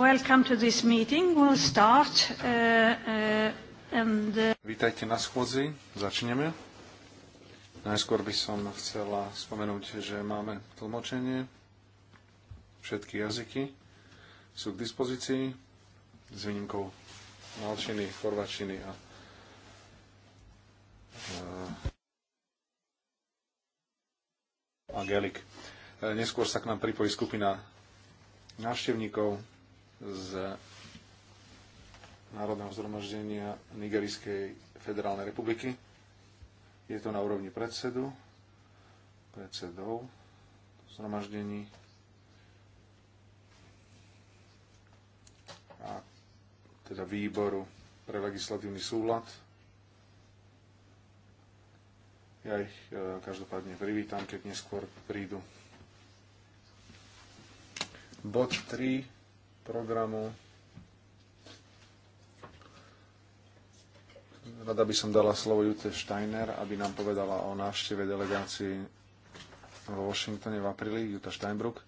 Welcome to this meeting. We'll start, uh, uh, and, uh, Vítajte na schôdzi. Začneme. Najskôr by som chcela spomenúť, že máme tlmočenie. Všetky jazyky sú k dispozícii s výnimkou malčiny, chorvačiny a a Gelik. Neskôr sa k nám pripojí skupina návštevníkov z Národného zhromaždenia Nigerijskej federálnej republiky. Je to na úrovni predsedu, predsedov zhromaždení a teda výboru pre legislatívny súlad. Ja ich e, každopádne privítam, keď neskôr prídu. Bod 3 programu. Rada by som dala slovo Jute Steiner, aby nám povedala o návšteve delegácii vo Washingtone v apríli, Juta Steinbrook.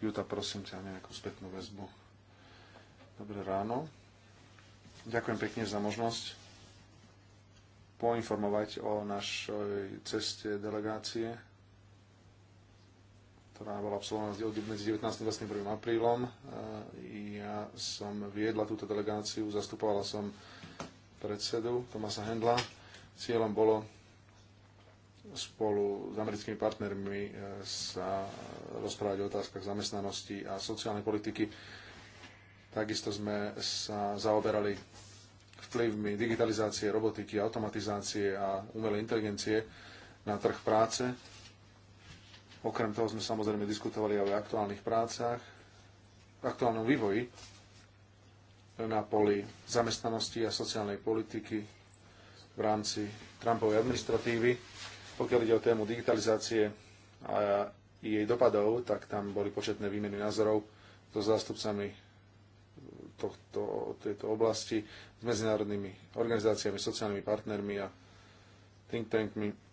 Juta, prosím ťa, nejakú spätnú väzbu. Dobré ráno. Ďakujem pekne za možnosť poinformovať o našej ceste delegácie ktorá bola absolvovaná medzi 19. a 21. aprílom. E, ja som viedla túto delegáciu, zastupovala som predsedu Tomasa Hendla. Cieľom bolo spolu s americkými partnermi e, sa rozprávať o otázkach zamestnanosti a sociálnej politiky. Takisto sme sa zaoberali vplyvmi digitalizácie, robotiky, automatizácie a umelej inteligencie na trh práce Okrem toho sme samozrejme diskutovali aj o aktuálnych prácach, aktuálnom vývoji na poli zamestnanosti a sociálnej politiky v rámci Trumpovej administratívy. Pokiaľ ide o tému digitalizácie a jej dopadov, tak tam boli početné výmeny názorov so zástupcami tohto, tejto oblasti, s medzinárodnými organizáciami, sociálnymi partnermi a think tankmi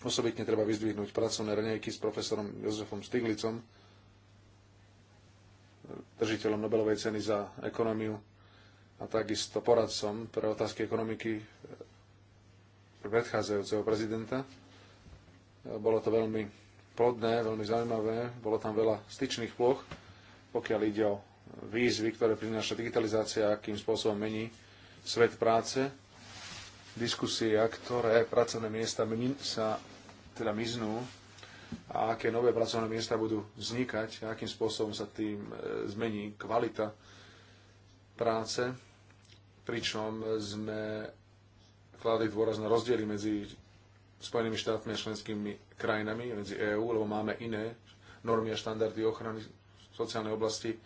Osobitne treba vyzdvihnúť pracovné raňajky s profesorom Jozefom Stiglicom, držiteľom Nobelovej ceny za ekonómiu a takisto poradcom pre otázky ekonomiky predchádzajúceho prezidenta. Bolo to veľmi plodné, veľmi zaujímavé, bolo tam veľa styčných ploch, pokiaľ ide o výzvy, ktoré prináša digitalizácia, akým spôsobom mení svet práce, diskusie, ktoré pracovné miesta sa teda miznú a aké nové pracovné miesta budú vznikať a akým spôsobom sa tým e, zmení kvalita práce, pričom sme kladli dôraz na rozdiely medzi Spojenými štátmi a členskými krajinami, medzi EÚ, lebo máme iné normy a štandardy ochrany sociálnej oblasti,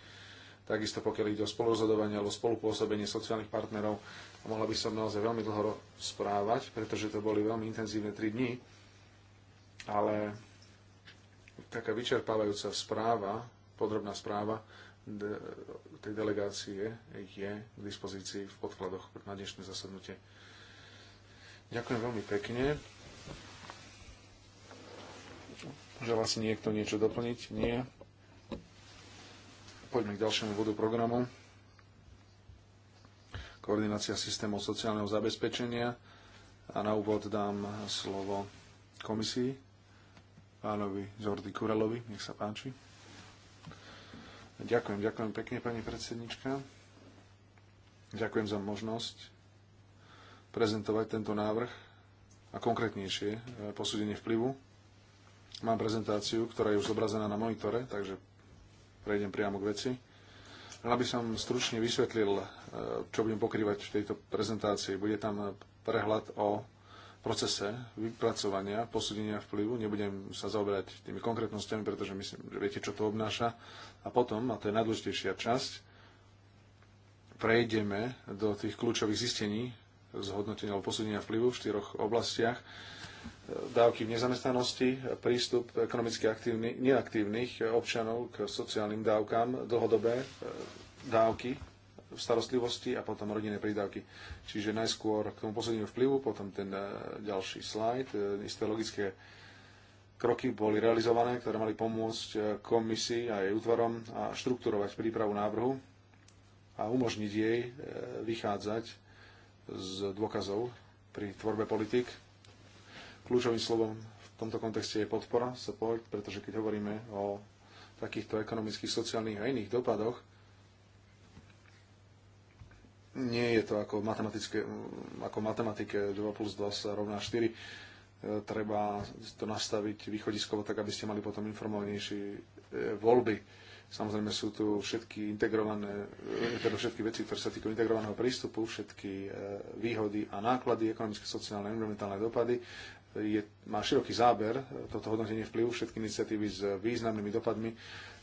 takisto pokiaľ ide o spolurozhodovanie alebo spolupôsobenie sociálnych partnerov. A mohla by som naozaj veľmi dlho správať, pretože to boli veľmi intenzívne tri dni ale taká vyčerpávajúca správa, podrobná správa de, tej delegácie je k dispozícii v podkladoch na dnešné zasadnutie. Ďakujem veľmi pekne. Želá si niekto niečo doplniť? Nie. Poďme k ďalšiemu bodu programu. Koordinácia systémov sociálneho zabezpečenia. A na úvod dám slovo komisii pánovi Zordi Kurelovi. Nech sa páči. Ďakujem, ďakujem pekne, pani predsednička. Ďakujem za možnosť prezentovať tento návrh a konkrétnejšie e, posúdenie vplyvu. Mám prezentáciu, ktorá je už zobrazená na monitore, takže prejdem priamo k veci. Len som stručne vysvetlil, e, čo budem pokrývať v tejto prezentácii. Bude tam prehľad o procese vypracovania, posúdenia vplyvu. Nebudem sa zaoberať tými konkrétnosťami, pretože myslím, že viete, čo to obnáša. A potom, a to je najdôležitejšia časť, prejdeme do tých kľúčových zistení zhodnotenia alebo posúdenia vplyvu v štyroch oblastiach. Dávky v nezamestnanosti, prístup ekonomicky aktívny, neaktívnych občanov k sociálnym dávkam, dlhodobé dávky starostlivosti a potom rodinné prídavky. Čiže najskôr k tomu poslednému vplyvu, potom ten e, ďalší slajd, e, isté logické kroky boli realizované, ktoré mali pomôcť e, komisii a jej útvarom a štruktúrovať prípravu návrhu a umožniť jej vychádzať z dôkazov pri tvorbe politik. Kľúčovým slovom v tomto kontexte je podpora, support, pretože keď hovoríme o takýchto ekonomických, sociálnych a iných dopadoch, nie je to ako v matematike, ako v matematike 2 plus 2 sa rovná 4. E, treba to nastaviť východiskovo tak, aby ste mali potom informovanejšie e, voľby. Samozrejme sú tu všetky integrované, e, teda všetky veci, ktoré sa týkajú integrovaného prístupu, všetky výhody a náklady, ekonomické, sociálne, environmentálne dopady. Je, má široký záber toto hodnotenie vplyvu, všetky iniciatívy s významnými dopadmi,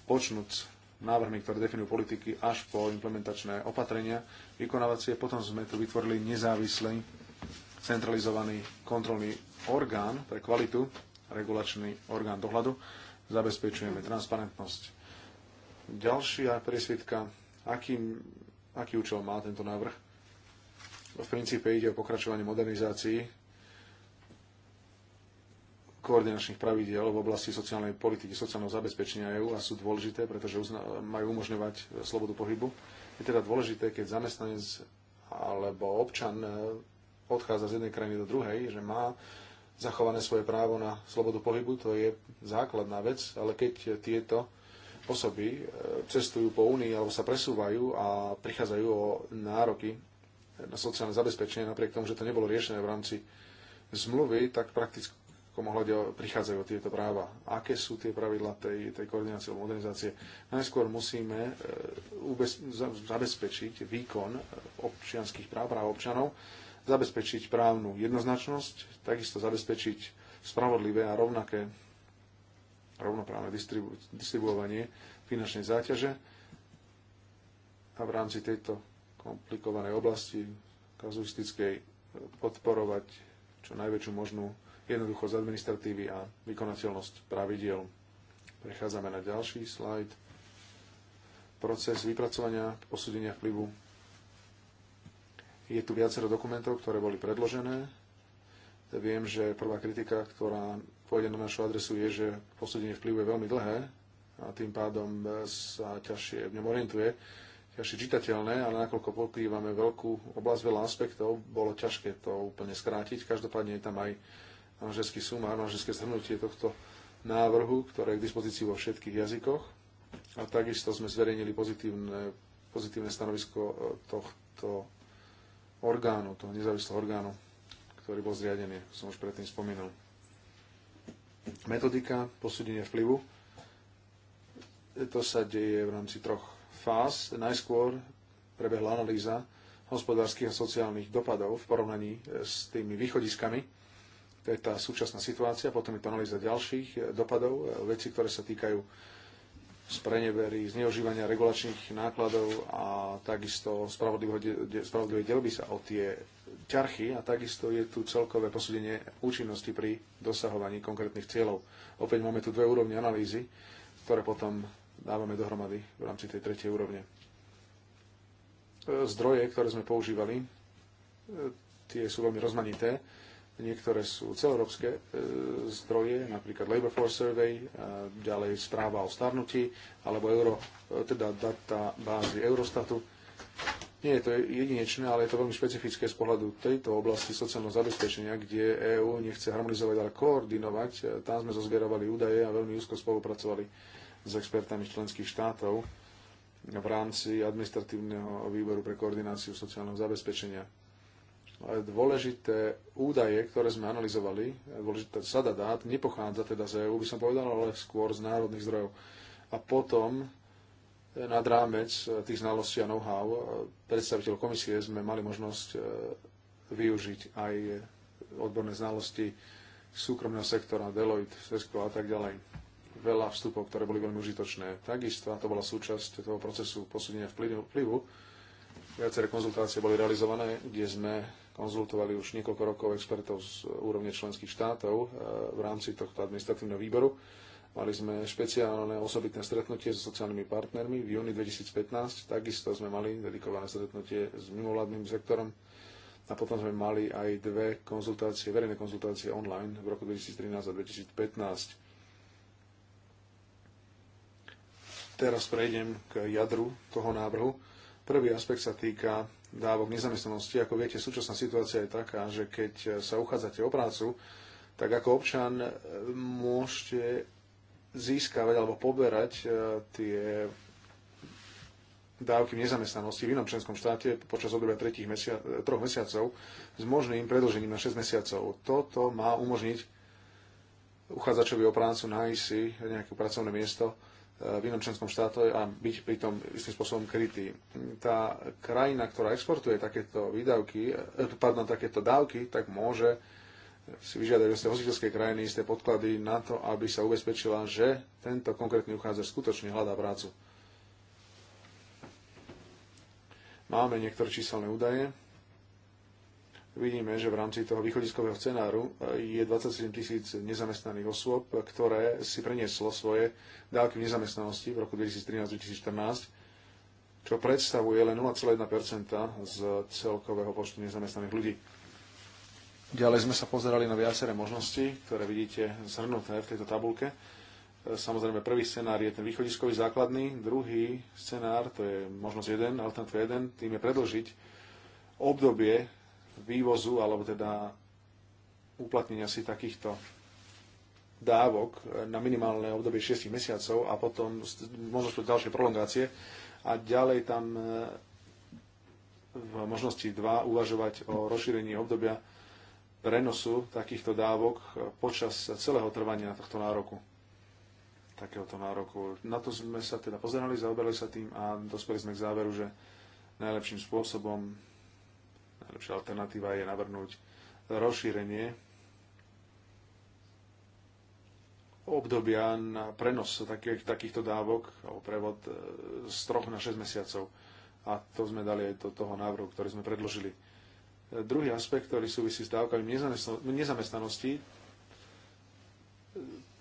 počnúc návrhmi, ktoré definujú politiky až po implementačné opatrenia vykonávacie. Potom sme tu vytvorili nezávislý centralizovaný kontrolný orgán pre kvalitu, regulačný orgán dohľadu. Zabezpečujeme transparentnosť. Ďalšia priesvitka, aký, aký účel má tento návrh? V princípe ide o pokračovanie modernizácií koordinačných pravidiel v oblasti sociálnej politiky, sociálneho zabezpečenia EÚ a sú dôležité, pretože majú umožňovať e, slobodu pohybu. Je teda dôležité, keď zamestnanec alebo občan e, odchádza z jednej krajiny do druhej, že má zachované svoje právo na slobodu pohybu, to je základná vec, ale keď tieto osoby e, cestujú po Únii alebo sa presúvajú a prichádzajú o nároky na sociálne zabezpečenie, napriek tomu, že to nebolo riešené v rámci zmluvy, tak prakticky tom ohľade prichádzajú o tieto práva? Aké sú tie pravidla tej, tej koordinácie alebo modernizácie? Najskôr musíme e, ubez, zabezpečiť výkon e, občianských práv, práv občanov, zabezpečiť právnu jednoznačnosť, takisto zabezpečiť spravodlivé a rovnaké rovnoprávne distribu- distribuovanie finančnej záťaže a v rámci tejto komplikovanej oblasti kazuistickej e, podporovať čo najväčšiu možnú jednoducho z administratívy a vykonateľnosť pravidiel. Prechádzame na ďalší slajd. Proces vypracovania posúdenia vplyvu. Je tu viacero dokumentov, ktoré boli predložené. Viem, že prvá kritika, ktorá pôjde na našu adresu, je, že posúdenie vplyvu je veľmi dlhé a tým pádom sa ťažšie v ňom orientuje, ťažšie čitateľné, ale nakoľko pokrývame veľkú oblasť, veľa aspektov, bolo ťažké to úplne skrátiť. Každopádne je tam aj manželský sumár, manželské zhrnutie tohto návrhu, ktoré je k dispozícii vo všetkých jazykoch. A takisto sme zverejnili pozitívne, pozitívne stanovisko e, tohto orgánu, toho nezávislého orgánu, ktorý bol zriadený, ako som už predtým spomínal. Metodika posúdenia vplyvu. E, to sa deje v rámci troch fáz. Najskôr prebehla analýza hospodárskych a sociálnych dopadov v porovnaní e, s tými východiskami, to je tá súčasná situácia, potom je to analýza ďalších e, dopadov, e, veci, ktoré sa týkajú sprenevery, zneužívania regulačných nákladov a takisto spravodlivej delby sa o tie ťarchy a takisto je tu celkové posúdenie účinnosti pri dosahovaní konkrétnych cieľov. Opäť máme tu dve úrovne analýzy, ktoré potom dávame dohromady v rámci tej tretej úrovne. E, zdroje, ktoré sme používali, tie sú veľmi rozmanité Niektoré sú celoeurópske e, zdroje, napríklad Labor Force Survey, ďalej správa o starnutí, alebo euro, e, teda data bázy Eurostatu. Nie je to jedinečné, ale je to veľmi špecifické z pohľadu tejto oblasti sociálneho zabezpečenia, kde EÚ nechce harmonizovať, ale koordinovať. E, tam sme zozbierovali údaje a veľmi úzko spolupracovali s expertami členských štátov v rámci administratívneho výboru pre koordináciu sociálneho zabezpečenia dôležité údaje, ktoré sme analyzovali, dôležitá sada dát, nepochádza teda z EU, by som povedal, ale skôr z národných zdrojov. A potom e, nad rámec e, tých znalostí a know-how e, predstaviteľ komisie sme mali možnosť využiť aj odborné znalosti súkromného sektora, Deloitte, Sesko a tak ďalej. Veľa vstupov, ktoré boli veľmi užitočné. Takisto, a to bola súčasť toho procesu posúdenia vplyvu viaceré konzultácie boli realizované, kde sme konzultovali už niekoľko rokov expertov z úrovne členských štátov e, v rámci tohto administratívneho výboru. Mali sme špeciálne osobitné stretnutie so sociálnymi partnermi v júni 2015. Takisto sme mali dedikované stretnutie s mimovládnym sektorom a potom sme mali aj dve konzultácie, verejné konzultácie online v roku 2013 a 2015. Teraz prejdem k jadru toho návrhu. Prvý aspekt sa týka dávok nezamestnanosti. Ako viete, súčasná situácia je taká, že keď sa uchádzate o prácu, tak ako občan e, môžete získavať alebo poberať e, tie dávky v nezamestnanosti v inom členskom štáte počas obdobia mesia- troch mesiacov s možným predlžením na 6 mesiacov. Toto má umožniť uchádzačovi o prácu nájsť si nejaké pracovné miesto v inom členskom štáte a byť pritom istým spôsobom krytý. Tá krajina, ktorá exportuje takéto výdavky, e, pardon, takéto dávky, tak môže si vyžiadať od hostiteľskej krajiny isté podklady na to, aby sa ubezpečila, že tento konkrétny uchádzač skutočne hľadá prácu. Máme niektoré číselné údaje vidíme, že v rámci toho východiskového scenáru e, je 27 tisíc nezamestnaných osôb, ktoré si prenieslo svoje dávky v nezamestnanosti v roku 2013-2014, čo predstavuje len 0,1 z celkového počtu nezamestnaných ľudí. Ďalej sme sa pozerali na viaceré možnosti, ktoré vidíte zhrnuté v tejto tabulke. E, samozrejme, prvý scenár je ten východiskový základný, druhý scenár, to je možnosť 1, alternatíva 1, tým je predlžiť obdobie vývozu alebo teda uplatnenia si takýchto dávok na minimálne obdobie 6 mesiacov a potom sú ďalšie prolongácie a ďalej tam e, v možnosti 2 uvažovať o rozšírení obdobia prenosu takýchto dávok počas celého trvania tohto nároku. Takéhoto nároku. Na to sme sa teda pozerali, zaoberali sa tým a dospeli sme k záveru, že najlepším spôsobom najlepšia alternatíva je navrhnúť rozšírenie obdobia na prenos takých, takýchto dávok alebo prevod e, z troch na 6 mesiacov. A to sme dali aj do toho návrhu, ktorý sme predložili. E, druhý aspekt, ktorý súvisí s dávkami nezamestnanosti, e,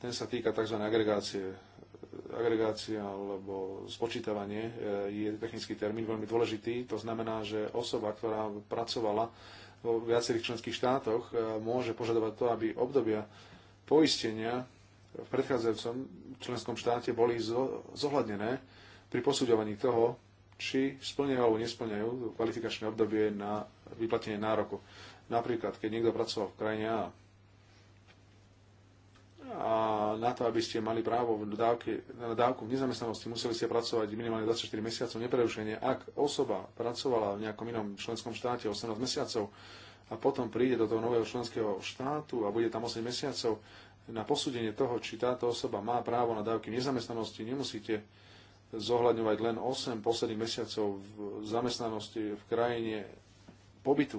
ten sa týka tzv. agregácie agregácia alebo spočítavanie e, je technický termín veľmi dôležitý. To znamená, že osoba, ktorá pracovala vo viacerých členských štátoch, e, môže požadovať to, aby obdobia poistenia v predchádzajúcom členskom štáte boli zohľadnené pri posúďovaní toho, či splňajú alebo nesplňajú kvalifikačné obdobie na vyplatenie nároku. Napríklad, keď niekto pracoval v krajine A a na to, aby ste mali právo v dávke, na dávku v nezamestnanosti, museli ste pracovať minimálne 24 mesiacov neprerušenie. Ak osoba pracovala v nejakom inom členskom štáte 18 mesiacov a potom príde do toho nového členského štátu a bude tam 8 mesiacov, na posúdenie toho, či táto osoba má právo na dávky v nezamestnanosti, nemusíte zohľadňovať len 8 posledných mesiacov v zamestnanosti v krajine pobytu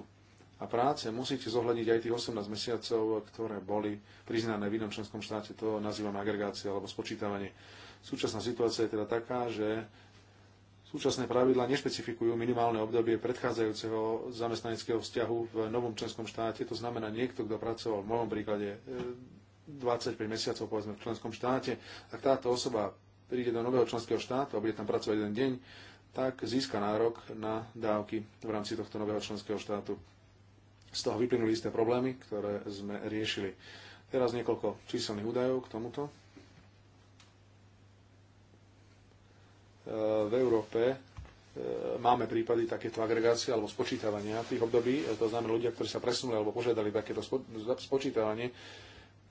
a práce, musíte zohľadniť aj tých 18 mesiacov, ktoré boli priznané v inom členskom štáte. To nazývame agregácia alebo spočítavanie. Súčasná situácia je teda taká, že súčasné pravidla nešpecifikujú minimálne obdobie predchádzajúceho zamestnaneckého vzťahu v novom členskom štáte. To znamená, niekto, kto pracoval v mojom príklade 25 e, mesiacov povedzme v členskom štáte, ak táto osoba príde do nového členského štátu a bude tam pracovať jeden deň, tak získa nárok na dávky v rámci tohto nového členského štátu z toho vyplynuli isté problémy, ktoré sme riešili. Teraz niekoľko číselných údajov k tomuto. E, v Európe e, máme prípady takéto agregácie alebo spočítavania tých období, e, to znamená ľudia, ktorí sa presunuli alebo požiadali takéto spočítavanie,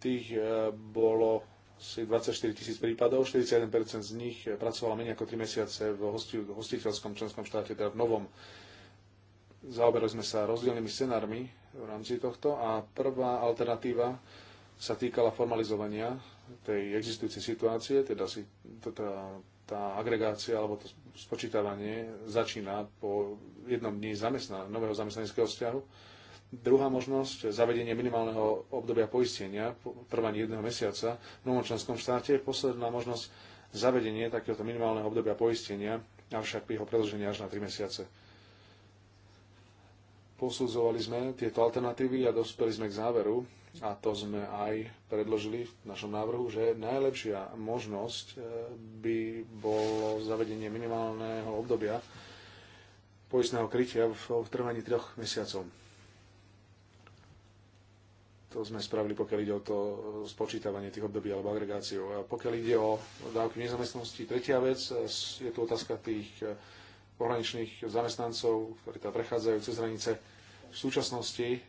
tých bolo asi 24 tisíc prípadov, 41% z nich pracovalo menej ako 3 mesiace v hostiteľskom členskom štáte, teda v novom Zaoberali sme sa rozdielnymi scenármi v rámci tohto a prvá alternatíva sa týkala formalizovania tej existujúcej situácie, teda si, teda tá agregácia alebo to spočítavanie začína po jednom dni zamestnan- nového zamestnaneckého vzťahu. Druhá možnosť, zavedenie minimálneho obdobia poistenia, trvanie jedného mesiaca v novom členskom štáte. Posledná možnosť, zavedenie takéhoto minimálneho obdobia poistenia, avšak pri jeho predlžení až na tri mesiace. Posudzovali sme tieto alternatívy a dospeli sme k záveru, a to sme aj predložili v našom návrhu, že najlepšia možnosť e, by bolo zavedenie minimálneho obdobia poistného krytia v trvaní troch mesiacov. To sme spravili, pokiaľ ide o to e, spočítavanie tých období alebo agregáciu. A pokiaľ ide o dávky nezamestnosti, tretia vec, e, je tu otázka tých pohraničných zamestnancov, ktorí tam prechádzajú cez hranice. V súčasnosti e,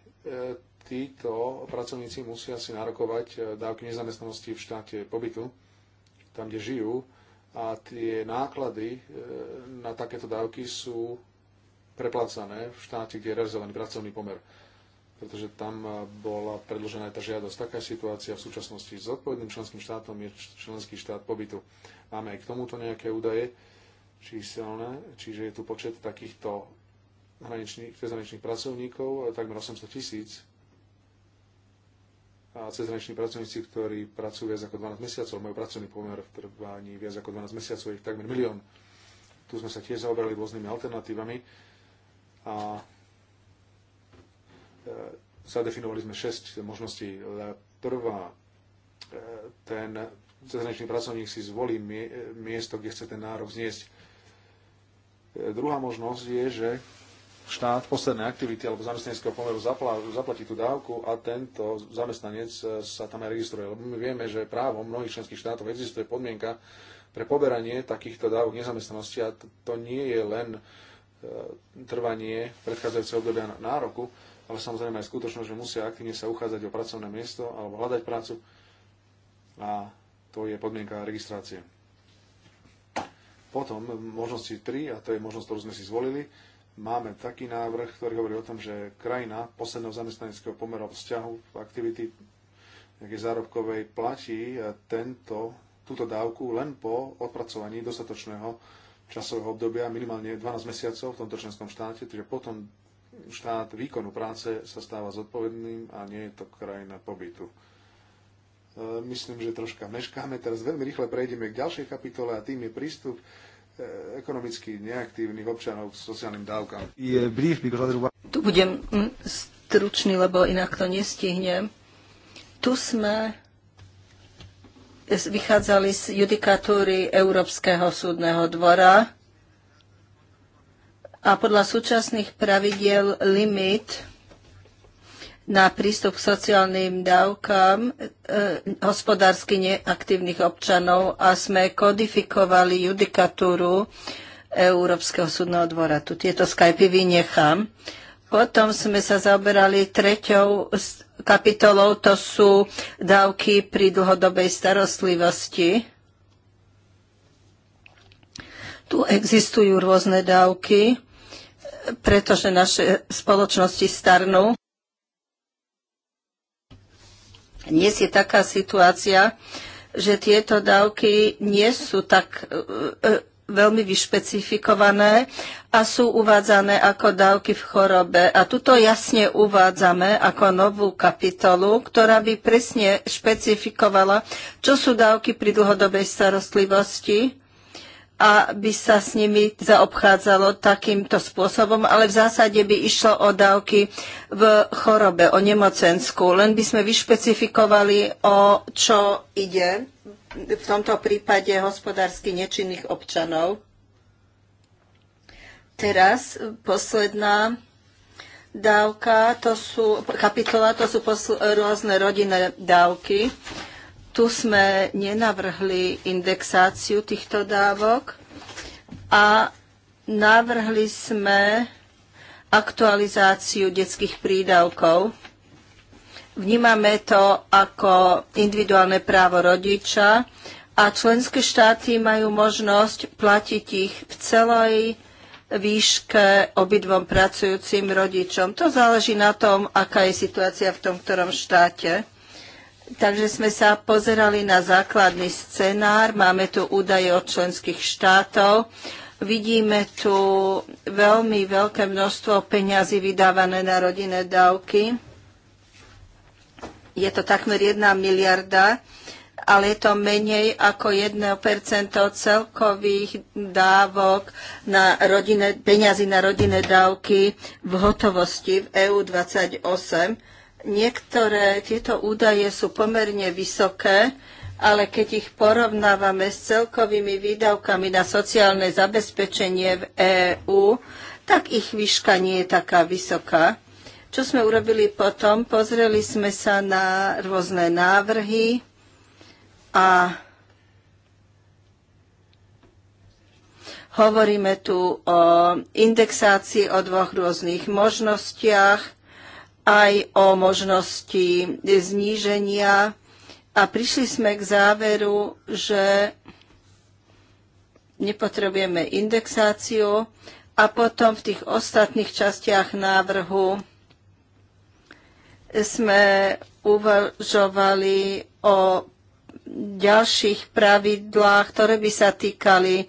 títo pracovníci musia si narokovať e, dávky nezamestnanosti v štáte pobytu, tam, kde žijú, a tie náklady e, na takéto dávky sú preplácané v štáte, kde je realizovaný pracovný pomer. Pretože tam bola predložená aj tá žiadosť. Taká je situácia v súčasnosti. S odpovedným členským štátom je členský štát pobytu. Máme aj k tomuto nejaké údaje číselné, čiže je tu počet takýchto zahraničných cezhraničných pracovníkov, e, takmer 800 tisíc. A cezhraniční pracovníci, ktorí pracujú viac ako 12 mesiacov, majú pracovný pomer v trvaní viac ako 12 mesiacov, ich takmer milión. Tu sme sa tiež zaoberali rôznymi alternatívami a e, zadefinovali sme 6 možností. E, prvá, ten cezhraničný pracovník si zvolí miesto, kde chce ten nárok zniesť. Druhá možnosť je, že štát posledné aktivity alebo zamestnaneckého pomeru zaplatí tú dávku a tento zamestnanec e, sa tam aj registruje. Lebo my vieme, že právo mnohých členských štátov existuje podmienka pre poberanie takýchto dávok nezamestnanosti a to nie je len e, trvanie predchádzajúceho obdobia nároku, ale samozrejme aj skutočnosť, že musia aktívne sa uchádzať o pracovné miesto alebo hľadať prácu a to je podmienka registrácie. Potom možnosti 3, a to je možnosť, ktorú sme si zvolili, máme taký návrh, ktorý hovorí o tom, že krajina posledného zamestnaneckého pomeru vzťahu v aktivity nejakej zárobkovej platí eh, tento, túto dávku len po odpracovaní dostatočného časového obdobia, minimálne 12 mesiacov v tomto členskom štáte, čiže potom štát výkonu práce sa stáva zodpovedným a nie je to krajina pobytu. Eh, myslím, že troška meškáme. Teraz veľmi rýchle prejdeme k ďalšej kapitole a tým je prístup E, ekonomicky neaktívnych občanov s sociálnym dávkam. Je brief, Tu budem mm, stručný, lebo inak to nestihnem. Tu sme vychádzali z judikatúry Európskeho súdneho dvora a podľa súčasných pravidiel limit na prístup k sociálnym dávkam e, hospodársky neaktívnych občanov a sme kodifikovali judikatúru Európskeho súdneho dvora. Tu tieto Skypy vynechám. Potom sme sa zaoberali treťou kapitolou, to sú dávky pri dlhodobej starostlivosti. Tu existujú rôzne dávky, pretože naše spoločnosti starnú. Dnes je taká situácia, že tieto dávky nie sú tak e, e, veľmi vyšpecifikované a sú uvádzané ako dávky v chorobe. A tuto jasne uvádzame ako novú kapitolu, ktorá by presne špecifikovala, čo sú dávky pri dlhodobej starostlivosti, aby sa s nimi zaobchádzalo takýmto spôsobom, ale v zásade by išlo o dávky v chorobe, o nemocensku. Len by sme vyšpecifikovali, o čo ide v tomto prípade hospodársky nečinných občanov. Teraz posledná dávka, to sú, kapitola, to sú posl- rôzne rodinné dávky. Tu sme nenavrhli indexáciu týchto dávok a navrhli sme aktualizáciu detských prídavkov. Vnímame to ako individuálne právo rodiča a členské štáty majú možnosť platiť ich v celej výške obidvom pracujúcim rodičom. To záleží na tom, aká je situácia v tom ktorom štáte. Takže sme sa pozerali na základný scenár, máme tu údaje od členských štátov, vidíme tu veľmi veľké množstvo peňazí vydávané na rodinné dávky. Je to takmer 1 miliarda, ale je to menej ako 1% celkových dávok na rodine, peňazí na rodinné dávky v hotovosti v EU 28 Niektoré tieto údaje sú pomerne vysoké, ale keď ich porovnávame s celkovými výdavkami na sociálne zabezpečenie v EÚ, tak ich výška nie je taká vysoká. Čo sme urobili potom? Pozreli sme sa na rôzne návrhy a hovoríme tu o indexácii, o dvoch rôznych možnostiach aj o možnosti zníženia a prišli sme k záveru, že nepotrebujeme indexáciu a potom v tých ostatných častiach návrhu sme uvažovali o ďalších pravidlách, ktoré by sa týkali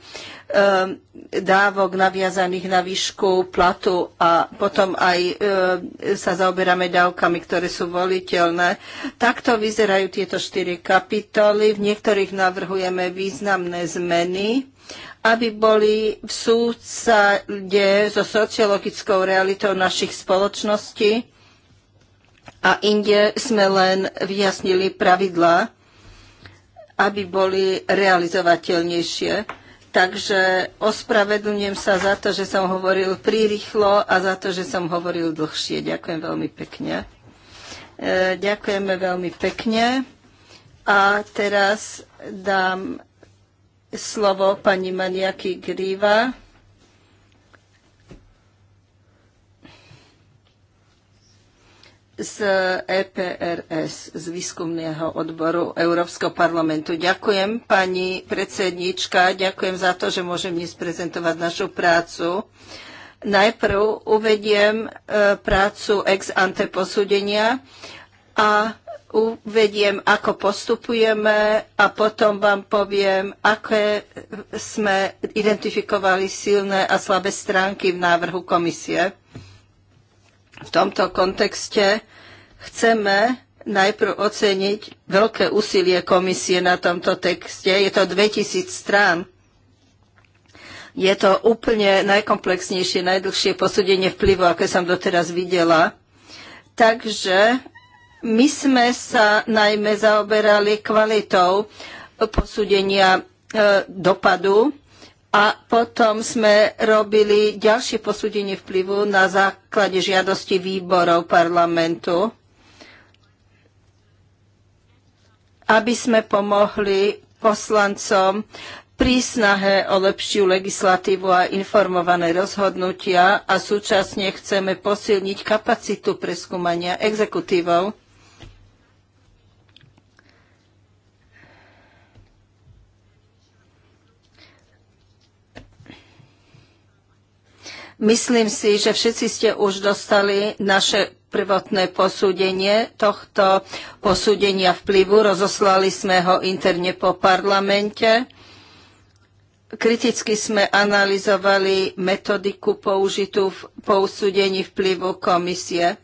Ehm, dávok naviazaných na výšku platu a potom aj ehm, sa zaoberáme dávkami, ktoré sú voliteľné. Takto vyzerajú tieto štyri kapitoly. V niektorých navrhujeme významné zmeny aby boli v súcade so sociologickou realitou našich spoločností a inde sme len vyjasnili pravidlá, aby boli realizovateľnejšie. Takže ospravedlňujem sa za to, že som hovoril prírýchlo a za to, že som hovoril dlhšie. Ďakujem veľmi pekne. E, ďakujeme veľmi pekne. A teraz dám slovo pani Maniaky Gríva z EPRS, z výskumného odboru Európskeho parlamentu. Ďakujem, pani predsednička, ďakujem za to, že môžem dnes prezentovať našu prácu. Najprv uvediem e, prácu ex ante posúdenia a uvediem, ako postupujeme a potom vám poviem, aké sme identifikovali silné a slabé stránky v návrhu komisie. V tomto kontexte Chceme najprv oceniť veľké úsilie komisie na tomto texte. Je to 2000 strán. Je to úplne najkomplexnejšie, najdlhšie posúdenie vplyvu, aké som doteraz videla. Takže my sme sa najmä zaoberali kvalitou posúdenia e, dopadu a potom sme robili ďalšie posúdenie vplyvu na základe žiadosti výborov parlamentu. aby sme pomohli poslancom pri snahe o lepšiu legislatívu a informované rozhodnutia a súčasne chceme posilniť kapacitu preskúmania exekutívov. Myslím si, že všetci ste už dostali naše prvotné posúdenie tohto posúdenia vplyvu. Rozoslali sme ho interne po parlamente. Kriticky sme analyzovali metodiku použitú v posúdení vplyvu komisie.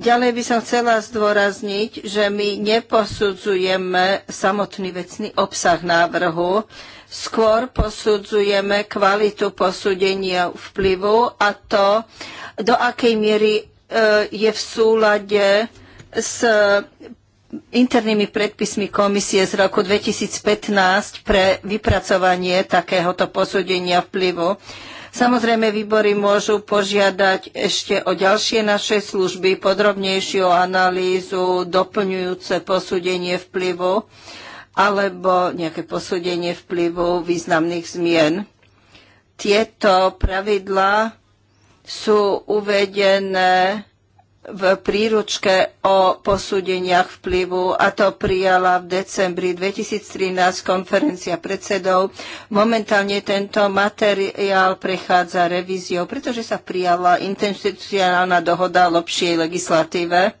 Ďalej by som chcela zdôrazniť, že my neposudzujeme samotný vecný obsah návrhu, skôr posudzujeme kvalitu posúdenia vplyvu a to, do akej miery e, je v súlade s internými predpismi komisie z roku 2015 pre vypracovanie takéhoto posúdenia vplyvu. Samozrejme, výbory môžu požiadať ešte o ďalšie naše služby, podrobnejšiu analýzu, doplňujúce posúdenie vplyvu alebo nejaké posúdenie vplyvu významných zmien. Tieto pravidlá sú uvedené v príručke o posúdeniach vplyvu a to prijala v decembri 2013 konferencia predsedov. Momentálne tento materiál prechádza revíziou, pretože sa prijala interinstitucionálna dohoda o lepšej legislatíve.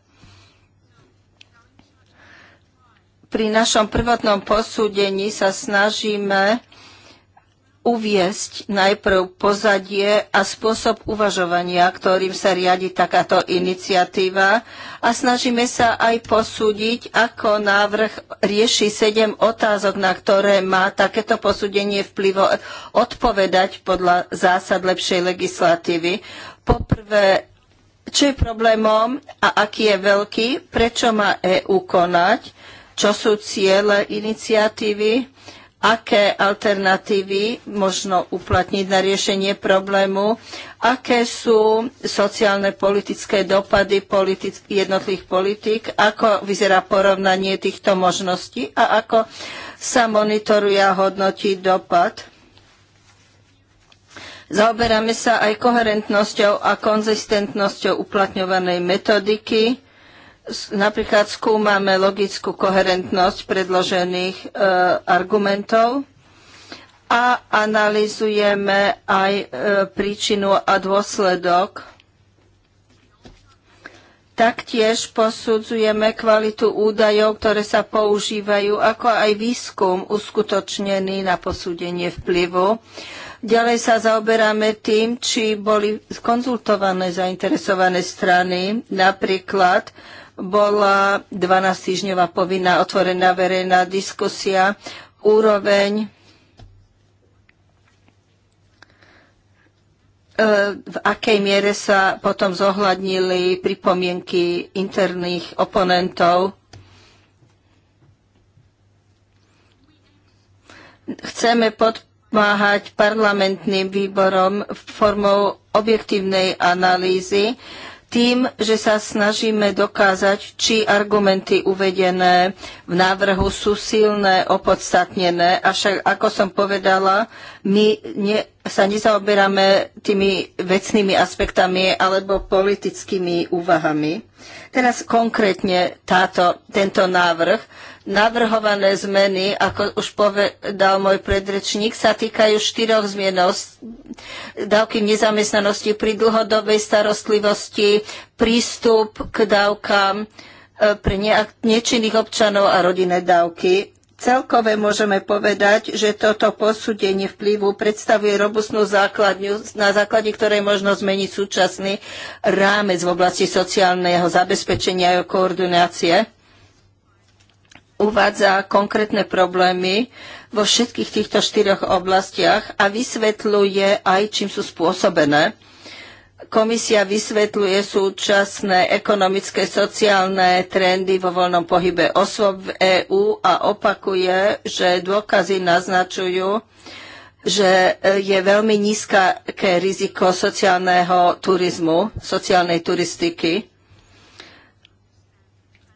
pri našom prvotnom posúdení sa snažíme uviesť najprv pozadie a spôsob uvažovania, ktorým sa riadi takáto iniciatíva a snažíme sa aj posúdiť, ako návrh rieši sedem otázok, na ktoré má takéto posúdenie vplyvo odpovedať podľa zásad lepšej legislatívy. Poprvé, čo je problémom a aký je veľký, prečo má EU konať, čo sú ciele iniciatívy, aké alternatívy možno uplatniť na riešenie problému, aké sú sociálne politické dopady politic- jednotlých politík, ako vyzerá porovnanie týchto možností a ako sa monitoruje a hodnotí dopad. Zaoberáme sa aj koherentnosťou a konzistentnosťou uplatňovanej metodiky Napríklad skúmame logickú koherentnosť predložených e, argumentov a analizujeme aj e, príčinu a dôsledok. Taktiež posudzujeme kvalitu údajov, ktoré sa používajú, ako aj výskum uskutočnený na posúdenie vplyvu. Ďalej sa zaoberáme tým, či boli konzultované zainteresované strany, napríklad bola 12-týždňová povinná otvorená verejná diskusia. Úroveň e, v akej miere sa potom zohľadnili pripomienky interných oponentov. Chceme podmáhať parlamentným výborom formou objektívnej analýzy tým, že sa snažíme dokázať, či argumenty uvedené v návrhu sú silné, opodstatnené. Avšak, ako som povedala, my ne, sa nezaoberáme tými vecnými aspektami alebo politickými úvahami. Teraz konkrétne táto, tento návrh. Navrhované zmeny, ako už povedal môj predrečník, sa týkajú štyroch zmien dávky v nezamestnanosti pri dlhodobej starostlivosti, prístup k dávkam e, pre nečinných občanov a rodinné dávky, Celkové môžeme povedať, že toto posúdenie vplyvu predstavuje robustnú základňu, na základe ktorej možno zmeniť súčasný rámec v oblasti sociálneho zabezpečenia a koordinácie. Uvádza konkrétne problémy vo všetkých týchto štyroch oblastiach a vysvetľuje aj, čím sú spôsobené. Komisia vysvetľuje súčasné ekonomické, sociálne trendy vo voľnom pohybe osôb v EÚ a opakuje, že dôkazy naznačujú, že e, je veľmi nízke riziko sociálneho turizmu, sociálnej turistiky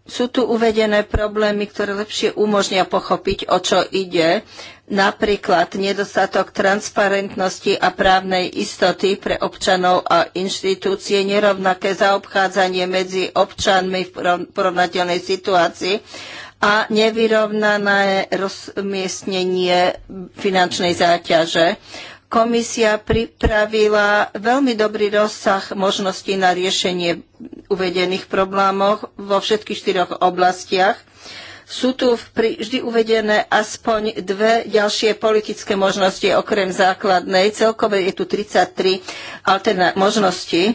sú tu uvedené problémy, ktoré lepšie umožnia pochopiť, o čo ide, napríklad nedostatok transparentnosti a právnej istoty pre občanov a inštitúcie, nerovnaké zaobchádzanie medzi občanmi v porovnateľnej situácii a nevyrovnané rozmiestnenie finančnej záťaže. Komisia pripravila veľmi dobrý rozsah možností na riešenie uvedených problémov vo všetkých štyroch oblastiach. Sú tu vždy uvedené aspoň dve ďalšie politické možnosti okrem základnej. Celkové je tu 33 alterna- možnosti.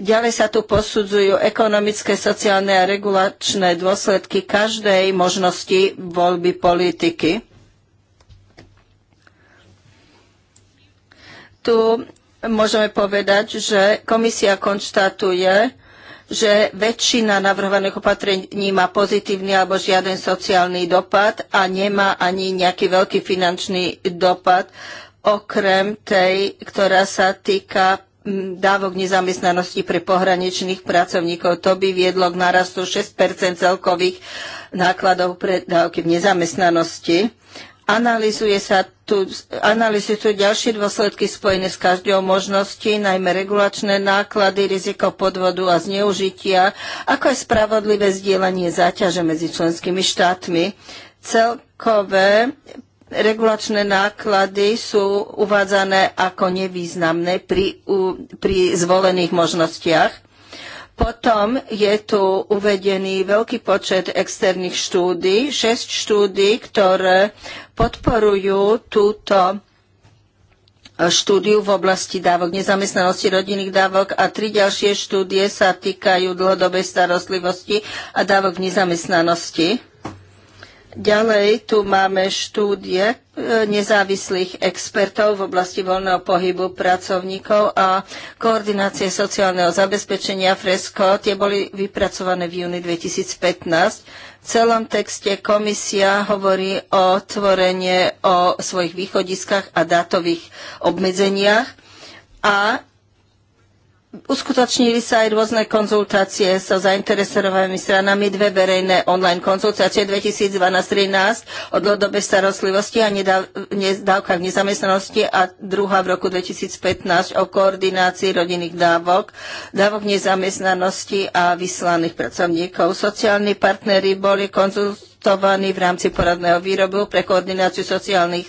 Ďalej sa tu posudzujú ekonomické, sociálne a regulačné dôsledky každej možnosti voľby politiky. tu môžeme povedať, že komisia konštatuje, že väčšina navrhovaných opatrení má pozitívny alebo žiaden sociálny dopad a nemá ani nejaký veľký finančný dopad, okrem tej, ktorá sa týka mm, dávok nezamestnanosti pre pohraničných pracovníkov. To by viedlo k narastu 6 celkových nákladov pre dávky v nezamestnanosti. Analizuje sa tu, tu ďalšie dôsledky spojené s každou možností, najmä regulačné náklady, riziko podvodu a zneužitia, ako aj spravodlivé zdieľanie záťaže medzi členskými štátmi. Celkové regulačné náklady sú uvádzané ako nevýznamné pri, pri zvolených možnostiach. Potom je tu uvedený veľký počet externých štúdí, šesť štúdí, ktoré podporujú túto štúdiu v oblasti dávok nezamestnanosti rodinných dávok a tri ďalšie štúdie sa týkajú dlhodobej starostlivosti a dávok nezamestnanosti. Ďalej tu máme štúdie e, nezávislých expertov v oblasti voľného pohybu pracovníkov a koordinácie sociálneho zabezpečenia Fresco. Tie boli vypracované v júni 2015. V celom texte komisia hovorí o tvorenie o svojich východiskách a dátových obmedzeniach a Uskutočnili sa aj rôzne konzultácie so zainteresovanými stranami, dve verejné online konzultácie 2012-2013 o dlhodobej starostlivosti a nedáv- dávkach nezamestnanosti a druhá v roku 2015 o koordinácii rodinných dávok, dávok nezamestnanosti a vyslaných pracovníkov. Sociálni partnery boli konzultácie akceptovaný v rámci poradného výrobu pre koordináciu sociálnych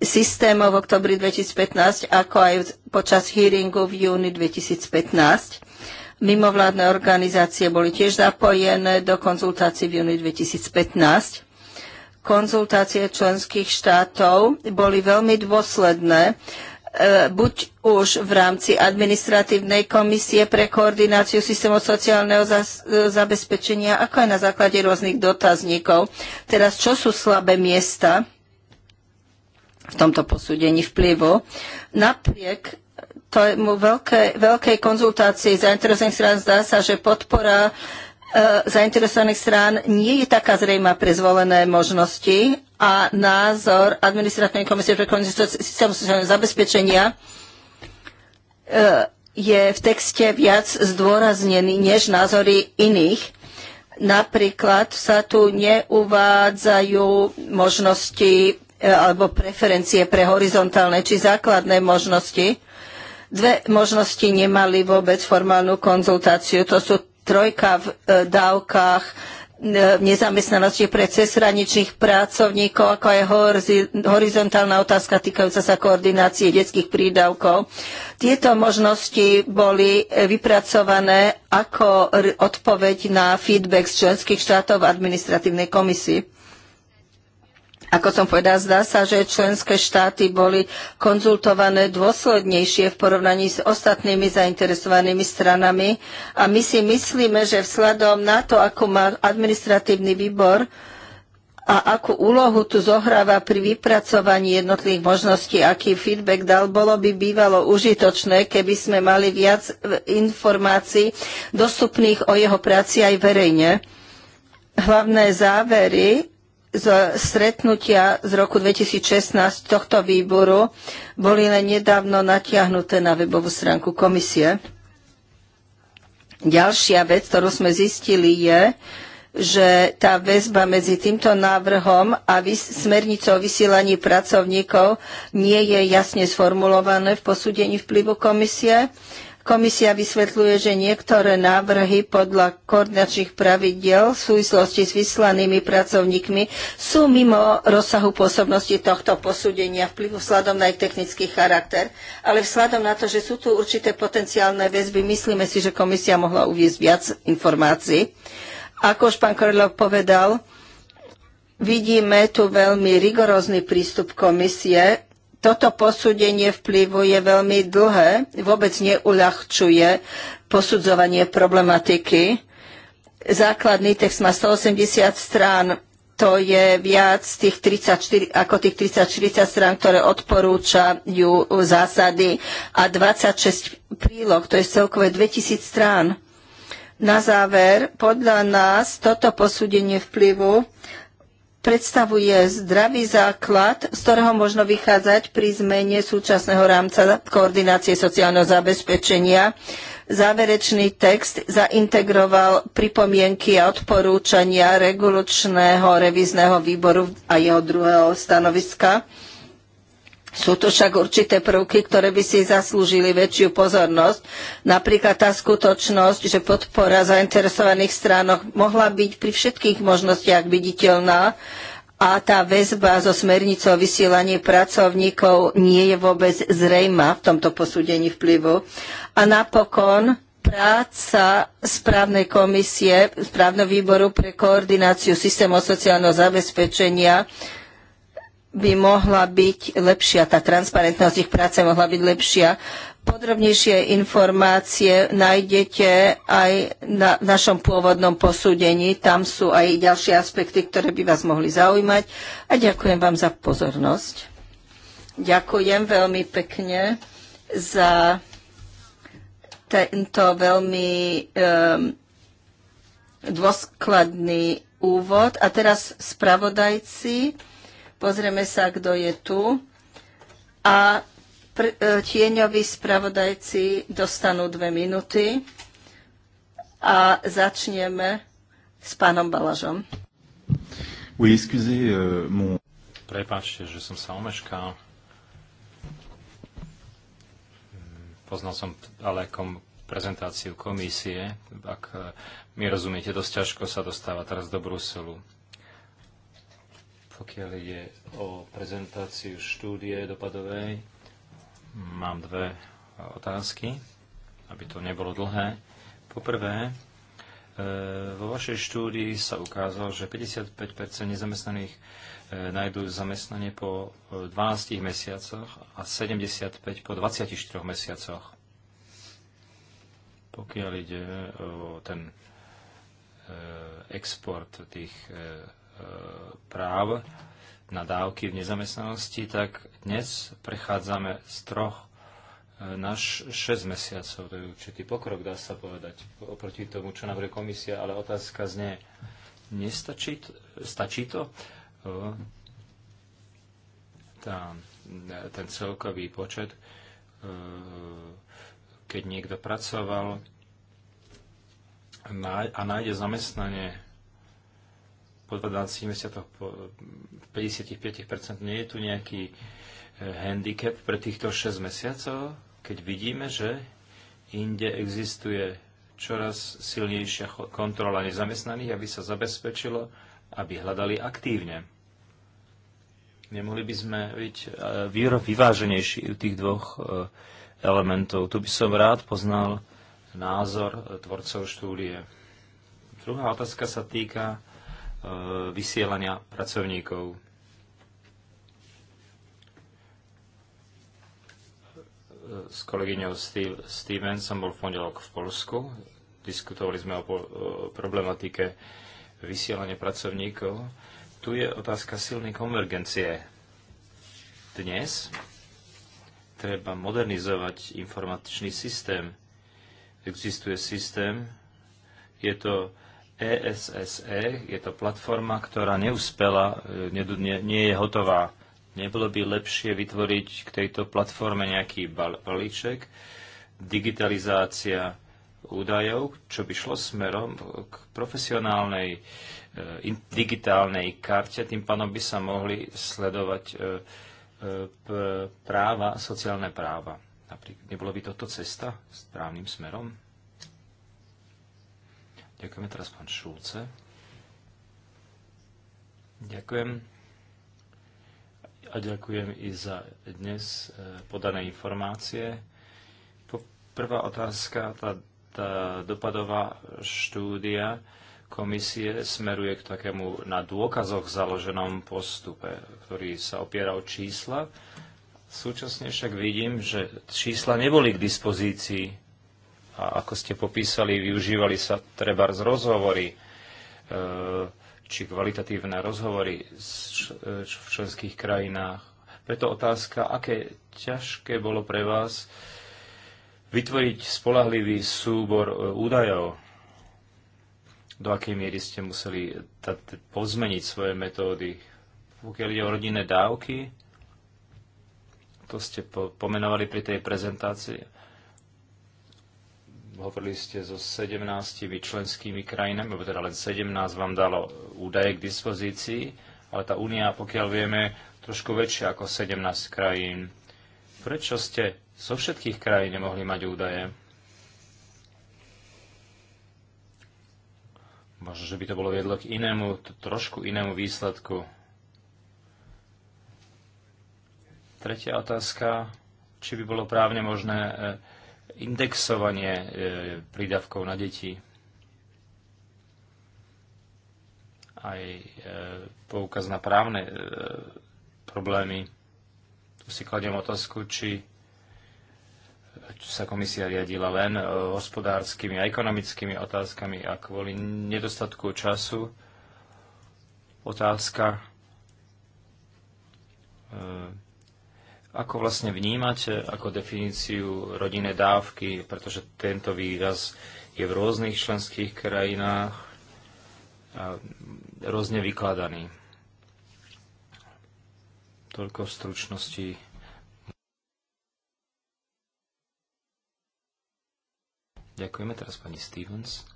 systémov v oktobri 2015, ako aj počas hearingu v júni 2015. Mimovládne organizácie boli tiež zapojené do konzultácií v júni 2015. Konzultácie členských štátov boli veľmi dôsledné E, buď už v rámci administratívnej komisie pre koordináciu systémov sociálneho e, zabezpečenia, ako aj na základe rôznych dotazníkov. Teraz, čo sú slabé miesta v tomto posúdení vplyvu? Napriek tomu veľké, veľkej konzultácii zainteresovaných strán zdá sa, že podpora E, zainteresovaných strán nie je taká zrejma pre zvolené možnosti a názor administratívnej komisie pre systému sociálneho zabezpečenia e, je v texte viac zdôraznený než názory iných. Napríklad sa tu neuvádzajú možnosti e, alebo preferencie pre horizontálne či základné možnosti. Dve možnosti nemali vôbec formálnu konzultáciu. To sú trojka v e, dávkach e, v nezamestnanosti pre cezhraničných pracovníkov, ako aj horizontálna otázka týkajúca sa koordinácie detských prídavkov. Tieto možnosti boli vypracované ako odpoveď na feedback z členských štátov v administratívnej komisii. Ako som povedal, zdá sa, že členské štáty boli konzultované dôslednejšie v porovnaní s ostatnými zainteresovanými stranami a my si myslíme, že vzhľadom na to, ako má administratívny výbor a akú úlohu tu zohráva pri vypracovaní jednotlivých možností, aký feedback dal, bolo by bývalo užitočné, keby sme mali viac informácií dostupných o jeho práci aj verejne. Hlavné závery z stretnutia z roku 2016 tohto výboru boli len nedávno natiahnuté na webovú stránku komisie. Ďalšia vec, ktorú sme zistili, je, že tá väzba medzi týmto návrhom a smernicou o vysielaní pracovníkov nie je jasne sformulované v posúdení vplyvu komisie Komisia vysvetľuje, že niektoré návrhy podľa koordinačných pravidiel v súvislosti s vyslanými pracovníkmi sú mimo rozsahu pôsobnosti tohto posúdenia vplyvu vzhľadom na ich technický charakter. Ale vzhľadom na to, že sú tu určité potenciálne väzby, myslíme si, že komisia mohla uviezť viac informácií. Ako už pán Korlov povedal, vidíme tu veľmi rigorózny prístup komisie toto posúdenie vplyvu je veľmi dlhé, vôbec neuľahčuje posudzovanie problematiky. Základný text má 180 strán, to je viac tých 34, ako tých 30-40 strán, ktoré odporúčajú zásady a 26 príloh, to je celkové 2000 strán. Na záver, podľa nás toto posúdenie vplyvu predstavuje zdravý základ, z ktorého možno vychádzať pri zmene súčasného rámca koordinácie sociálneho zabezpečenia. Záverečný text zaintegroval pripomienky a odporúčania regulačného revízneho výboru a jeho druhého stanoviska sú to však určité prvky, ktoré by si zaslúžili väčšiu pozornosť. Napríklad tá skutočnosť, že podpora zainteresovaných stránok mohla byť pri všetkých možnostiach viditeľná a tá väzba so smernicou vysielanie pracovníkov nie je vôbec zrejma v tomto posúdení vplyvu. A napokon práca správnej komisie, správneho výboru pre koordináciu systémov sociálneho zabezpečenia by mohla byť lepšia, tá transparentnosť ich práce mohla byť lepšia. Podrobnejšie informácie nájdete aj na našom pôvodnom posúdení. Tam sú aj ďalšie aspekty, ktoré by vás mohli zaujímať. A ďakujem vám za pozornosť. Ďakujem veľmi pekne za tento veľmi um, dôskladný úvod. A teraz spravodajci. Pozrieme sa, kto je tu. A pr- e, tieňoví spravodajci dostanú dve minúty. A začneme s pánom Balažom. Oui, excusez, euh, mon... Prepáčte, že som sa omeškal. Mm, poznal som ale kom prezentáciu komisie. Ak e, mi rozumiete, dosť ťažko sa dostáva teraz do Bruselu. Pokiaľ ide o prezentáciu štúdie dopadovej, mám dve e, otázky, aby to nebolo dlhé. Poprvé, e, vo vašej štúdii sa ukázalo, že 55 nezamestnaných e, nájdú zamestnanie po 12 mesiacoch a 75 po 24 mesiacoch. Pokiaľ ide o ten export tých práv na dávky v nezamestnanosti, tak dnes prechádzame z troch e, na 6 mesiacov. To je určitý pokrok, dá sa povedať, oproti tomu, čo navrhuje komisia, ale otázka znie, nestačí, stačí to? Tá, e, ten celkový počet, e, keď niekto pracoval a nájde zamestnanie po 12 po 55% nie je tu nejaký e, handicap pre týchto 6 mesiacov, keď vidíme, že inde existuje čoraz silnejšia kontrola nezamestnaných, aby sa zabezpečilo, aby hľadali aktívne. Nemohli by sme byť e, vyváženejší u tých dvoch e, elementov. Tu by som rád poznal názor tvorcov štúdie. Druhá otázka sa týka E, vysielania pracovníkov. E, s kolegyňou Steven som bol v pondelok v Polsku. Diskutovali sme o, o e, problematike vysielania pracovníkov. Tu je otázka silnej konvergencie. Dnes treba modernizovať informatičný systém. Existuje systém, je to ESSE e, je to platforma, ktorá neúspela, e, nie, nie je hotová. Nebolo by lepšie vytvoriť k tejto platforme nejaký balíček, digitalizácia údajov, čo by šlo smerom k profesionálnej e, digitálnej karte. Tým pánom by sa mohli sledovať e, e, p, práva, sociálne práva. Napríklad, nebolo by toto cesta správnym smerom? Ďakujeme teraz pán Šulce. Ďakujem. A ďakujem i za dnes e, podané informácie. Prvá otázka, tá, tá dopadová štúdia komisie smeruje k takému na dôkazoch založenom postupe, ktorý sa opiera o čísla. Súčasne však vidím, že čísla neboli k dispozícii a ako ste popísali, využívali sa treba z rozhovory, e, či kvalitatívne rozhovory e, v členských krajinách. Preto otázka, aké ťažké bolo pre vás vytvoriť spolahlivý súbor e, údajov, do akej miery ste museli pozmeniť svoje metódy. Pokiaľ ide o rodinné dávky, to ste pomenovali pri tej prezentácii hovorili ste so 17 členskými krajinami, lebo teda len 17 vám dalo údaje k dispozícii, ale tá únia, pokiaľ vieme, trošku väčšia ako 17 krajín. Prečo ste zo všetkých krajín nemohli mať údaje? Možno, že by to bolo viedlo k inému, trošku inému výsledku. Tretia otázka, či by bolo právne možné e, indexovanie e, prídavkov na deti, aj e, poukaz na právne e, problémy. Tu si kladiem otázku, či sa komisia riadila len hospodárskymi a ekonomickými otázkami a kvôli nedostatku času otázka ako vlastne vnímate ako definíciu rodinné dávky, pretože tento výraz je v rôznych členských krajinách rôzne vykladaný. Toľko v stručnosti. Ďakujeme teraz pani Stevens.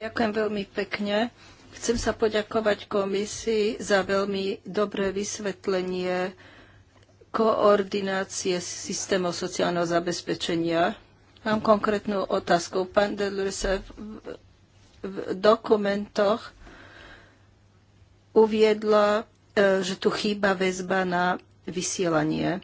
Ďakujem veľmi pekne. Chcem sa poďakovať komisii za veľmi dobré vysvetlenie koordinácie systémov sociálneho zabezpečenia. Mám konkrétnu otázku. Pán Delurse, v, v dokumentoch uviedla, e, že tu chýba väzba na vysielanie.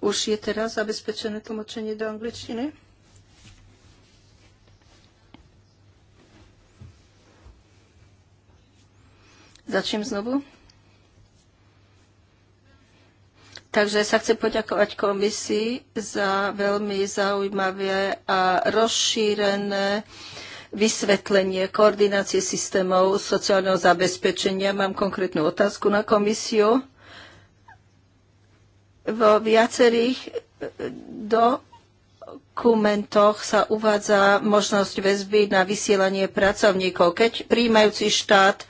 Už je teraz zabezpečené tlmočenie do angličtiny? Začnem znovu. Takže sa chcem poďakovať komisii za veľmi zaujímavé a rozšírené vysvetlenie koordinácie systémov sociálneho zabezpečenia. Mám konkrétnu otázku na komisiu. Vo viacerých e, dokumentoch sa uvádza možnosť väzby na vysielanie pracovníkov. Keď príjmajúci štát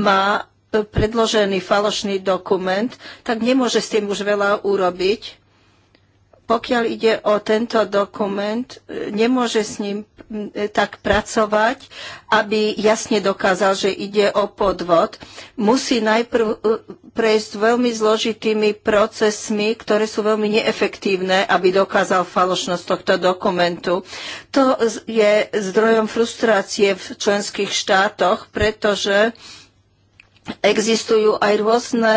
má predložený falošný dokument, tak nemôže s tým už veľa urobiť pokiaľ ide o tento dokument, e, nemôže s ním e, tak pracovať, aby jasne dokázal, že ide o podvod. Musí najprv e, prejsť veľmi zložitými procesmi, ktoré sú veľmi neefektívne, aby dokázal falošnosť tohto dokumentu. To je zdrojom frustrácie v členských štátoch, pretože existujú aj rôzne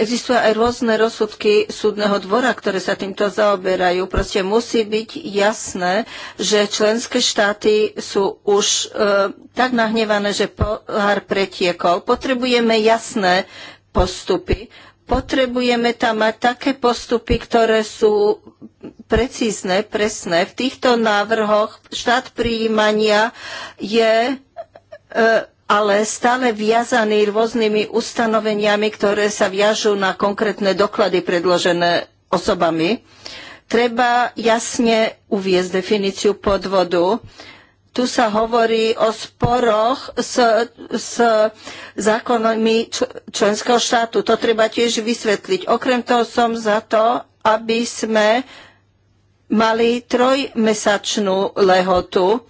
existujú aj rôzne rozsudky súdneho dvora, ktoré sa týmto zaoberajú. Proste musí byť jasné, že členské štáty sú už e, tak nahnevané, že pohár pretiekol. Potrebujeme jasné postupy. Potrebujeme tam mať také postupy, ktoré sú precízne, presné. V týchto návrhoch štát prijímania je e, ale stále viazaný rôznymi ustanoveniami, ktoré sa viažú na konkrétne doklady predložené osobami. Treba jasne uviezť definíciu podvodu. Tu sa hovorí o sporoch s, s zákonmi členského štátu. To treba tiež vysvetliť. Okrem toho som za to, aby sme mali trojmesačnú lehotu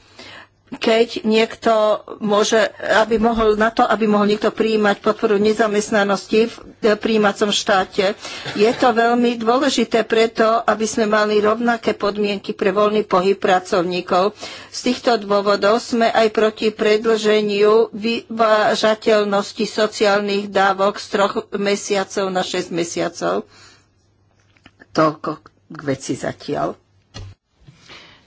keď niekto môže, aby mohol na to, aby mohol niekto prijímať podporu nezamestnanosti v príjímacom štáte. Je to veľmi dôležité preto, aby sme mali rovnaké podmienky pre voľný pohyb pracovníkov. Z týchto dôvodov sme aj proti predlženiu vyvážateľnosti sociálnych dávok z troch mesiacov na 6 mesiacov. Toľko k veci zatiaľ.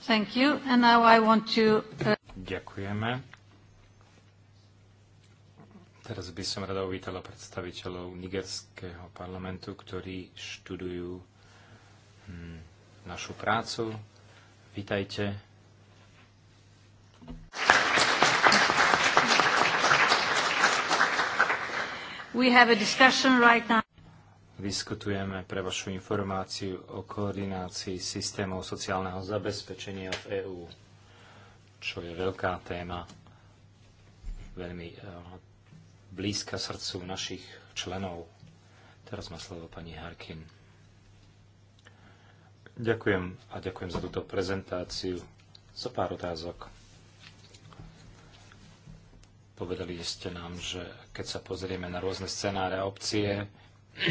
Thank you. And now I want to uh, Ďakujeme. Teraz by som rada uvítala predstaviteľov nigerského parlamentu, ktorí študujú hm, našu prácu. Vítajte. We have a discussion right now. Diskutujeme pre vašu informáciu o koordinácii systémov sociálneho zabezpečenia v EÚ čo je veľká téma, veľmi eh, blízka srdcu našich členov. Teraz má slovo pani Harkin. Ďakujem a ďakujem za túto prezentáciu. Za pár otázok. Povedali ste nám, že keď sa pozrieme na rôzne scenáre a opcie,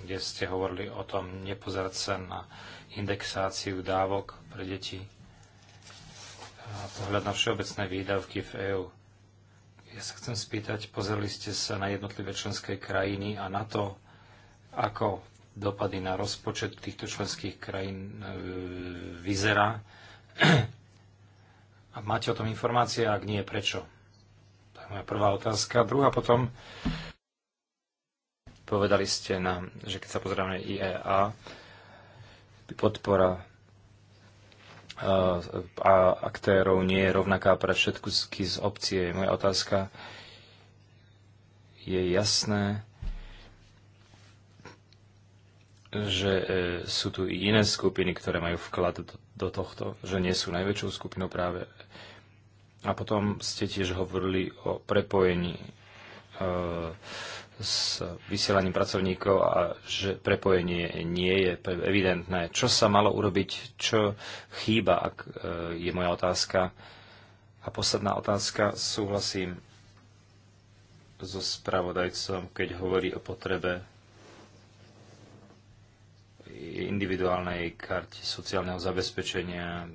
kde ste hovorili o tom nepozerať sa na indexáciu dávok pre deti, a pohľad na všeobecné výdavky v EÚ. Ja sa chcem spýtať, pozreli ste sa na jednotlivé členské krajiny a na to, ako dopady na rozpočet týchto členských krajín e, vyzerá. A máte o tom informácie, ak nie, prečo? To je moja prvá otázka. Druhá potom, povedali ste nám, že keď sa pozrieme IEA, e podpora a aktérov nie je rovnaká pre všetky z obcie. Moja otázka je jasné, že e, sú tu i iné skupiny, ktoré majú vklad do, do tohto, že nie sú najväčšou skupinou práve. A potom ste tiež hovorili o prepojení e, s vysielaním pracovníkov a že prepojenie nie je evidentné. Čo sa malo urobiť, čo chýba, ak e, je moja otázka. A posledná otázka, súhlasím so spravodajcom, keď hovorí o potrebe individuálnej karty sociálneho zabezpečenia,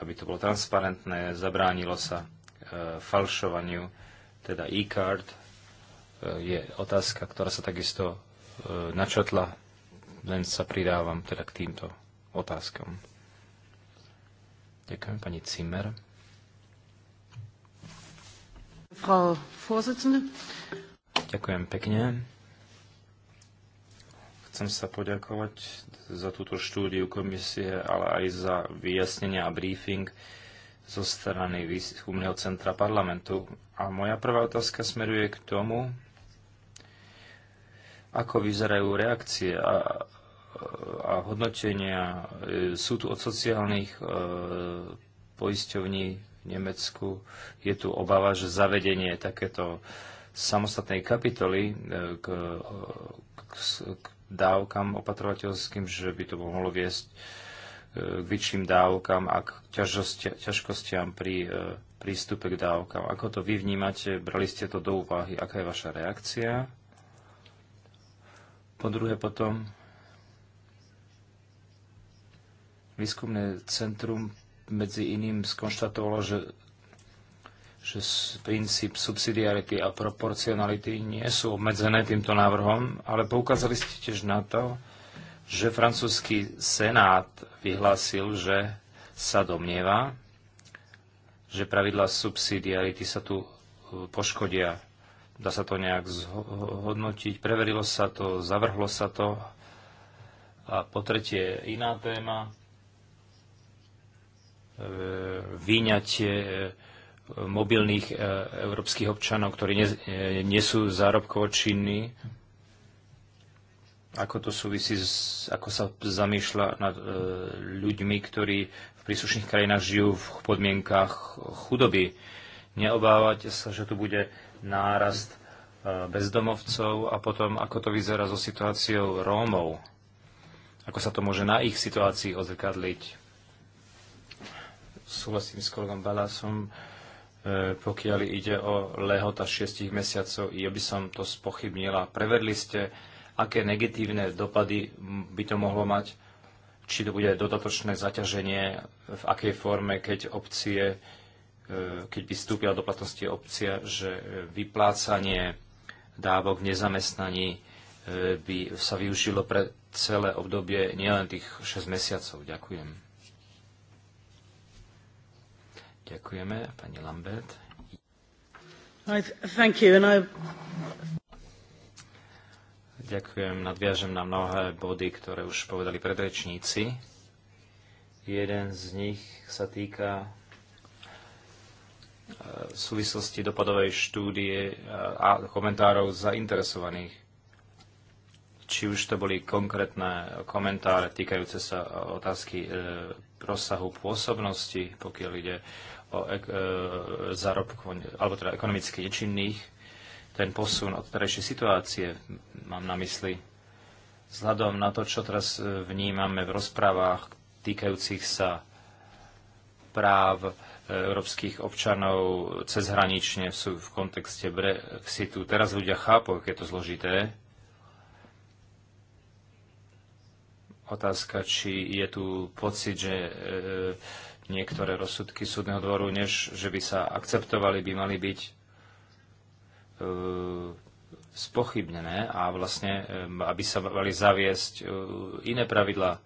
aby to bolo transparentné, zabránilo sa e, falšovaniu, teda e-card, je otázka, ktorá sa takisto e, načetla, Len sa pridávam teda k týmto otázkam. Ďakujem, pani Cimer. Frau Vorsitzende. Ďakujem pekne. Chcem sa poďakovať za túto štúdiu komisie, ale aj za vyjasnenie a briefing zo strany výskumného centra parlamentu. A moja prvá otázka smeruje k tomu, ako vyzerajú reakcie a, a hodnotenia. Sú tu od sociálnych e, poisťovní v Nemecku. Je tu obava, že zavedenie takéto samostatnej kapitoly e, k, k, k dávkam opatrovateľským, že by to mohlo viesť e, k väčším dávkam a k ťažkostiam pri e, prístupe k dávkam. Ako to vy vnímate? Brali ste to do úvahy? Aká je vaša reakcia? Po druhé potom výskumné centrum medzi iným skonštatovalo, že, že princíp subsidiarity a proporcionality nie sú obmedzené týmto návrhom, ale poukázali ste tiež na to, že francúzsky senát vyhlásil, že sa domnieva, že pravidla subsidiarity sa tu e, poškodia. Dá sa to nejak zhodnotiť? Preverilo sa to, zavrhlo sa to. A po tretie, iná téma. E, Výňatie e, mobilných e, európskych občanov, ktorí nie, nie sú zárobkovo činní, ako to súvisí, s, ako sa zamýšľa nad e, ľuďmi, ktorí v príslušných krajinách žijú v podmienkách chudoby. Neobávate sa, že tu bude nárast e, bezdomovcov a potom ako to vyzerá so situáciou Rómov. Ako sa to môže na ich situácii odzrkadliť. Súhlasím s kolegom Balasom, e, pokiaľ ide o lehota 6 mesiacov, ja by som to spochybnila. Prevedli ste, aké negatívne dopady by to mohlo mať, či to bude dodatočné zaťaženie, v akej forme, keď obcie E, keď by vstúpila do platnosti opcia, že e, vyplácanie dávok v nezamestnaní e, by sa využilo pre celé obdobie nielen tých 6 mesiacov. Ďakujem. Ďakujeme, pani Lambert. I, thank you, and I... Ďakujem, nadviažem na mnohé body, ktoré už povedali predrečníci. Jeden z nich sa týka v súvislosti dopadovej štúdie eh, a komentárov zainteresovaných. Či už to boli konkrétne komentáre týkajúce sa eh, otázky eh, rozsahu pôsobnosti, pokiaľ ide o zárobku, alebo teda ekonomicky nečinných, ten posun od terajšej situácie mám na mysli. Vzhľadom na to, čo teraz vnímame v rozprávach týkajúcich sa práv európskych občanov cezhranične sú v kontexte Brexitu. Teraz ľudia chápu, aké je to zložité. Otázka, či je tu pocit, že e, niektoré rozsudky súdneho dvoru, než že by sa akceptovali, by mali byť e, spochybnené a vlastne, e, aby sa mali zaviesť e, iné pravidlá.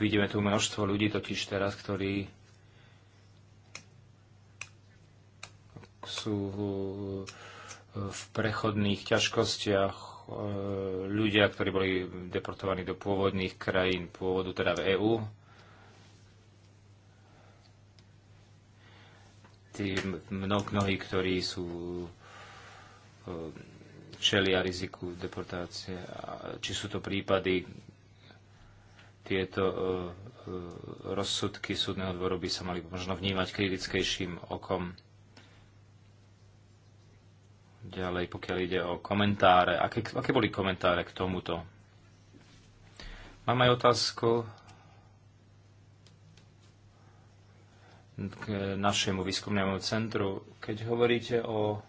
Vidíme tu množstvo ľudí totiž teraz, ktorí sú v prechodných ťažkostiach e, ľudia, ktorí boli deportovaní do pôvodných krajín, pôvodu teda v EÚ. Tí mnohí, ktorí sú e, čelia riziku deportácie. Či sú to prípady, tieto e, rozsudky súdneho dvoru by sa mali možno vnímať kritickejším okom Ďalej, pokiaľ ide o komentáre, aké, aké boli komentáre k tomuto? Mám aj otázku k našemu výskumnému centru. Keď hovoríte o...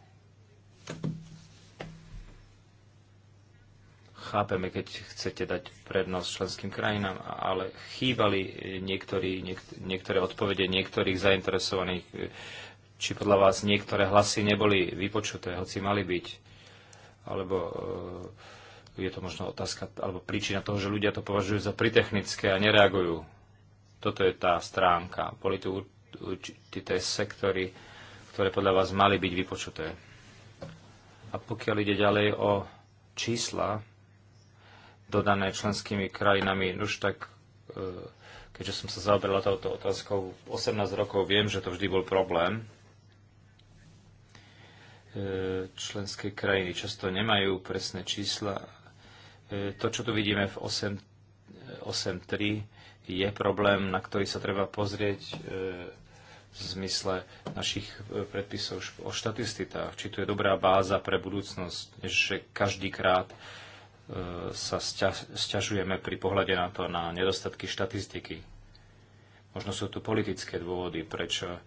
Chápeme, keď chcete dať prednosť členským krajinám, ale chýbali niektorí, niektoré odpovede niektorých zainteresovaných či podľa vás niektoré hlasy neboli vypočuté, hoci mali byť, alebo e, je to možno otázka, alebo príčina toho, že ľudia to považujú za pritechnické a nereagujú. Toto je tá stránka. Boli tu určité sektory, ktoré podľa vás mali byť vypočuté. A pokiaľ ide ďalej o čísla dodané členskými krajinami, už tak e, keďže som sa zaoberal touto otázkou 18 rokov, viem, že to vždy bol problém E, členské krajiny často nemajú presné čísla. E, to, čo tu vidíme v 8.3, je problém, na ktorý sa treba pozrieť e, v zmysle našich predpisov o štatistikách. Či tu je dobrá báza pre budúcnosť, že každý krát sa sťažujeme pri pohľade na to na nedostatky štatistiky. Možno sú tu politické dôvody, prečo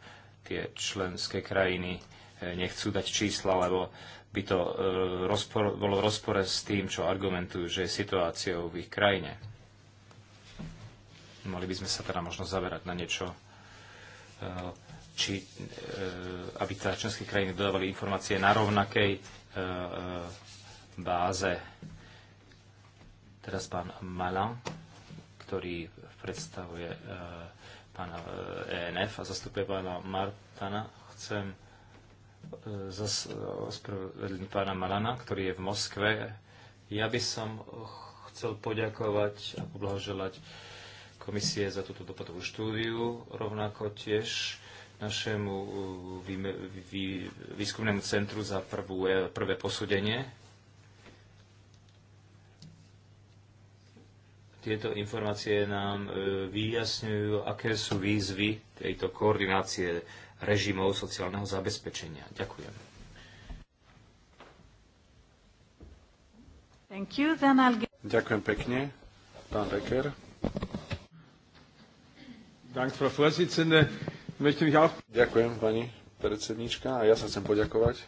tie členské krajiny nechcú dať čísla, lebo by to e, rozpor, bolo v rozpore s tým, čo argumentujú, že je situáciou v ich krajine. Mali by sme sa teda možno zaverať na niečo, e, či, e, aby tá teda členské krajiny dodávali informácie na rovnakej báze. Teraz pán Malan, ktorý predstavuje pána ENF a zastupuje pána Martana. Chcem zas e, pána Malana, ktorý je v Moskve. Ja by som chcel poďakovať a poblahoželať komisie za túto dopadovú štúdiu, rovnako tiež našemu e, výskumnému centru za prvú, e, prvé posúdenie. Tieto informácie nám vyjasňujú, aké sú výzvy tejto koordinácie režimov sociálneho zabezpečenia. Ďakujem. Get... Ďakujem pekne. Pán Becker. Ďakujem, pani predsednička. A ja sa chcem poďakovať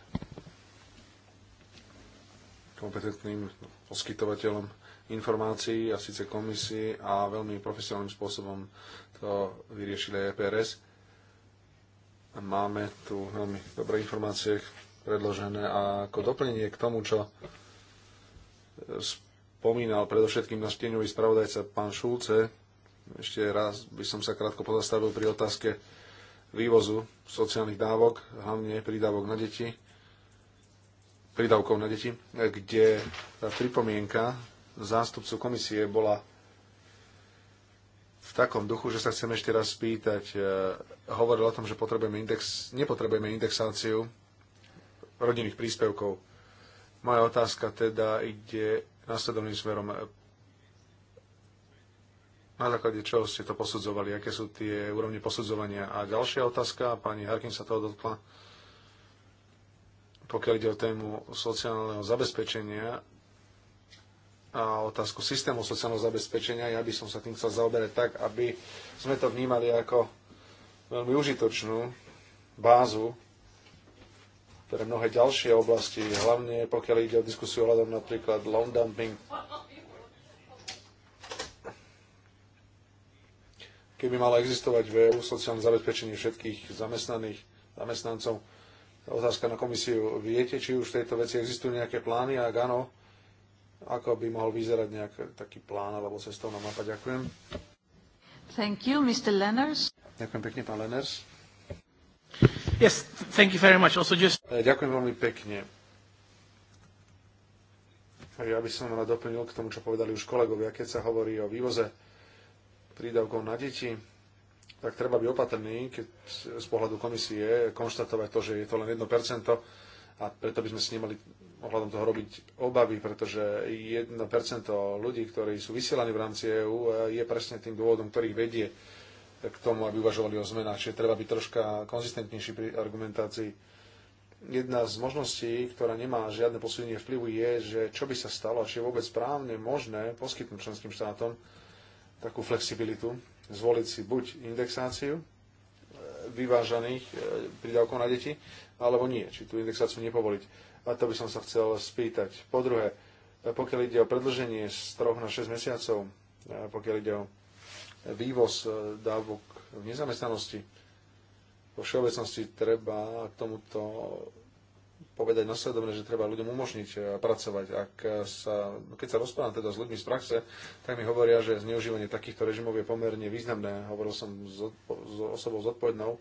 kompetentným poskytovateľom informácií a síce komisii a veľmi profesionálnym spôsobom to vyriešili EPRS. Máme tu veľmi dobré informácie predložené a ako doplnenie k tomu, čo spomínal predovšetkým náš tieňový spravodajca pán Šulce, ešte raz by som sa krátko pozastavil pri otázke vývozu sociálnych dávok, hlavne prídavok na deti, prídavkov na deti, kde tá pripomienka zástupcu komisie bola v takom duchu, že sa chcem ešte raz spýtať, hovoril o tom, že potrebujeme index, nepotrebujeme indexáciu rodinných príspevkov. Moja otázka teda ide následovným smerom. Na základe čoho ste to posudzovali? Aké sú tie úrovne posudzovania? A ďalšia otázka, pani Harkin sa toho dotkla, pokiaľ ide o tému sociálneho zabezpečenia a otázku systému sociálneho zabezpečenia, ja by som sa tým chcel zaoberať tak, aby sme to vnímali ako veľmi užitočnú bázu pre mnohé ďalšie oblasti, hlavne pokiaľ ide o diskusiu ohľadom napríklad loan dumping. Keby mala existovať v EU sociálne zabezpečenie všetkých zamestnaných zamestnancov, otázka na komisiu, viete, či už v tejto veci existujú nejaké plány ak áno, ako by mohol vyzerať nejaký taký plán alebo cestovná mapa. Ďakujem. Thank you, Mr. Lenners. Ďakujem pekne, pán Leners. Yes, thank you very much. Also just... Eh, ďakujem veľmi pekne. Ja by som rád doplnil k tomu, čo povedali už kolegovia. Keď sa hovorí o vývoze prídavkov na deti, tak treba byť opatrný, keď z pohľadu komisie konštatovať to, že je to len 1% a preto by sme si nemali ohľadom toho robiť obavy, pretože 1% ľudí, ktorí sú vysielaní v rámci EÚ, eh, je presne tým dôvodom, ktorých vedie k tomu, aby uvažovali o zmenách. Čiže treba byť troška konzistentnejší pri argumentácii. Jedna z možností, ktorá nemá žiadne posúdenie vplyvu, je, že čo by sa stalo a či je vôbec správne možné poskytnúť členským štátom takú flexibilitu, zvoliť si buď indexáciu eh, vyvážaných eh, prídavkov na deti, alebo nie, či tú indexáciu nepovoliť. A to by som sa chcel spýtať. Po druhé, eh, pokiaľ ide o predlženie z troch na 6 mesiacov, pokiaľ ide o vývoz e, dávok v nezamestnanosti. Vo všeobecnosti treba k tomuto povedať nasledovne, že treba ľuďom umožniť e, pracovať. Ak sa, keď sa rozprávam teda s ľuďmi z praxe, tak mi hovoria, že zneužívanie takýchto režimov je pomerne významné. Hovoril som s, odpo- s osobou zodpovednou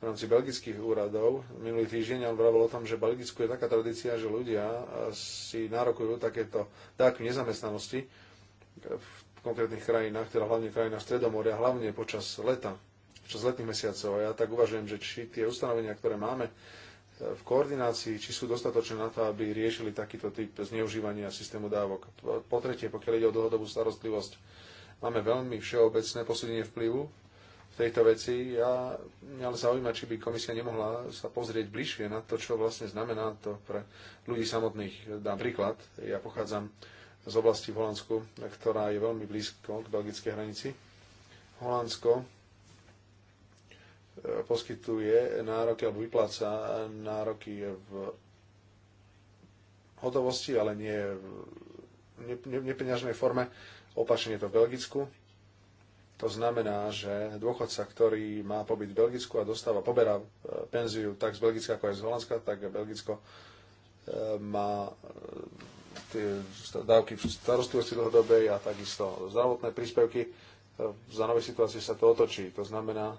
v rámci belgických úradov. Minulý týždeň on vravil o tom, že v Belgicku je taká tradícia, že ľudia si nárokujú takéto dávky nezamestnanosti v konkrétnych krajinách, teda hlavne v krajinách Stredomoria, hlavne počas leta, počas letných mesiacov. A ja tak uvažujem, že či tie ustanovenia, ktoré máme e, v koordinácii, či sú dostatočné na to, aby riešili takýto typ zneužívania systému dávok. Po tretie, pokiaľ ide o dlhodobú starostlivosť, máme veľmi všeobecné posúdenie vplyvu v tejto veci. Ja, mňa ale zaujíma, či by komisia nemohla sa pozrieť bližšie na to, čo vlastne znamená to pre ľudí samotných. Dám príklad. Ja pochádzam z oblasti v Holandsku, ktorá je veľmi blízko k belgickej hranici. Holandsko e, poskytuje nároky alebo vypláca nároky v hotovosti, ale nie v nepeňažnej forme. Opačne je to v Belgicku. To znamená, že dôchodca, ktorý má pobyt v Belgicku a dostáva, poberá e, penziu tak z Belgicka ako aj z Holandska, tak Belgicko e, má dávky v starostlivosti dlhodobej a takisto zdravotné príspevky. E, za nové situácie sa to otočí. To znamená,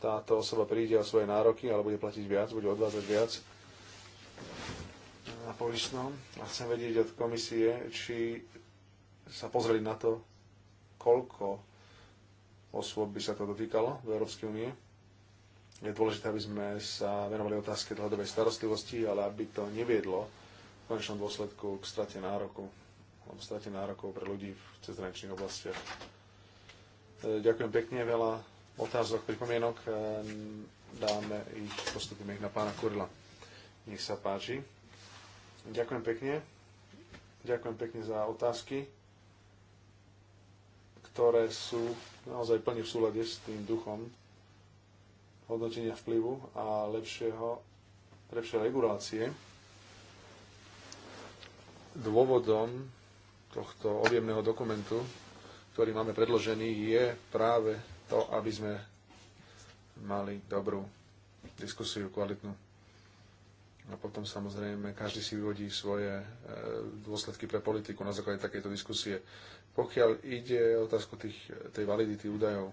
táto osoba príde o svoje nároky, ale bude platiť viac, bude odvázať viac na poistnom. A chcem vedieť od komisie, či sa pozreli na to, koľko osôb by sa to dotýkalo v Európskej únie. Je dôležité, aby sme sa venovali otázke dlhodobej starostlivosti, ale aby to neviedlo konečnom dôsledku k strate nároku alebo strate nárokov pre ľudí v cezhraničných oblastiach. E, ďakujem pekne, veľa otázok, pripomienok. E, dáme ich, postupíme ich na pána Kurila. Nech sa páči. Ďakujem pekne. Ďakujem pekne za otázky, ktoré sú naozaj plne v súlade s tým duchom hodnotenia vplyvu a lepšieho, lepšie regulácie dôvodom tohto objemného dokumentu, ktorý máme predložený, je práve to, aby sme mali dobrú diskusiu, kvalitnú. A potom samozrejme každý si vyvodí svoje e, dôsledky pre politiku na základe takejto diskusie. Pokiaľ ide o otázku tých, tej validity údajov,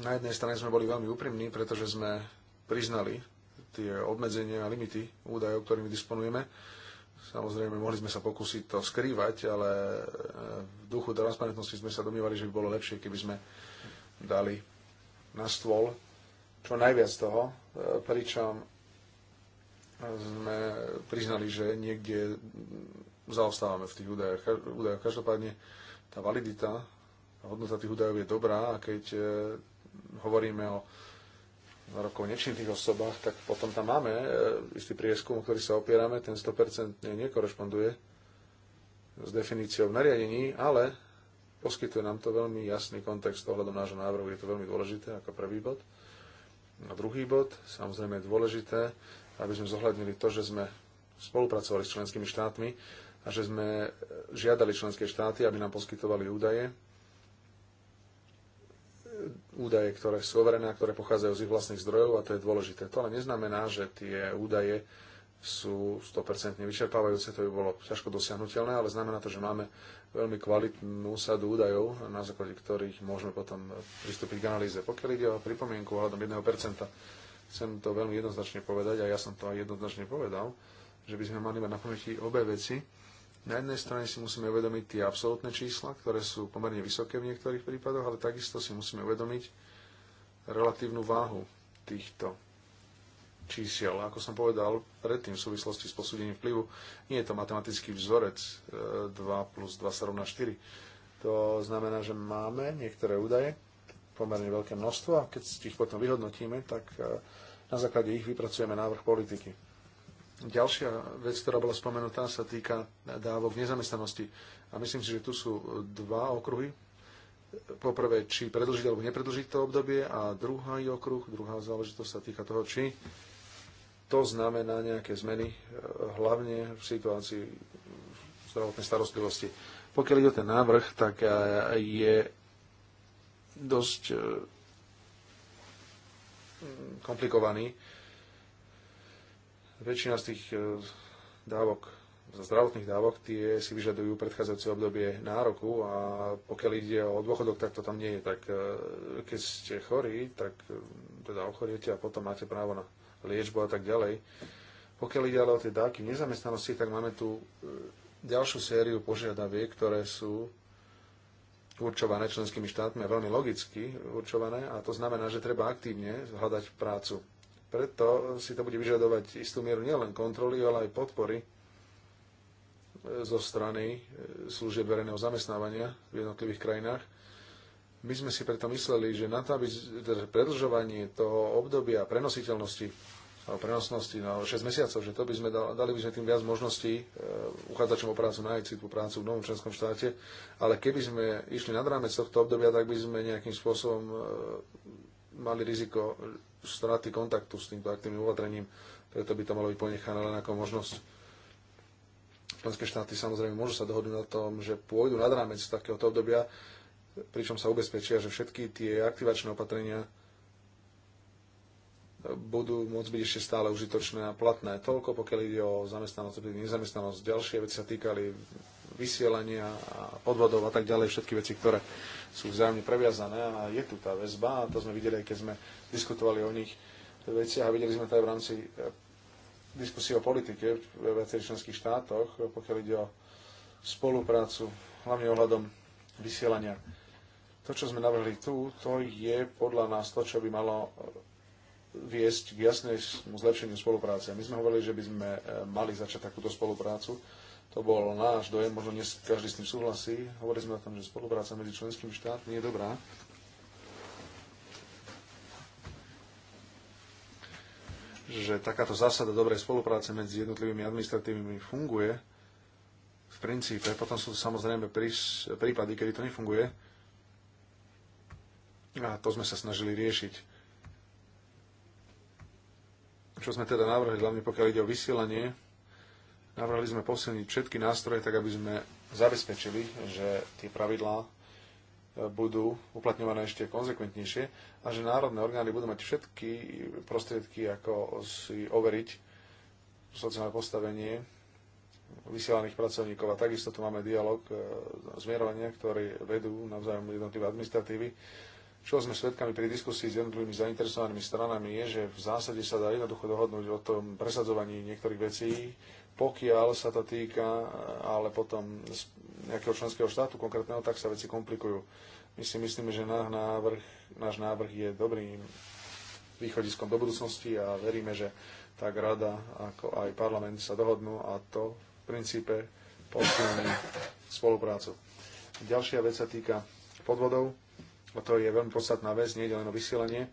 na jednej strane sme boli veľmi úprimní, pretože sme priznali tie obmedzenia a limity údajov, ktorými disponujeme. Samozrejme, mohli sme sa pokúsiť to skrývať, ale e, v duchu transparentnosti sme sa domývali, že by bolo lepšie, keby sme dali na stôl čo najviac toho, e, pričom sme priznali, že niekde zaostávame v tých údajoch. údajov. Každopádne tá validita, hodnota tých údajov je dobrá a keď e, hovoríme o rokov nečinných osobách, tak potom tam máme e, istý prieskum, ktorý sa opierame, ten 100% nekorešponduje s definíciou v nariadení, ale poskytuje nám to veľmi jasný kontext ohľadom nášho návrhu. Je to veľmi dôležité ako prvý bod. A druhý bod, samozrejme je dôležité, aby sme zohľadnili to, že sme spolupracovali s členskými štátmi a že sme e, žiadali členské štáty, aby nám poskytovali údaje údaje, ktoré sú overené a ktoré pochádzajú z ich vlastných zdrojov a to je dôležité. To ale neznamená, že tie údaje sú 100% vyčerpávajúce, to by bolo ťažko dosiahnutelné, ale znamená to, že máme veľmi kvalitnú sadu údajov, na základe ktorých môžeme potom pristúpiť k analýze. Pokiaľ ide o pripomienku ohľadom 1%, chcem to veľmi jednoznačne povedať a ja som to aj jednoznačne povedal, že by sme mali mať na pamäti obe veci na jednej strane si musíme uvedomiť tie absolútne čísla, ktoré sú pomerne vysoké v niektorých prípadoch, ale takisto si musíme uvedomiť relatívnu váhu týchto čísiel. Ako som povedal predtým v súvislosti s posúdením vplyvu, nie je to matematický vzorec 2 e, plus 2 sa rovná 4. To znamená, že máme niektoré údaje, pomerne veľké množstvo a keď ich potom vyhodnotíme, tak e, na základe ich vypracujeme návrh politiky Ďalšia vec, ktorá bola spomenutá, sa týka dávok nezamestnanosti. A myslím si, že tu sú dva okruhy. Poprvé, či predlžiť alebo nepredlžiť to obdobie. A druhá okruh, druhá záležitosť sa týka toho, či to znamená nejaké zmeny, eh, hlavne v situácii zdravotnej starostlivosti. Pokiaľ ide o ten návrh, tak eh, je dosť eh, komplikovaný Väčšina z tých e, dávok, zdravotných dávok, tie si vyžadujú predchádzajúce obdobie nároku a pokiaľ ide o dôchodok, tak to tam nie je. Tak e, keď ste chorí, tak e, teda ochoriete a potom máte právo na liečbu a tak ďalej. Pokiaľ ide ale o tie dávky v nezamestnanosti, tak máme tu ďalšiu sériu požiadaviek, ktoré sú určované členskými štátmi a veľmi logicky určované a to znamená, že treba aktívne hľadať prácu. Preto si to bude vyžadovať istú mieru nielen kontroly, ale aj podpory e, zo strany e, služieb verejného zamestnávania v jednotlivých krajinách. My sme si preto mysleli, že na to, aby teda predlžovanie toho obdobia prenositeľnosti alebo prenosnosti na 6 mesiacov, že to by sme dali, dali by sme tým viac možností e, uchádzačom o prácu nájsť si tú prácu v novom členskom štáte, ale keby sme išli nad rámec tohto obdobia, tak by sme nejakým spôsobom mali riziko straty kontaktu s týmto aktívnym uvatrením, preto by to malo byť ponechané len ako možnosť. Členské štáty samozrejme môžu sa dohodnúť na tom, že pôjdu nad rámec takéhoto obdobia, pričom sa ubezpečia, že všetky tie aktivačné opatrenia budú môcť byť ešte stále užitočné a platné. Toľko, pokiaľ ide o zamestnanosť, nezamestnanosť. Ďalšie veci sa týkali vysielania, a podvodov a tak ďalej, všetky veci, ktoré sú vzájomne previazané a je tu tá väzba a to sme videli, keď sme diskutovali o nich veciach a videli sme to aj v rámci eh, diskusie o politike v viacerých členských štátoch, pokiaľ ide o spoluprácu, hlavne ohľadom vysielania. To, čo sme navrhli tu, to je podľa nás to, čo by malo eh, viesť k jasnému zlepšeniu spolupráce. My sme hovorili, že by sme eh, mali začať takúto spoluprácu to bol náš dojem, možno nie každý s tým súhlasí. Hovorili sme o tom, že spolupráca medzi členskými štátmi je dobrá. Že takáto zásada dobrej spolupráce medzi jednotlivými administratívnymi funguje v princípe. Potom sú samozrejme prípady, kedy to nefunguje. A to sme sa snažili riešiť. Čo sme teda navrhli, hlavne pokiaľ ide o vysielanie Navrhli sme posilniť všetky nástroje, tak aby sme zabezpečili, že tie pravidlá e, budú uplatňované ešte konzekventnejšie a že národné orgány budú mať všetky prostriedky, ako si overiť sociálne postavenie vysielaných pracovníkov. A takisto tu máme dialog e, zmierovania, ktorý vedú navzájom jednotlivé administratívy. Čo sme svedkami pri diskusii s jednotlivými zainteresovanými stranami je, že v zásade sa dá jednoducho dohodnúť o tom presadzovaní niektorých vecí, pokiaľ sa to týka ale potom nejakého členského štátu konkrétneho, tak sa veci komplikujú. My si myslíme, že náš návrh, náš návrh je dobrým východiskom do budúcnosti a veríme, že tak rada ako aj parlament sa dohodnú a to v princípe posilní spoluprácu. Ďalšia vec sa týka podvodov a to je veľmi podstatná vec, nie je len o vysielanie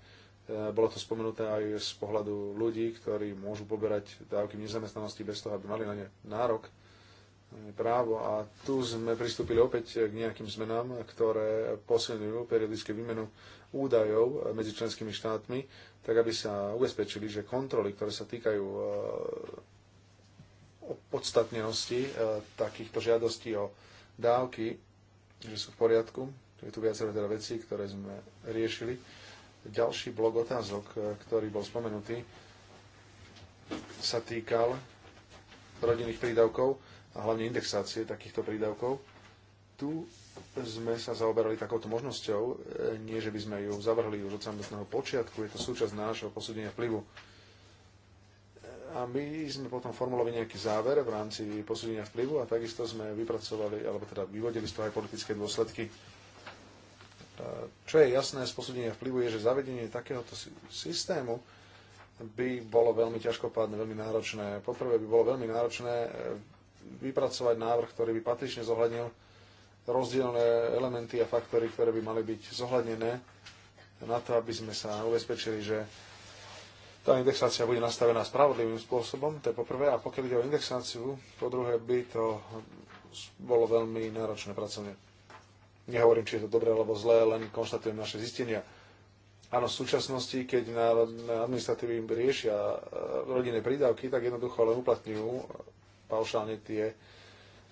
Eh, bolo to spomenuté aj z pohľadu ľudí, ktorí môžu poberať dávky v nezamestnanosti bez toho, aby mali na ne nárok, eh, právo. A tu sme pristúpili opäť k nejakým zmenám, ktoré posilňujú periodické výmenu údajov eh, medzi členskými štátmi, tak aby sa ubezpečili, že kontroly, ktoré sa týkajú podstatnenosti takýchto žiadostí o dávky, že sú v poriadku. Je tu viacero teda vecí, ktoré sme riešili ďalší blok otázok, e, ktorý bol spomenutý, sa týkal rodinných prídavkov a hlavne indexácie takýchto prídavkov. Tu sme sa zaoberali takouto možnosťou. E, nie, že by sme ju zavrhli už od samotného počiatku, je to súčasť nášho posúdenia vplyvu. E, a my sme potom formulovali nejaký záver v rámci posúdenia vplyvu a takisto sme vypracovali, alebo teda vyvodili z toho aj politické dôsledky. Čo je jasné z posúdenia vplyvu je, že zavedenie takéhoto systému by bolo veľmi ťažkopádne, veľmi náročné. Poprvé by bolo veľmi náročné e, vypracovať návrh, ktorý by patrične zohľadnil rozdielne elementy a faktory, ktoré by mali byť zohľadnené na to, aby sme sa ubezpečili, že tá indexácia bude nastavená spravodlivým spôsobom, to je poprvé. A pokiaľ ide o indexáciu, po druhé by to bolo veľmi náročné pracovne. Nehovorím, či je to dobré alebo zlé, len konštatujem naše zistenia. Áno, v súčasnosti, keď na administratívy im riešia e, rodinné prídavky, tak jednoducho len uplatňujú e, paušálne tie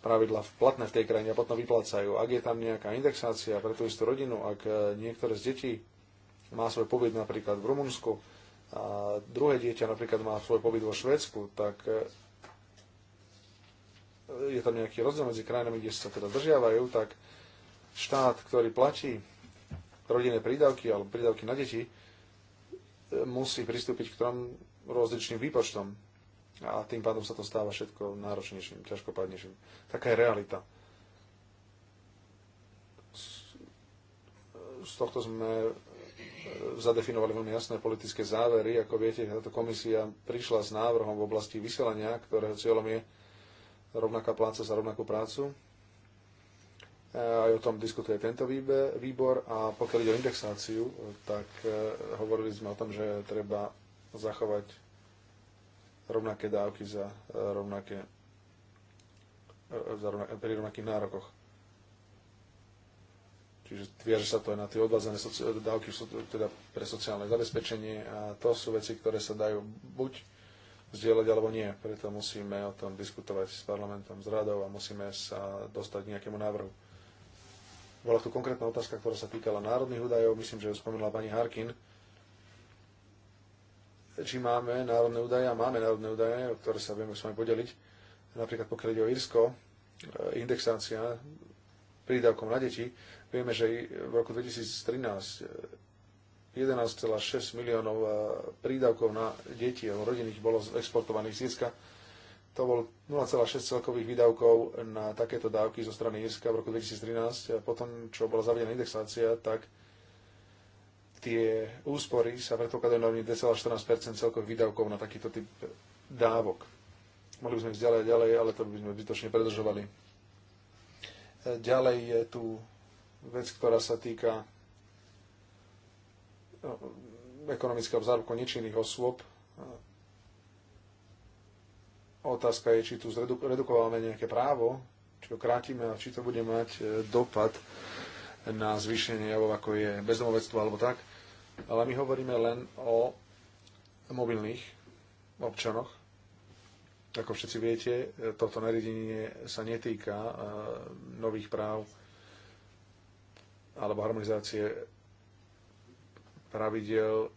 pravidla platné v tej krajine a potom vyplácajú. Ak je tam nejaká indexácia pre tú istú rodinu, ak e, niektoré z detí má svoj pobyt napríklad v Rumunsku a druhé dieťa napríklad má svoj pobyt vo Švédsku, tak je tam nejaký rozdiel medzi krajinami, kde sa teda držiavajú, tak štát, ktorý plačí rodinné prídavky alebo prídavky na deti, musí pristúpiť k tom rozličným výpočtom. A tým pádom sa to stáva všetko náročnejším, ťažkopádnejším. Taká je realita. Z tohto sme e, zadefinovali veľmi jasné politické závery. Ako viete, táto komisia prišla s návrhom v oblasti vyselania, ktorého cieľom je rovnaká pláca za rovnakú prácu E, aj o tom diskutuje tento výbor a pokiaľ ide o indexáciu, e, tak e, hovorili sme o tom, že treba zachovať rovnaké dávky za rovnaké, za rovnaké pri rovnakých nárokoch. Čiže viaže sa to aj na tie odvázané dávky teda pre sociálne zabezpečenie a to sú veci, ktoré sa dajú buď zdieľať alebo nie. Preto musíme o tom diskutovať s parlamentom, s radou a musíme sa dostať k nejakému návrhu. Bola tu konkrétna otázka, ktorá sa týkala národných údajov, myslím, že ju spomenula pani Harkin. Či máme národné údaje a máme národné údaje, o ktoré sa vieme s vami podeliť. Napríklad pokiaľ ide o Irsko, e, indexácia prídavkom na deti, vieme, že v roku 2013 11,6 e, miliónov e, prídavkov na deti a rodiny bolo exportovaných z Irska to bol 0,6 celkových výdavkov na takéto dávky zo strany Irska v roku 2013. A potom, čo bola zavedená indexácia, tak tie úspory sa predpokladajú na 2,14 celkových výdavkov na takýto typ dávok. Mohli by sme ísť ďalej a ďalej, ale to by sme bytočne predržovali. Ďalej je tu vec, ktorá sa týka no, ekonomického vzárku nečinných osôb, Otázka je, či tu redukováme nejaké právo, či ho krátime a či to bude mať e, dopad na zvýšenie javov, ako je bezdomovectvo alebo tak. Ale my hovoríme len o mobilných občanoch. Ako všetci viete, e, toto nariadenie sa netýka e, nových práv alebo harmonizácie pravidel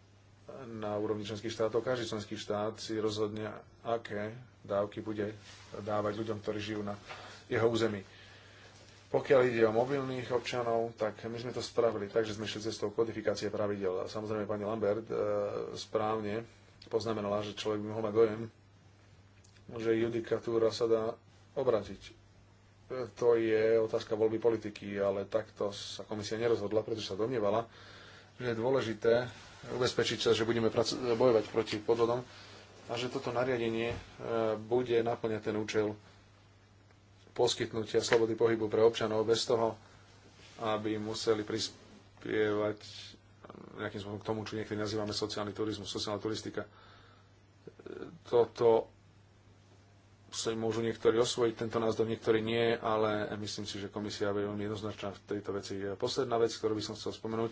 na úrovni členských štátov. Každý členský štát si rozhodne, aké dávky bude dávať ľuďom, ktorí žijú na jeho území. Pokiaľ ide o mobilných občanov, tak my sme to spravili takže sme šli cestou kodifikácie pravidel. A samozrejme pani Lambert e, správne poznamenala, že človek by mohol mať dojem, že judikatúra sa dá obratiť. E, to je otázka voľby politiky, ale takto sa komisia nerozhodla, pretože sa domnievala, že je dôležité ubezpečiť sa, že budeme bojovať proti podvodom a že toto nariadenie e, bude naplňať ten účel poskytnutia slobody pohybu pre občanov bez toho, aby museli prispievať nejakým spôsobom k tomu, čo niekedy nazývame sociálny turizmus, sociálna turistika. E, toto si môžu niektorí osvojiť, tento názor niektorí nie, ale myslím si, že komisia je veľmi jednoznačná v tejto veci. Posledná vec, ktorú by som chcel spomenúť,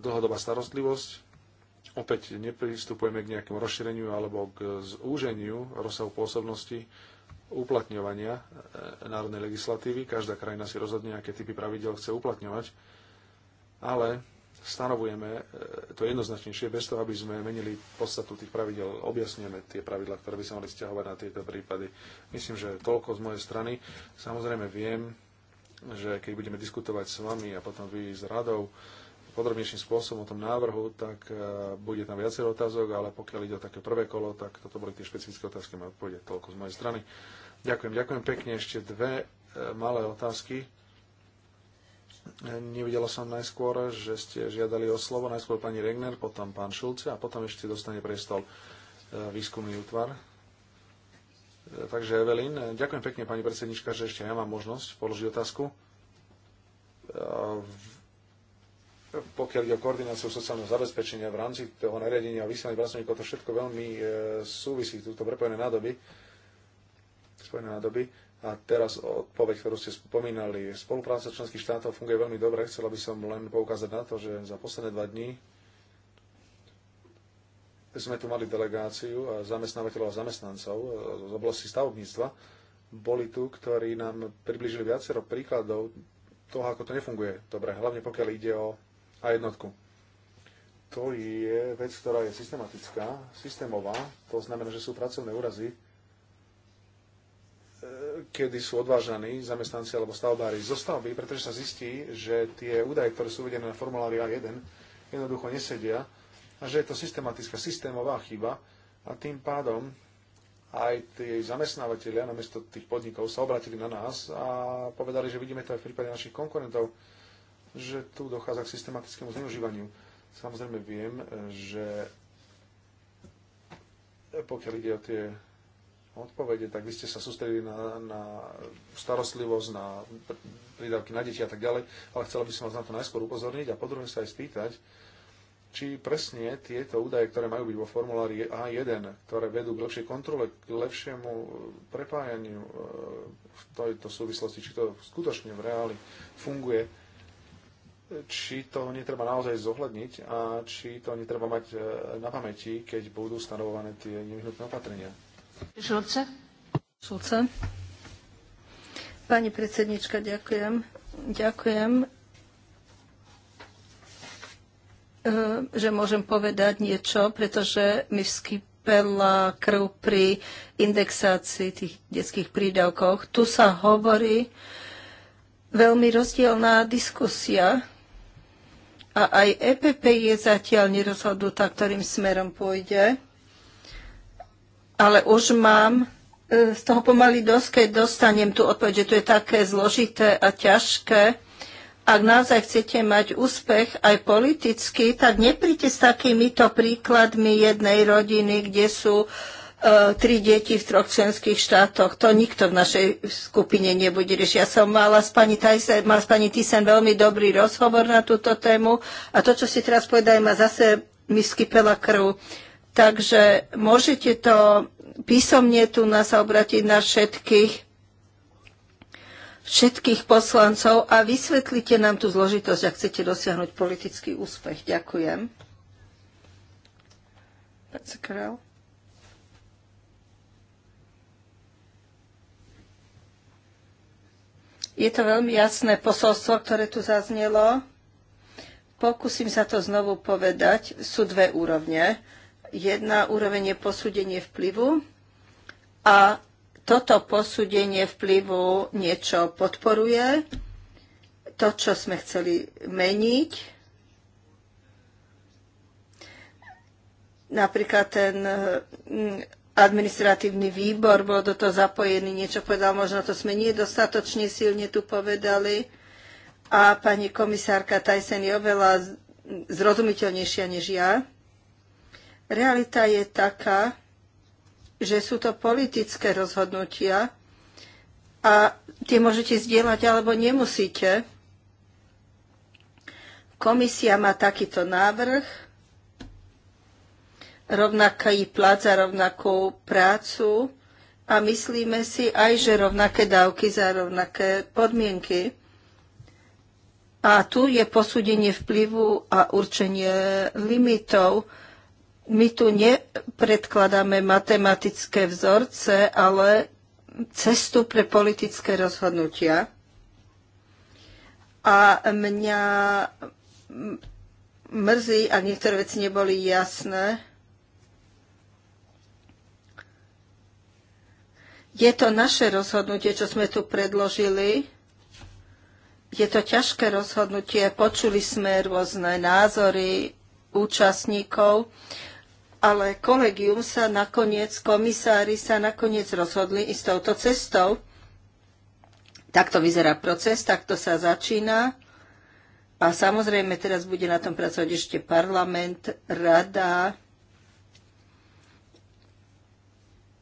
dlhodobá starostlivosť. Opäť nepristupujeme k nejakému rozšíreniu alebo k zúženiu rozsahu pôsobnosti uplatňovania e, národnej legislatívy. Každá krajina si rozhodne, aké typy pravidel chce uplatňovať. Ale stanovujeme e, to jednoznačnejšie, bez toho, aby sme menili podstatu tých pravidel, objasňujeme tie pravidla, ktoré by sa mali stiahovať na tieto prípady. Myslím, že toľko z mojej strany. Samozrejme viem, že keď budeme diskutovať s vami a potom vy s radou, podrobnejším spôsobom o tom návrhu, tak e, bude tam viacero otázok, ale pokiaľ ide o také prvé kolo, tak toto boli tie špecifické otázky a odpovede. Toľko z mojej strany. Ďakujem, ďakujem pekne. Ešte dve e, malé otázky. E, nevidela som najskôr, že ste žiadali o slovo. Najskôr pani Regner, potom pán Šulce a potom ešte dostane priestol výskumný útvar. Takže Evelyn, ďakujem pekne pani predsednička, že ešte ja mám možnosť položiť otázku pokiaľ ide o koordináciu sociálneho zabezpečenia v rámci toho nariadenia a vysielaní pracovníkov, to všetko veľmi e, súvisí, túto prepojené nádoby, spojené nádoby. A teraz odpoveď, ktorú ste spomínali. Spolupráca členských štátov funguje veľmi dobre. Chcela by som len poukázať na to, že za posledné dva dní sme tu mali delegáciu zamestnávateľov a zamestnancov e, z oblasti stavobníctva. Boli tu, ktorí nám približili viacero príkladov toho, ako to nefunguje dobre, hlavne pokiaľ ide o a jednotku. To je vec, ktorá je systematická, systémová, to znamená, že sú pracovné úrazy, e, kedy sú odvážaní zamestnanci alebo stavbári zo stavby, pretože sa zistí, že tie údaje, ktoré sú uvedené na formulári A1, jednoducho nesedia a že je to systematická, systémová chyba a tým pádom aj tí zamestnávateľia namiesto tých podnikov sa obratili na nás a povedali, že vidíme to aj v prípade našich konkurentov, že tu dochádza k systematickému zneužívaniu. Samozrejme viem, že pokiaľ ide o tie odpovede, tak vy ste sa sústredili na, na starostlivosť, na prídavky na deti a tak ďalej, ale chcela by som vás na to najskôr upozorniť a podruhé sa aj spýtať, či presne tieto údaje, ktoré majú byť vo formulári A1, ktoré vedú k lepšej kontrole, k lepšiemu prepájaniu e, v tejto súvislosti, či to skutočne v reáli funguje, či to netreba naozaj zohľadniť a či to netreba mať e, na pamäti, keď budú stanovované tie nevyhnutné opatrenia. Šulce? Šulce? Pani predsednička, ďakujem. Ďakujem, e, že môžem povedať niečo, pretože mi vskypela krv pri indexácii tých detských prídavkov. Tu sa hovorí veľmi rozdielná diskusia a aj EPP je zatiaľ nerozhodnutá, ktorým smerom pôjde. Ale už mám e, z toho pomaly dosť, keď dostanem tú odpoveď, že to je také zložité a ťažké. Ak naozaj chcete mať úspech aj politicky, tak nepríďte s takýmito príkladmi jednej rodiny, kde sú uh, E, tri deti v troch členských štátoch. To nikto v našej skupine nebude riešiť. Ja som mala s pani Tyson, mal s pani Tyson veľmi dobrý rozhovor na túto tému a to, čo si teraz povedali, ma zase mi skypela krv. Takže môžete to písomne tu nás obratiť na všetkých všetkých poslancov a vysvetlite nám tú zložitosť, ak chcete dosiahnuť politický úspech. Ďakujem. Pán Král. Je to veľmi jasné posolstvo, ktoré tu zaznelo. Pokúsim sa to znovu povedať. Sú dve úrovne. Jedna úroveň je posúdenie vplyvu a toto posúdenie vplyvu niečo podporuje, to, čo sme chceli meniť. Napríklad ten administratívny výbor bol do toho zapojený, niečo povedal, možno to sme nedostatočne silne tu povedali. A pani komisárka Tyson je oveľa zrozumiteľnejšia než ja. Realita je taká, že sú to politické rozhodnutia a tie môžete zdieľať alebo nemusíte. Komisia má takýto návrh, rovnaký plat za rovnakú prácu a myslíme si aj, že rovnaké dávky za rovnaké podmienky. A tu je posúdenie vplyvu a určenie limitov. My tu nepredkladáme matematické vzorce, ale cestu pre politické rozhodnutia. A mňa mrzí, a niektoré veci neboli jasné, Je to naše rozhodnutie, čo sme tu predložili. Je to ťažké rozhodnutie. Počuli sme rôzne názory účastníkov, ale kolegium sa nakoniec, komisári sa nakoniec rozhodli ísť touto cestou. Takto vyzerá proces, takto sa začína. A samozrejme teraz bude na tom pracovať ešte parlament, rada,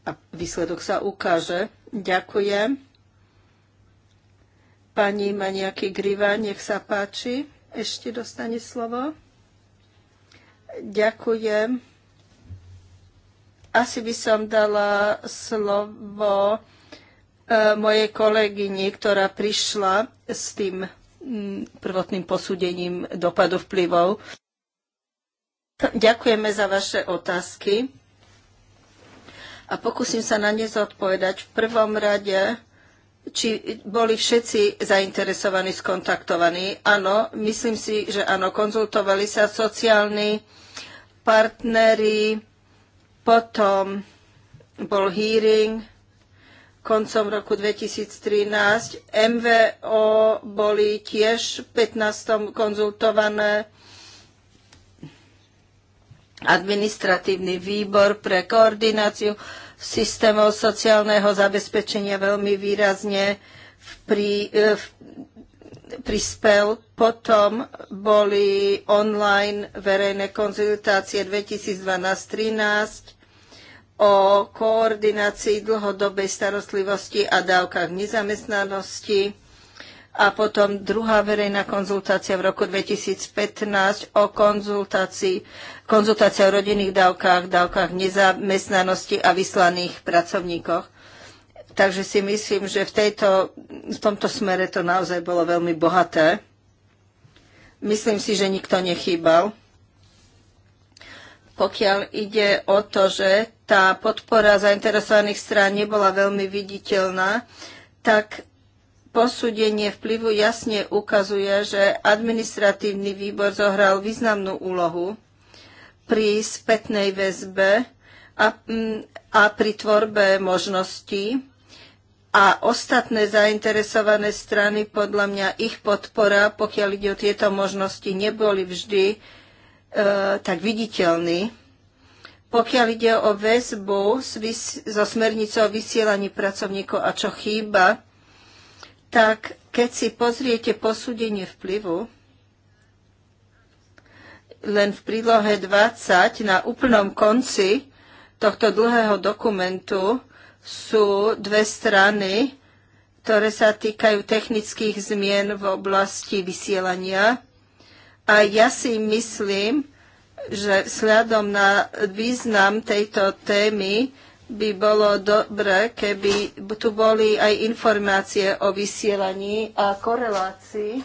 a výsledok sa ukáže. Ďakujem. Pani nejaký Griva, nech sa páči. Ešte dostane slovo. Ďakujem. Asi by som dala slovo e, mojej kolegyni, ktorá prišla s tým mm, prvotným posúdením dopadu vplyvov. Ďakujeme za vaše otázky a pokúsim sa na ne zodpovedať. V prvom rade, či boli všetci zainteresovaní, skontaktovaní. Áno, myslím si, že áno, konzultovali sa sociálni partneri, potom bol hearing koncom roku 2013. MVO boli tiež v 15. konzultované administratívny výbor pre koordináciu systémov sociálneho zabezpečenia veľmi výrazne pri, e, v, prispel. Potom boli online verejné konzultácie 2012-13 o koordinácii dlhodobej starostlivosti a dávkach nezamestnanosti a potom druhá verejná konzultácia v roku 2015 o konzultácii, konzultácia o rodinných dávkach, dávkach nezamestnanosti a vyslaných pracovníkoch. Takže si myslím, že v, tejto, v tomto smere to naozaj bolo veľmi bohaté. Myslím si, že nikto nechýbal. Pokiaľ ide o to, že tá podpora zainteresovaných strán nebola veľmi viditeľná, tak Posúdenie vplyvu jasne ukazuje, že administratívny výbor zohral významnú úlohu pri spätnej väzbe a, mm, a pri tvorbe možností a ostatné zainteresované strany, podľa mňa ich podpora, pokiaľ ide o tieto možnosti, neboli vždy e, tak viditeľní. Pokiaľ ide o väzbu so smernicou o vysielaní pracovníkov a čo chýba, tak keď si pozriete posúdenie vplyvu, len v prílohe 20 na úplnom konci tohto dlhého dokumentu sú dve strany, ktoré sa týkajú technických zmien v oblasti vysielania. A ja si myslím, že vzhľadom na význam tejto témy, by bolo dobre, keby tu boli aj informácie o vysielaní a korelácii e,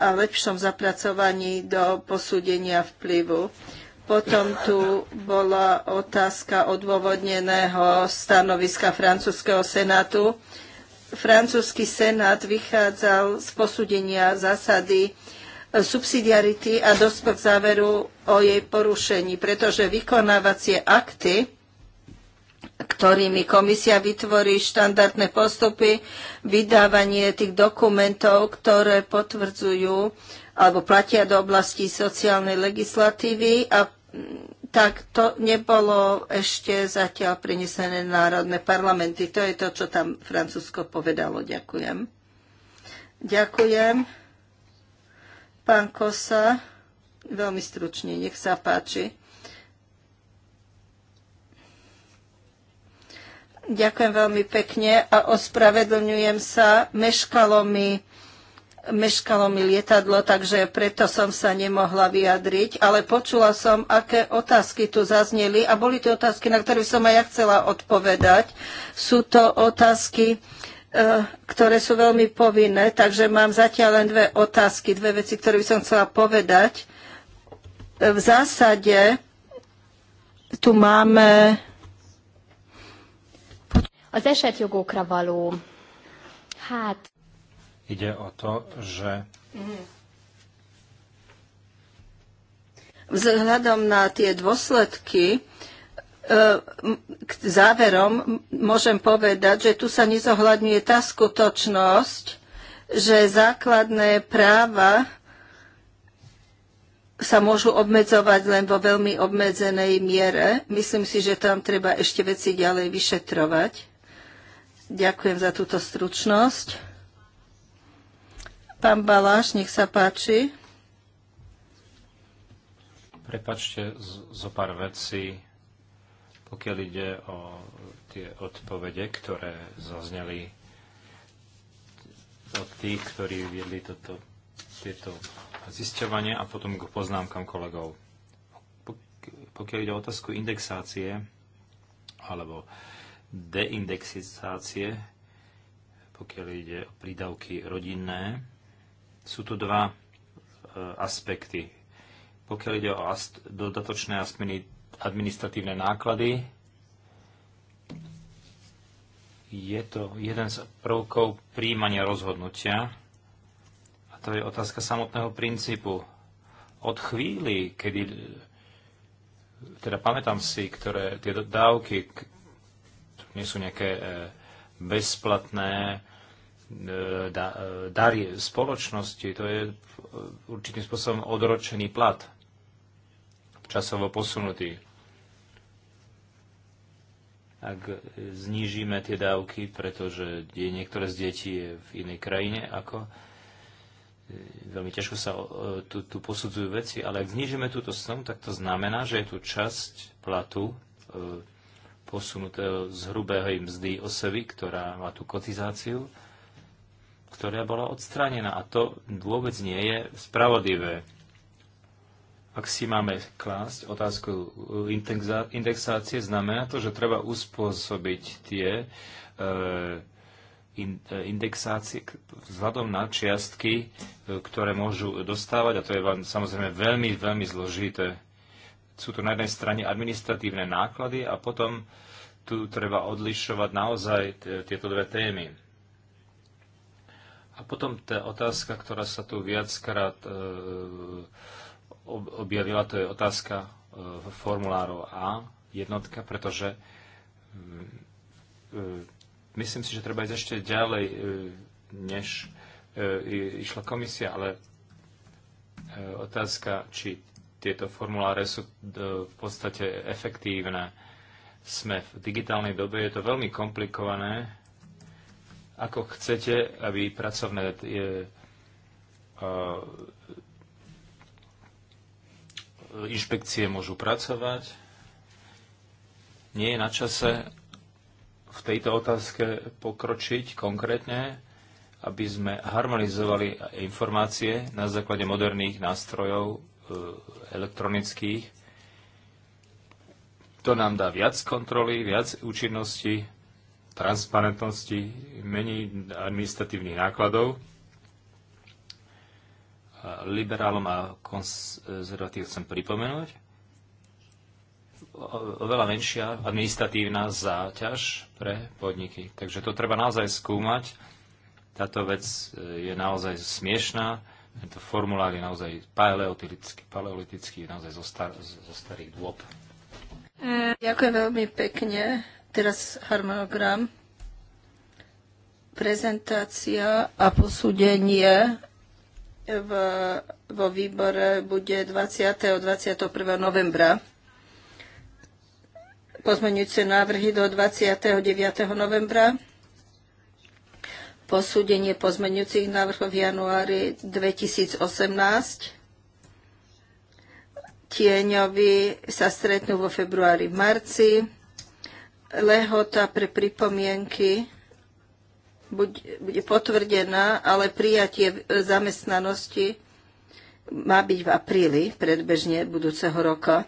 a lepšom zapracovaní do posúdenia vplyvu. Potom tu bola otázka odôvodneného stanoviska francúzského senátu. Francúzsky senát vychádzal z posúdenia zásady subsidiarity a dospel k záveru o jej porušení, pretože vykonávacie akty, ktorými komisia vytvorí štandardné postupy, vydávanie tých dokumentov, ktoré potvrdzujú alebo platia do oblasti sociálnej legislatívy a tak to nebolo ešte zatiaľ prinesené národné parlamenty. To je to, čo tam Francúzsko povedalo. Ďakujem. Ďakujem. Pán Kosa. Veľmi stručne, nech sa páči. Ďakujem veľmi pekne a ospravedlňujem sa. Meškalo mi, meškalo mi lietadlo, takže preto som sa nemohla vyjadriť, ale počula som, aké otázky tu zazneli a boli to otázky, na ktoré som aj ja chcela odpovedať. Sú to otázky, e, ktoré sú veľmi povinné, takže mám zatiaľ len dve otázky, dve veci, ktoré by som chcela povedať v zásade tu máme az esetjogokra való, hát... Ide o to, že... Vzhľadom na tie dôsledky, e, k záverom môžem povedať, že tu sa nezohľadňuje tá skutočnosť, že základné práva sa môžu obmedzovať len vo veľmi obmedzenej miere. Myslím si, že tam treba ešte veci ďalej vyšetrovať. Ďakujem za túto stručnosť. Pán Baláš, nech sa páči. Prepačte zo pár vecí, pokiaľ ide o tie odpovede, ktoré zazneli od tých, ktorí viedli toto, tieto zisťovanie a potom k poznámkam kolegov. Pokiaľ ide o otázku indexácie alebo deindexizácie, pokiaľ ide o prídavky rodinné, sú tu dva e, aspekty. Pokiaľ ide o dodatočné administratívne náklady, je to jeden z prvkov príjmania rozhodnutia, to je otázka samotného princípu. Od chvíli, kedy teda pamätám si, ktoré tie dávky nie sú nejaké e, bezplatné e, e, dary spoločnosti, to je určitým spôsobom odročený plat, časovo posunutý. Ak znížime tie dávky, pretože niektoré z detí je v inej krajine, ako veľmi ťažko sa tu, tu posudzujú veci, ale ak znižíme túto sum, tak to znamená, že je tu časť platu e, posunutého z hrubého mzdy osoby, ktorá má tú kotizáciu, ktorá bola odstránená. A to vôbec nie je spravodlivé. Ak si máme klásť otázku indexácie, znamená to, že treba uspôsobiť tie e, E, indexácie vzhľadom na čiastky, e, ktoré môžu dostávať, a to je vám samozrejme veľmi, veľmi zložité. Sú to na jednej strane administratívne náklady a potom tu treba odlišovať naozaj tieto dve témy. A potom tá otázka, ktorá sa tu viackrát e, objavila, to je otázka formulárov A, jednotka, pretože Myslím si, že treba ísť ešte ďalej, e, než e, išla komisia, ale e, otázka, či tieto formuláre sú v podstate efektívne. Sme v digitálnej dobe, je to veľmi komplikované. Ako chcete, aby pracovné inšpekcie môžu pracovať. Nie je na čase, v tejto otázke pokročiť konkrétne, aby sme harmonizovali informácie na základe moderných nástrojov e, elektronických. To nám dá viac kontroly, viac účinnosti, transparentnosti, menej administratívnych nákladov. Liberálom a konzervatív chcem pripomenúť, oveľa menšia administratívna záťaž pre podniky. Takže to treba naozaj skúmať. Táto vec eh, je naozaj smiešná. Tento formulár je naozaj paleolitický, paleolitický naozaj zo, star, zo starých dôb. Eh, ďakujem veľmi pekne. Teraz harmonogram. Prezentácia a posúdenie v, vo výbore bude 20. a 21. novembra pozmeňujúce návrhy do 29. novembra, posúdenie pozmeňujúcich návrhov v januári 2018, tieňovi sa stretnú vo februári v marci, lehota pre pripomienky bude potvrdená, ale prijatie zamestnanosti má byť v apríli predbežne budúceho roka.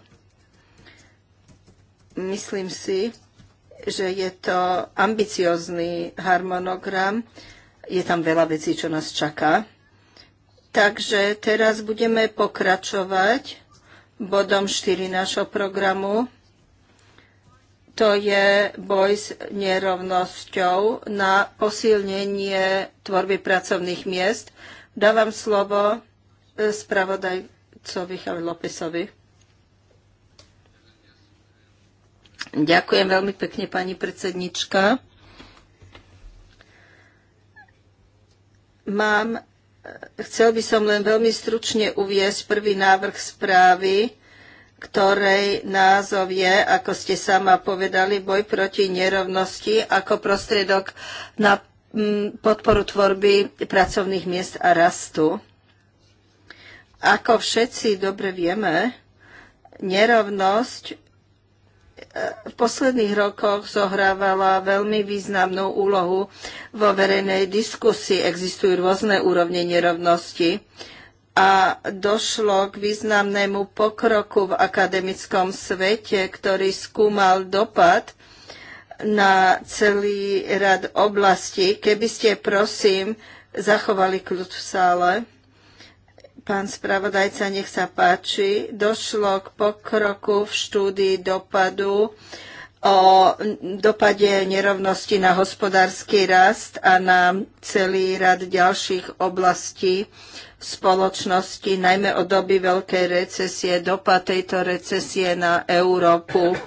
Myslím si, že je to ambiciozný harmonogram. Je tam veľa vecí, čo nás čaká. Takže teraz budeme pokračovať bodom 4 nášho programu. To je boj s nerovnosťou na posilnenie tvorby pracovných miest. Dávam slovo spravodajcovi Chavi Lópezovi. Ďakujem veľmi pekne, pani predsednička. Mám, chcel by som len veľmi stručne uviesť prvý návrh správy, ktorej názov je, ako ste sama povedali, boj proti nerovnosti ako prostriedok na mm, podporu tvorby pracovných miest a rastu. Ako všetci dobre vieme, nerovnosť v posledných rokoch zohrávala veľmi významnú úlohu vo verejnej diskusii. Existujú rôzne úrovne nerovnosti a došlo k významnému pokroku v akademickom svete, ktorý skúmal dopad na celý rad oblastí. Keby ste, prosím, zachovali kľud v sále. Pán spravodajca, nech sa páči. Došlo k pokroku v štúdii dopadu o dopade nerovnosti na hospodársky rast a na celý rad ďalších oblastí spoločnosti, najmä od doby veľkej recesie, dopad tejto recesie na Európu,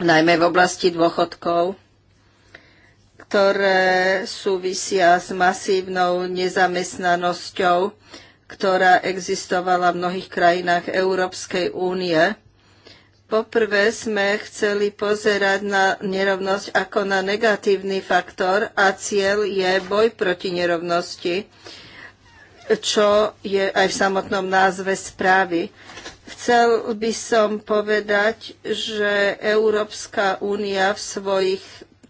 najmä v oblasti dôchodkov ktoré súvisia s masívnou nezamestnanosťou, ktorá existovala v mnohých krajinách Európskej únie. Poprvé sme chceli pozerať na nerovnosť ako na negatívny faktor a cieľ je boj proti nerovnosti, čo je aj v samotnom názve správy. Chcel by som povedať, že Európska únia v svojich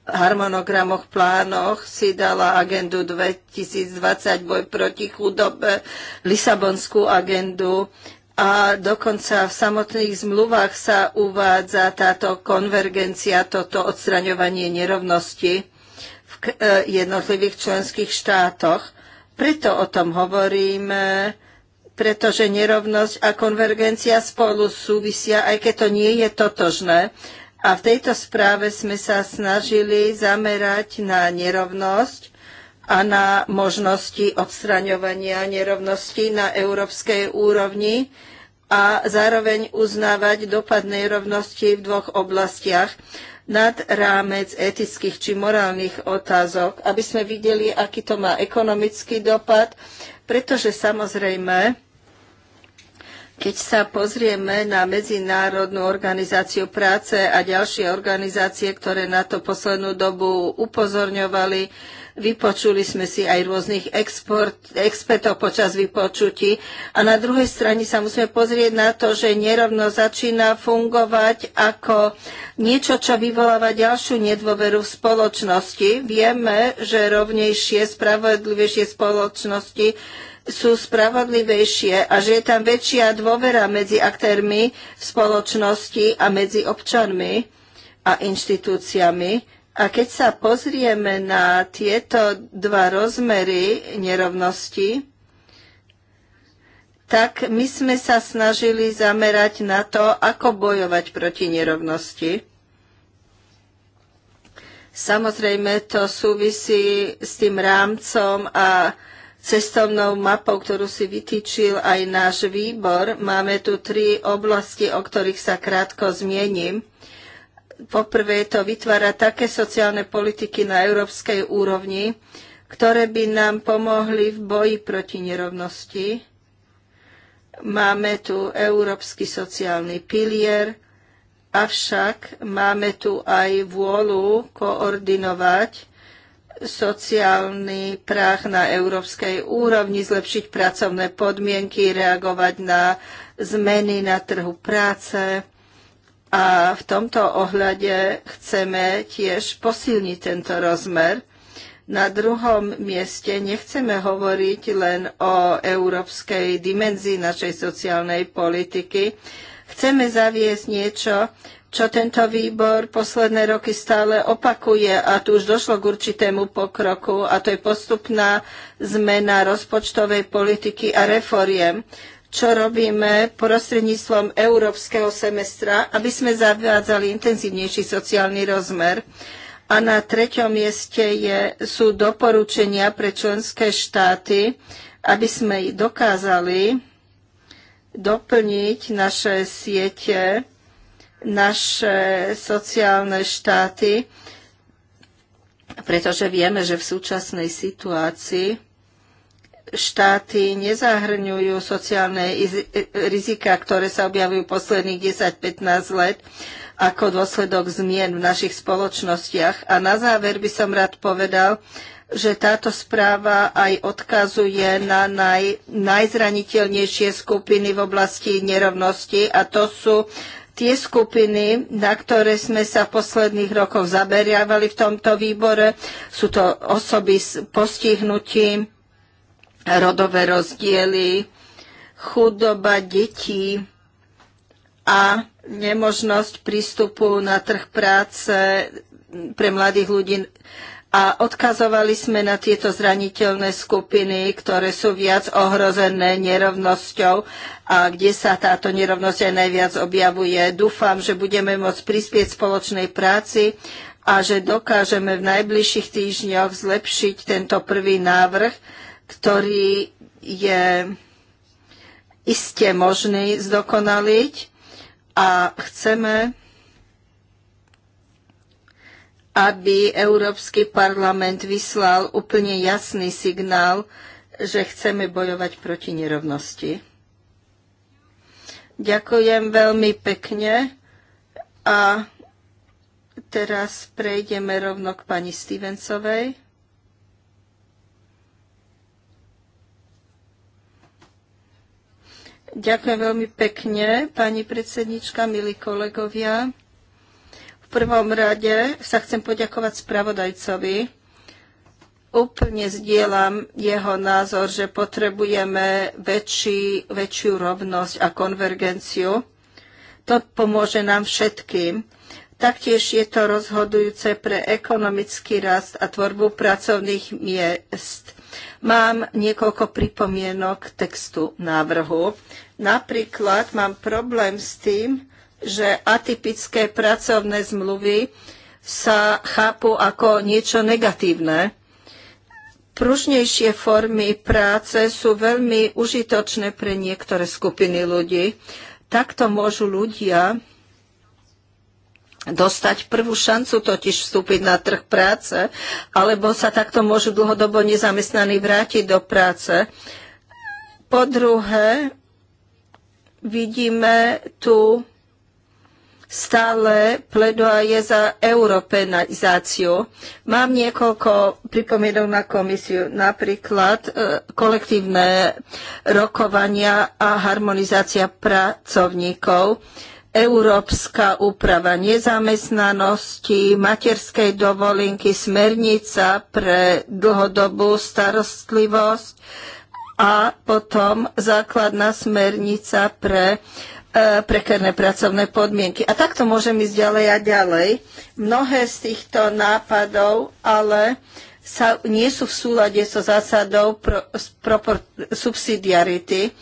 harmonogramoch, plánoch si dala agendu 2020 boj proti chudobe, Lisabonskú agendu a dokonca v samotných zmluvách sa uvádza táto konvergencia, toto odstraňovanie nerovnosti v e, jednotlivých členských štátoch. Preto o tom hovorím, pretože nerovnosť a konvergencia spolu súvisia, aj keď to nie je totožné. A v tejto správe sme sa snažili zamerať na nerovnosť a na možnosti odstraňovania nerovností na európskej úrovni a zároveň uznávať dopad nerovnosti v dvoch oblastiach nad rámec etických či morálnych otázok, aby sme videli, aký to má ekonomický dopad, pretože samozrejme keď sa pozrieme na Medzinárodnú organizáciu práce a ďalšie organizácie, ktoré na to poslednú dobu upozorňovali, Vypočuli sme si aj rôznych export, expertov počas vypočutí. A na druhej strane sa musíme pozrieť na to, že nerovno začína fungovať ako niečo, čo vyvoláva ďalšiu nedôveru v spoločnosti. Vieme, že rovnejšie, spravodlivejšie spoločnosti sú spravodlivejšie a že je tam väčšia dôvera medzi aktérmi v spoločnosti a medzi občanmi a inštitúciami. A keď sa pozrieme na tieto dva rozmery nerovnosti, tak my sme sa snažili zamerať na to, ako bojovať proti nerovnosti. Samozrejme, to súvisí s tým rámcom a cestovnou mapou, ktorú si vytýčil aj náš výbor. Máme tu tri oblasti, o ktorých sa krátko zmiením. Poprvé to vytvára také sociálne politiky na európskej úrovni, ktoré by nám pomohli v boji proti nerovnosti. Máme tu európsky sociálny pilier, avšak máme tu aj vôľu koordinovať sociálny práh na európskej úrovni, zlepšiť pracovné podmienky, reagovať na zmeny na trhu práce a v tomto ohľade chceme tiež posilniť tento rozmer. Na druhom mieste nechceme hovoriť len o európskej dimenzii našej sociálnej politiky. Chceme zaviesť niečo, čo tento výbor posledné roky stále opakuje a tu už došlo k určitému pokroku a to je postupná zmena rozpočtovej politiky a reforiem čo robíme prostredníctvom európskeho semestra, aby sme zavádzali intenzívnejší sociálny rozmer. A na treťom mieste je, sú doporučenia pre členské štáty, aby sme dokázali doplniť naše siete, naše sociálne štáty, pretože vieme, že v súčasnej situácii štáty nezahrňujú sociálne rizika, ktoré sa objavujú posledných 10-15 let ako dôsledok zmien v našich spoločnostiach. A na záver by som rád povedal, že táto správa aj odkazuje na naj, najzraniteľnejšie skupiny v oblasti nerovnosti a to sú tie skupiny, na ktoré sme sa v posledných rokoch zaberiavali v tomto výbore. Sú to osoby s postihnutím, rodové rozdiely, chudoba detí a nemožnosť prístupu na trh práce pre mladých ľudí. A odkazovali sme na tieto zraniteľné skupiny, ktoré sú viac ohrozené nerovnosťou a kde sa táto nerovnosť aj najviac objavuje. Dúfam, že budeme môcť prispieť spoločnej práci a že dokážeme v najbližších týždňoch zlepšiť tento prvý návrh ktorý je iste možný zdokonaliť a chceme, aby Európsky parlament vyslal úplne jasný signál, že chceme bojovať proti nerovnosti. Ďakujem veľmi pekne a teraz prejdeme rovno k pani Stevensovej. Ďakujem veľmi pekne, pani predsednička, milí kolegovia. V prvom rade sa chcem poďakovať spravodajcovi. Úplne zdieľam jeho názor, že potrebujeme väčší, väčšiu rovnosť a konvergenciu. To pomôže nám všetkým. Taktiež je to rozhodujúce pre ekonomický rast a tvorbu pracovných miest Mám niekoľko pripomienok k textu návrhu. Napríklad mám problém s tým, že atypické pracovné zmluvy sa chápu ako niečo negatívne. Pružnejšie formy práce sú veľmi užitočné pre niektoré skupiny ľudí. Takto môžu ľudia dostať prvú šancu totiž vstúpiť na trh práce, alebo sa takto môžu dlhodobo nezamestnaní vrátiť do práce. Po druhé, vidíme tu stále pledoje za europenizáciu. Mám niekoľko pripomienok na komisiu, napríklad e, kolektívne rokovania a harmonizácia pracovníkov. E, európska úprava nezamestnanosti, materskej dovolinky, smernica pre dlhodobú starostlivosť a potom základná smernica pre e, prekerné pracovné podmienky. A takto môžem ísť ďalej a ďalej. Mnohé z týchto nápadov ale sa, nie sú v súlade so zásadou pro, pro, subsidiarity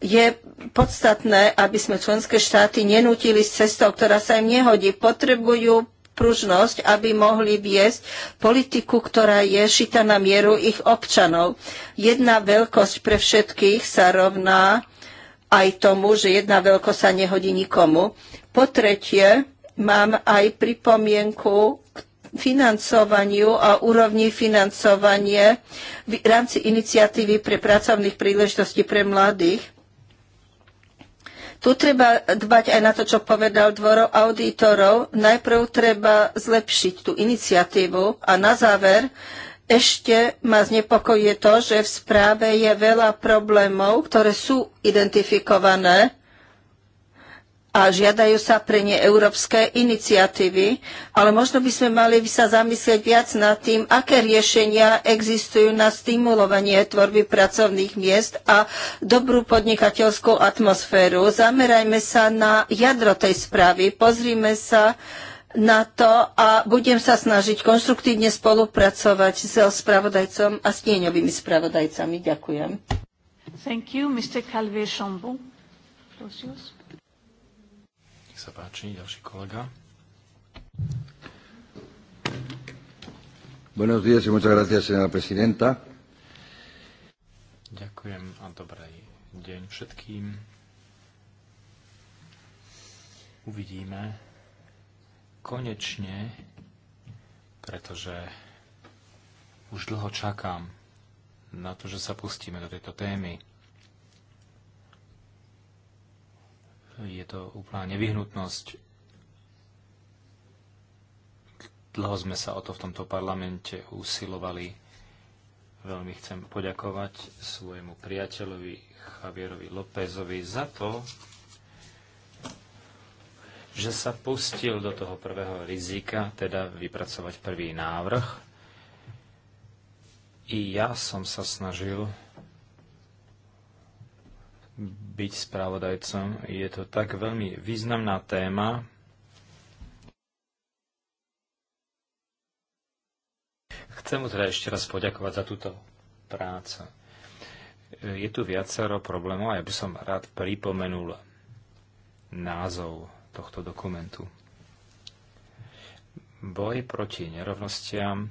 je podstatné, aby sme členské štáty nenútili s cestou, ktorá sa im nehodí. Potrebujú pružnosť, aby mohli viesť politiku, ktorá je šita na mieru ich občanov. Jedna veľkosť pre všetkých sa rovná aj tomu, že jedna veľkosť sa nehodí nikomu. Po tretie, mám aj pripomienku k financovaniu a úrovni financovanie v rámci iniciatívy pre pracovných príležitostí pre mladých. Tu treba dbať aj na to, čo povedal dvoro auditorov. Najprv treba zlepšiť tú iniciatívu a na záver ešte ma znepokojuje to, že v správe je veľa problémov, ktoré sú identifikované a žiadajú sa pre ne európske iniciatívy, ale možno by sme mali sa zamyslieť viac nad tým, aké riešenia existujú na stimulovanie tvorby pracovných miest a dobrú podnikateľskú atmosféru. Zamerajme sa na jadro tej správy, pozrime sa na to a budem sa snažiť konstruktívne spolupracovať so spravodajcom a s tieňovými spravodajcami. Ďakujem. Thank you, Mr. Calvé-Chambon sa páči, ďalší kolega. Buenos días y muchas gracias, señora presidenta. Ďakujem a dobrý deň všetkým. Uvidíme konečne, pretože už dlho čakám na to, že sa pustíme do tejto témy. Je to úplná nevyhnutnosť. Dlho sme sa o to v tomto parlamente usilovali. Veľmi chcem poďakovať svojemu priateľovi Javierovi Lópezovi za to, že sa pustil do toho prvého rizika, teda vypracovať prvý návrh. I ja som sa snažil byť spravodajcom. Je to tak veľmi významná téma. Chcem mu teda ešte raz poďakovať za túto prácu. Je tu viacero problémov a ja by som rád pripomenul názov tohto dokumentu. Boj proti nerovnostiam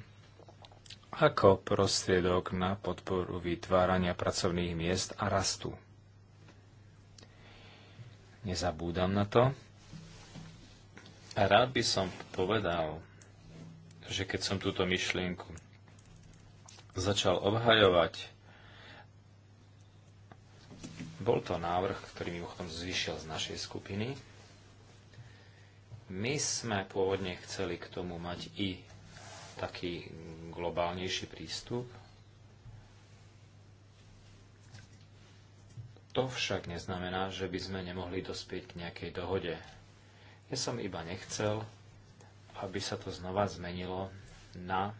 ako prostriedok na podporu vytvárania pracovných miest a rastu. Nezabúdam na to. A rád by som povedal, že keď som túto myšlienku začal obhajovať, bol to návrh, ktorý mimochodom zvyšiel z našej skupiny. My sme pôvodne chceli k tomu mať i taký globálnejší prístup, To však neznamená, že by sme nemohli dospieť k nejakej dohode. Ja som iba nechcel, aby sa to znova zmenilo na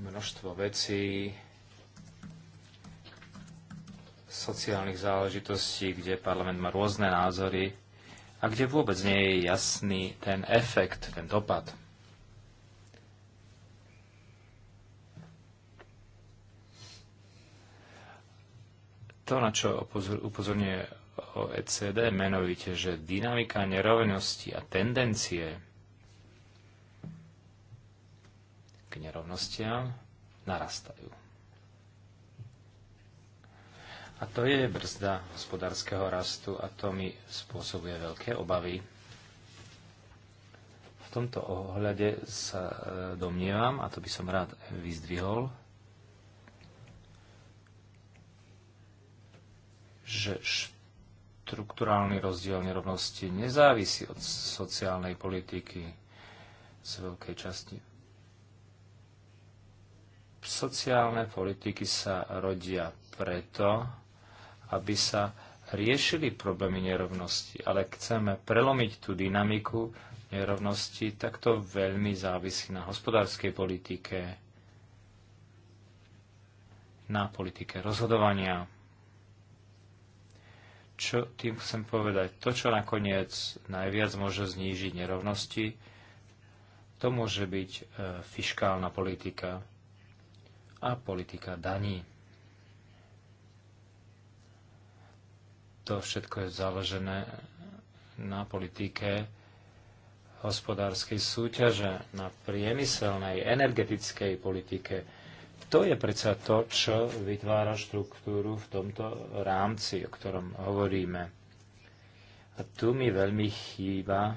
množstvo vecí, sociálnych záležitostí, kde parlament má rôzne názory a kde vôbec nie je jasný ten efekt, ten dopad. To, na čo upozorňuje OECD, menovite, že dynamika nerovnosti a tendencie k nerovnostiam narastajú. A to je brzda hospodárskeho rastu a to mi spôsobuje veľké obavy. V tomto ohľade sa e, domnievam, a to by som rád vyzdvihol, že štruktúrálny rozdiel nerovnosti nezávisí od sociálnej politiky z veľkej časti. Sociálne politiky sa rodia preto, aby sa riešili problémy nerovnosti, ale chceme prelomiť tú dynamiku nerovnosti, tak to veľmi závisí na hospodárskej politike, na politike rozhodovania. Čo tým chcem povedať? To, čo nakoniec najviac môže znížiť nerovnosti, to môže byť e, fiškálna politika a politika daní. To všetko je založené na politike hospodárskej súťaže, na priemyselnej, energetickej politike, to je predsa to, čo vytvára štruktúru v tomto rámci, o ktorom hovoríme. A tu mi veľmi chýba,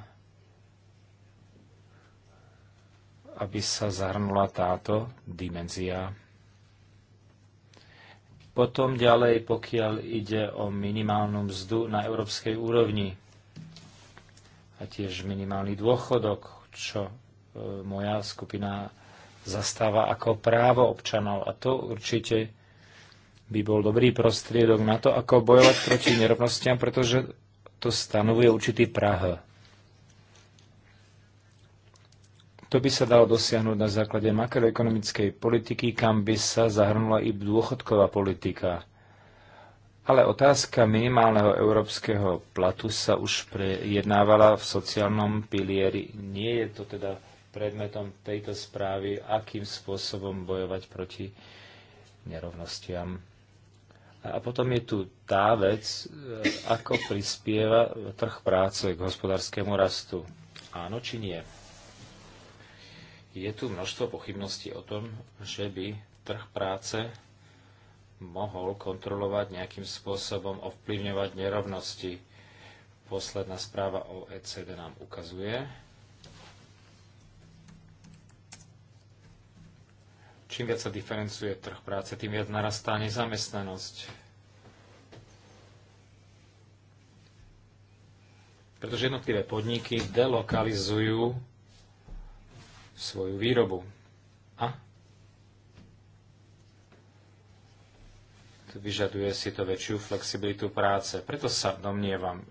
aby sa zahrnula táto dimenzia. Potom ďalej, pokiaľ ide o minimálnu mzdu na európskej úrovni a tiež minimálny dôchodok, čo e, moja skupina zastáva ako právo občanov. A to určite by bol dobrý prostriedok na to, ako bojovať proti nerovnostiam, pretože to stanovuje určitý prah. To by sa dalo dosiahnuť na základe makroekonomickej politiky, kam by sa zahrnula i dôchodková politika. Ale otázka minimálneho európskeho platu sa už prejednávala v sociálnom pilieri. Nie je to teda predmetom tejto správy, akým spôsobom bojovať proti nerovnostiam. A potom je tu tá vec, e, ako prispieva trh práce k hospodárskému rastu. Áno či nie? Je tu množstvo pochybností o tom, že by trh práce mohol kontrolovať nejakým spôsobom, ovplyvňovať nerovnosti. Posledná správa o ECD nám ukazuje, Čím viac sa diferencuje trh práce, tým viac narastá nezamestnanosť. Pretože jednotlivé podniky delokalizujú svoju výrobu. A vyžaduje si to väčšiu flexibilitu práce. Preto sa domnievam,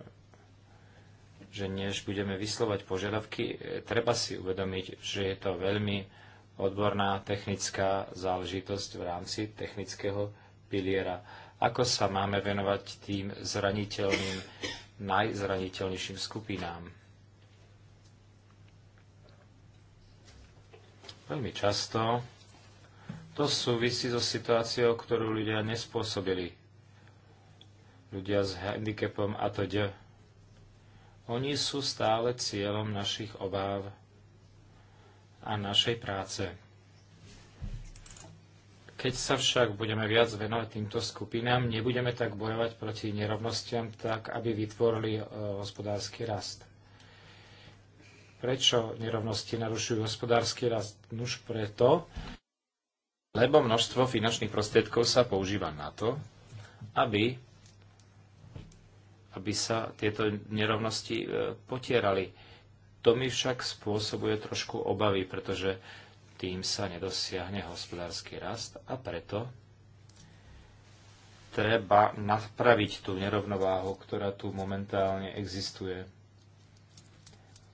že než budeme vyslovať požiadavky, treba si uvedomiť, že je to veľmi odborná technická záležitosť v rámci technického piliera. Ako sa máme venovať tým zraniteľným, najzraniteľnejším skupinám? Veľmi často to súvisí so situáciou, ktorú ľudia nespôsobili. Ľudia s handicapom a to Oni sú stále cieľom našich obáv a našej práce. Keď sa však budeme viac venovať týmto skupinám, nebudeme tak bojovať proti nerovnostiam tak, aby vytvorili e, hospodársky rast. Prečo nerovnosti narušujú hospodársky rast? Nuž preto, lebo množstvo finančných prostriedkov sa používa na to, aby, aby sa tieto nerovnosti e, potierali to mi však spôsobuje trošku obavy, pretože tým sa nedosiahne hospodársky rast a preto treba napraviť tú nerovnováhu, ktorá tu momentálne existuje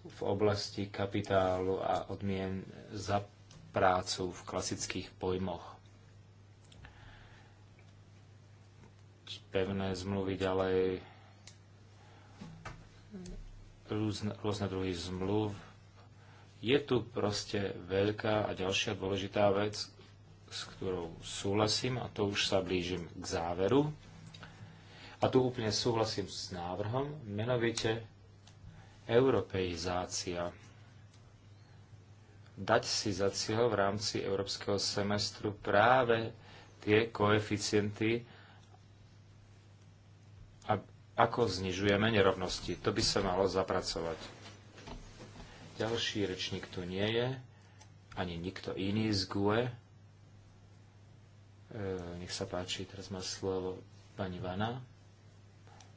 v oblasti kapitálu a odmien za prácu v klasických pojmoch. Pevné zmluvy ďalej rôzne, rôzne druhy zmluv. Je tu proste veľká a ďalšia dôležitá vec, s ktorou súhlasím, a to už sa blížim k záveru. A tu úplne súhlasím s návrhom, menovite europeizácia. Dať si za cieľ v rámci európskeho semestru práve tie koeficienty, ako znižujeme nerovnosti. To by sa malo zapracovať. Ďalší rečník tu nie je, ani nikto iný z GUE. E, nech sa páči, teraz má slovo pani Vana.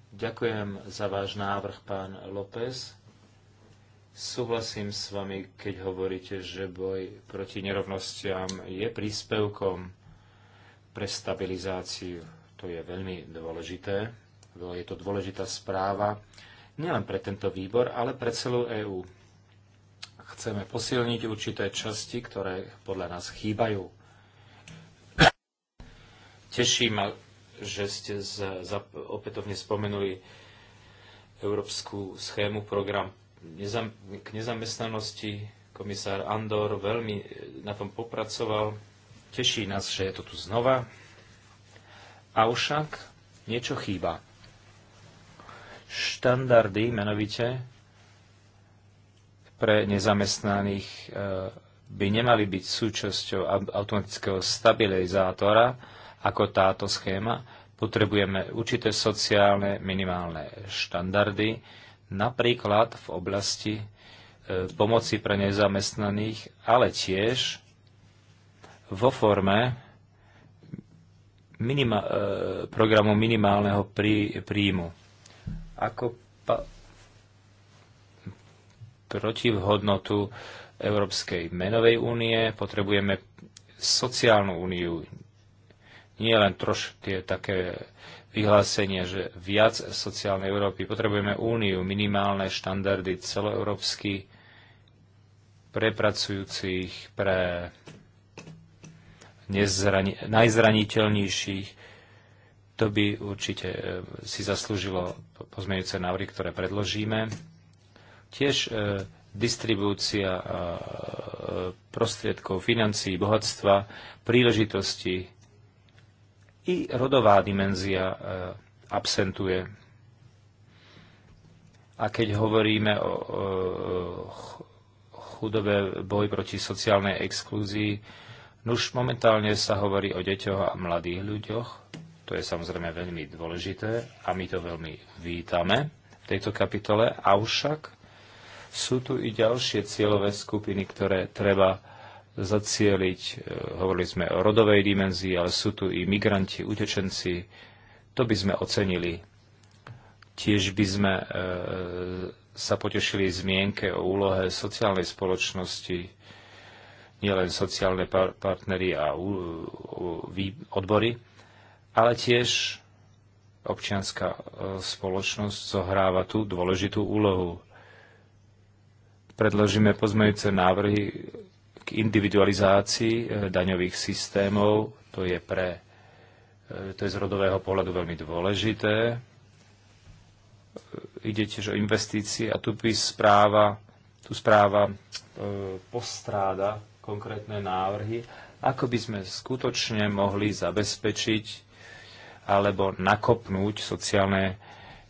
Ďakujem za váš návrh, pán López. Súhlasím s vami, keď hovoríte, že boj proti nerovnostiam je príspevkom pre stabilizáciu. To je veľmi dôležité. Je to dôležitá správa nielen pre tento výbor, ale pre celú EÚ. Chceme posilniť určité časti, ktoré podľa nás chýbajú. Teší ma, že ste za, opätovne spomenuli európsku schému, program nezam, k nezamestnanosti. Komisár Andor veľmi e, na tom popracoval. Teší nás, že je to tu znova. Avšak niečo chýba štandardy, menovite, pre nezamestnaných e, by nemali byť súčasťou automatického stabilizátora, ako táto schéma. Potrebujeme určité sociálne minimálne štandardy, napríklad v oblasti e, pomoci pre nezamestnaných, ale tiež vo forme minima, e, programu minimálneho prí, príjmu ako protivhodnotu Európskej menovej únie. Potrebujeme sociálnu úniu. Nie len troš tie také vyhlásenie, že viac sociálnej Európy. Potrebujeme úniu, minimálne štandardy celoeurópsky pre pracujúcich, pre najzraniteľnejších, to by určite e, si zaslúžilo pozmeňujúce návrhy, ktoré predložíme. Tiež e, distribúcia e, prostriedkov, financií, bohatstva, príležitosti i rodová dimenzia absentuje. A keď hovoríme o chudobe, boj proti sociálnej exklúzii, už momentálne sa hovorí o deťoch a mladých ľuďoch, to je samozrejme veľmi dôležité a my to veľmi vítame v tejto kapitole. Avšak sú tu i ďalšie cieľové skupiny, ktoré treba zacieliť. E, hovorili sme o rodovej dimenzii, ale sú tu i migranti, utečenci. To by sme ocenili. Tiež by sme e, sa potešili zmienke o úlohe sociálnej spoločnosti, nielen sociálne par- partnery a u, u, odbory, ale tiež občianská e, spoločnosť zohráva tú dôležitú úlohu. Predložíme pozmejúce návrhy k individualizácii e, daňových systémov. To je, pre, e, to je z rodového pohľadu veľmi dôležité. Ide tiež o investície a tu by správa, tu správa postráda konkrétne návrhy, ako by sme skutočne mohli zabezpečiť alebo nakopnúť sociálne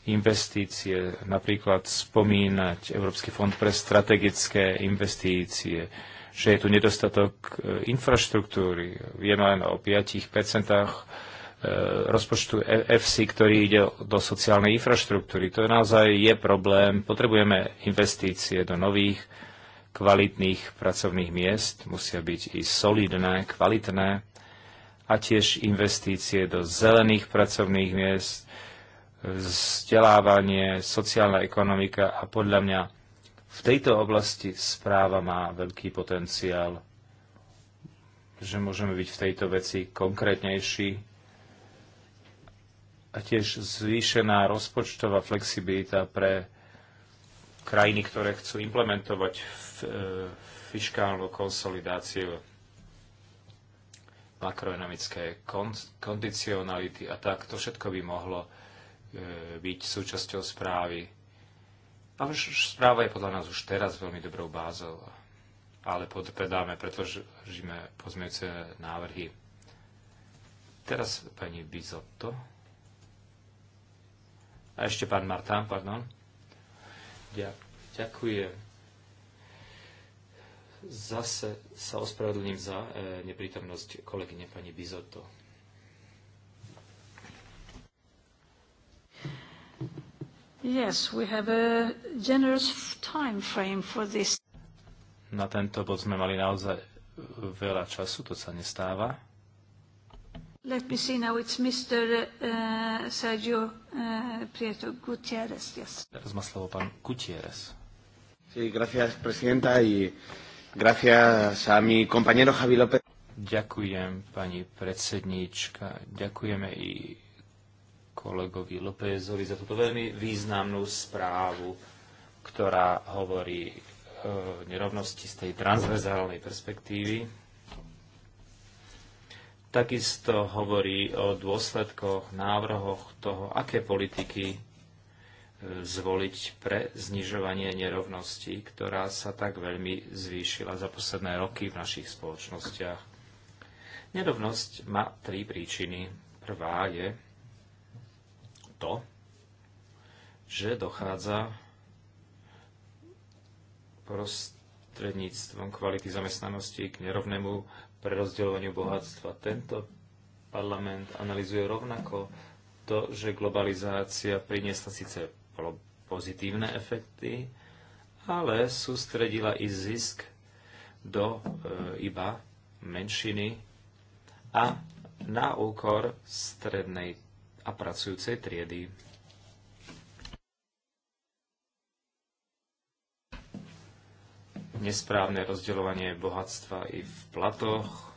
investície, napríklad spomínať Európsky fond pre strategické investície, že je tu nedostatok e, infraštruktúry. Vieme len o 5% e, rozpočtu EFSI, ktorý ide do sociálnej infraštruktúry. To naozaj je problém. Potrebujeme investície do nových kvalitných pracovných miest. Musia byť i solidné, kvalitné a tiež investície do zelených pracovných miest, vzdelávanie, sociálna ekonomika a podľa mňa v tejto oblasti správa má veľký potenciál, že môžeme byť v tejto veci konkrétnejší a tiež zvýšená rozpočtová flexibilita pre krajiny, ktoré chcú implementovať eh, fiskálnu konsolidáciu makroekonomické kondicionality a tak. To všetko by mohlo e, byť súčasťou správy. A správa je podľa nás už teraz veľmi dobrou bázou, ale podpredáme, pretože žijeme pozmejúce návrhy. Teraz pani Bizotto. A ešte pán Martán, pardon. Ďakujem Zase sa ospravedlním za e, neprítomnosť kolegyne pani Bizotto. Yes, we have a generous time frame for this. Na tento bod sme mali naozaj veľa času, to sa nestáva. Let me see now, it's Mr. Uh, e, Sergio uh, Prieto Gutierrez, yes. Teraz má slovo pán Gutierrez. Sí, gracias, presidenta, y Gracias a mi compañero Javi López. Ďakujem, pani predsedníčka. Ďakujeme i kolegovi Lópezovi za túto veľmi významnú správu, ktorá hovorí o e, nerovnosti z tej transverzálnej perspektívy. Takisto hovorí o dôsledkoch, návrhoch toho, aké politiky zvoliť pre znižovanie nerovností, ktorá sa tak veľmi zvýšila za posledné roky v našich spoločnostiach. Nerovnosť má tri príčiny. Prvá je to, že dochádza prostredníctvom kvality zamestnanosti k nerovnému prerozdeľovaniu bohatstva. Tento parlament analizuje rovnako to, že globalizácia priniesla síce ponúkalo pozitívne efekty, ale sústredila i zisk do e, iba menšiny a na úkor strednej a pracujúcej triedy. Nesprávne rozdeľovanie bohatstva i v platoch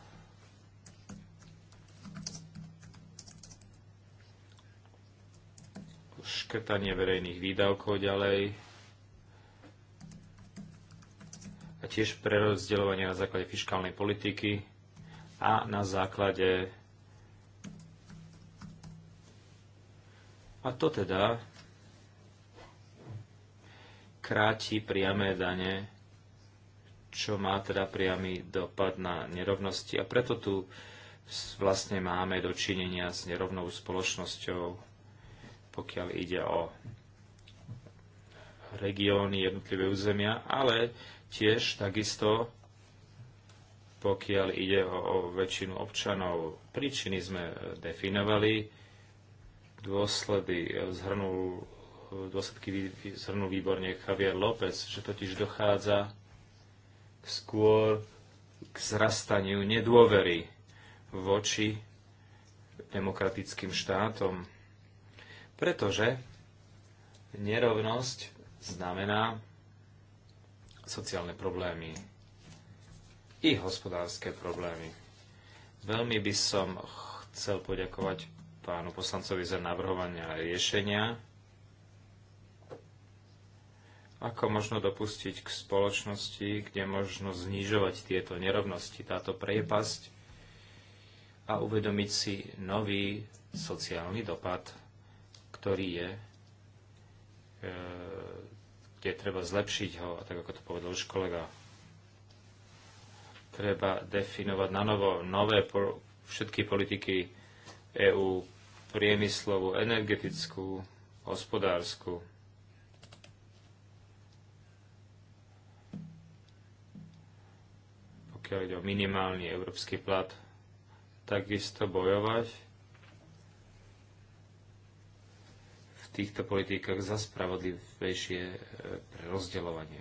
škrtanie verejných výdavkov ďalej a tiež prerozdeľovanie na základe fiskálnej politiky a na základe a to teda kráti priame dane, čo má teda priamy dopad na nerovnosti. A preto tu vlastne máme dočinenia s nerovnou spoločnosťou pokiaľ ide o regióny, jednotlivé územia, ale tiež takisto pokiaľ ide o, o väčšinu občanov. Príčiny sme definovali, dôsledy zhrnul, dôsledky zhrnul výborne Javier López, že totiž dochádza skôr k zrastaniu nedôvery voči demokratickým štátom. Pretože nerovnosť znamená sociálne problémy i hospodárske problémy. Veľmi by som chcel poďakovať pánu poslancovi za navrhovanie a riešenia, ako možno dopustiť k spoločnosti, kde možno znižovať tieto nerovnosti, táto priepasť a uvedomiť si nový sociálny dopad ktorý je, e, kde treba zlepšiť ho, a tak ako to povedal už kolega, treba definovať na novo nové všetky politiky EÚ, priemyslovú, energetickú, hospodárskú. Pokiaľ ide o minimálny európsky plat, takisto bojovať týchto politikách za spravodlivejšie e, pre rozdeľovanie.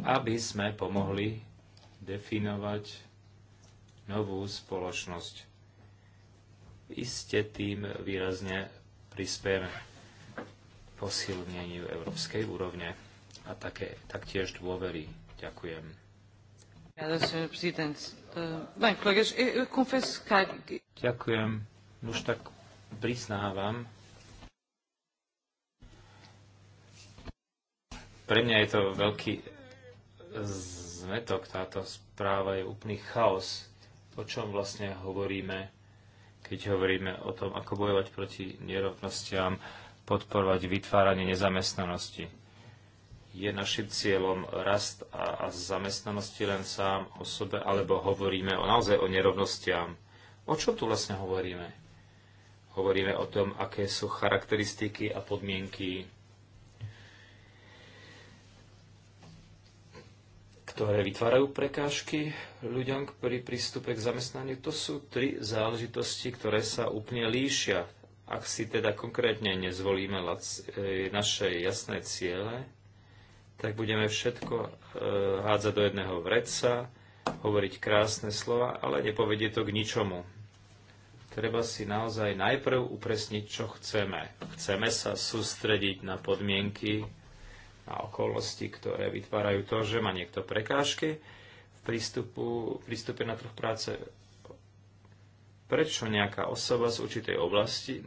Aby sme pomohli definovať novú spoločnosť. Iste tým výrazne prispieme posilneniu európskej úrovne a také, taktiež dôvery. Ďakujem. Ďakujem. Už tak priznávam, Pre mňa je to veľký zmetok, táto správa je úplný chaos. O čom vlastne hovoríme, keď hovoríme o tom, ako bojovať proti nerovnostiam, podporovať vytváranie nezamestnanosti. Je našim cieľom rast a, a zamestnanosti len sám o sebe, alebo hovoríme o naozaj o nerovnostiam. O čom tu vlastne hovoríme? Hovoríme o tom, aké sú charakteristiky a podmienky ktoré vytvárajú prekážky ľuďom pri prístupe k zamestnaniu. To sú tri záležitosti, ktoré sa úplne líšia. Ak si teda konkrétne nezvolíme e, naše jasné ciele, tak budeme všetko e, hádzať do jedného vreca, hovoriť krásne slova, ale nepovedie to k ničomu. Treba si naozaj najprv upresniť, čo chceme. Chceme sa sústrediť na podmienky, a okolnosti, ktoré vytvárajú to, že má niekto prekážky v, prístupu, prístupe na trh práce. Prečo nejaká osoba z určitej oblasti,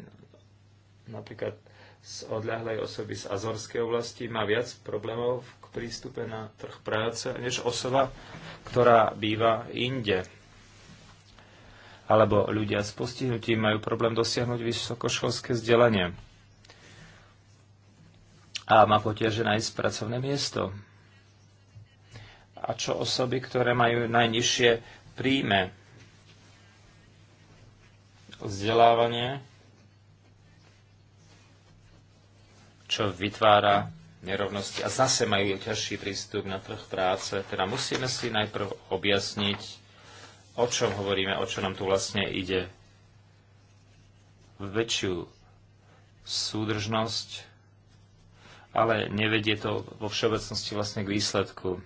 napríklad z odľahlej osoby z Azorskej oblasti, má viac problémov k prístupe na trh práce, než osoba, ktorá býva inde. Alebo ľudia s postihnutím majú problém dosiahnuť vysokoškolské vzdelanie a má potiaže nájsť pracovné miesto. A čo osoby, ktoré majú najnižšie príjme? Vzdelávanie, čo vytvára nerovnosti a zase majú ťažší prístup na trh práce. Teda musíme si najprv objasniť, o čom hovoríme, o čo nám tu vlastne ide. Väčšiu súdržnosť ale nevedie to vo všeobecnosti vlastne k výsledku.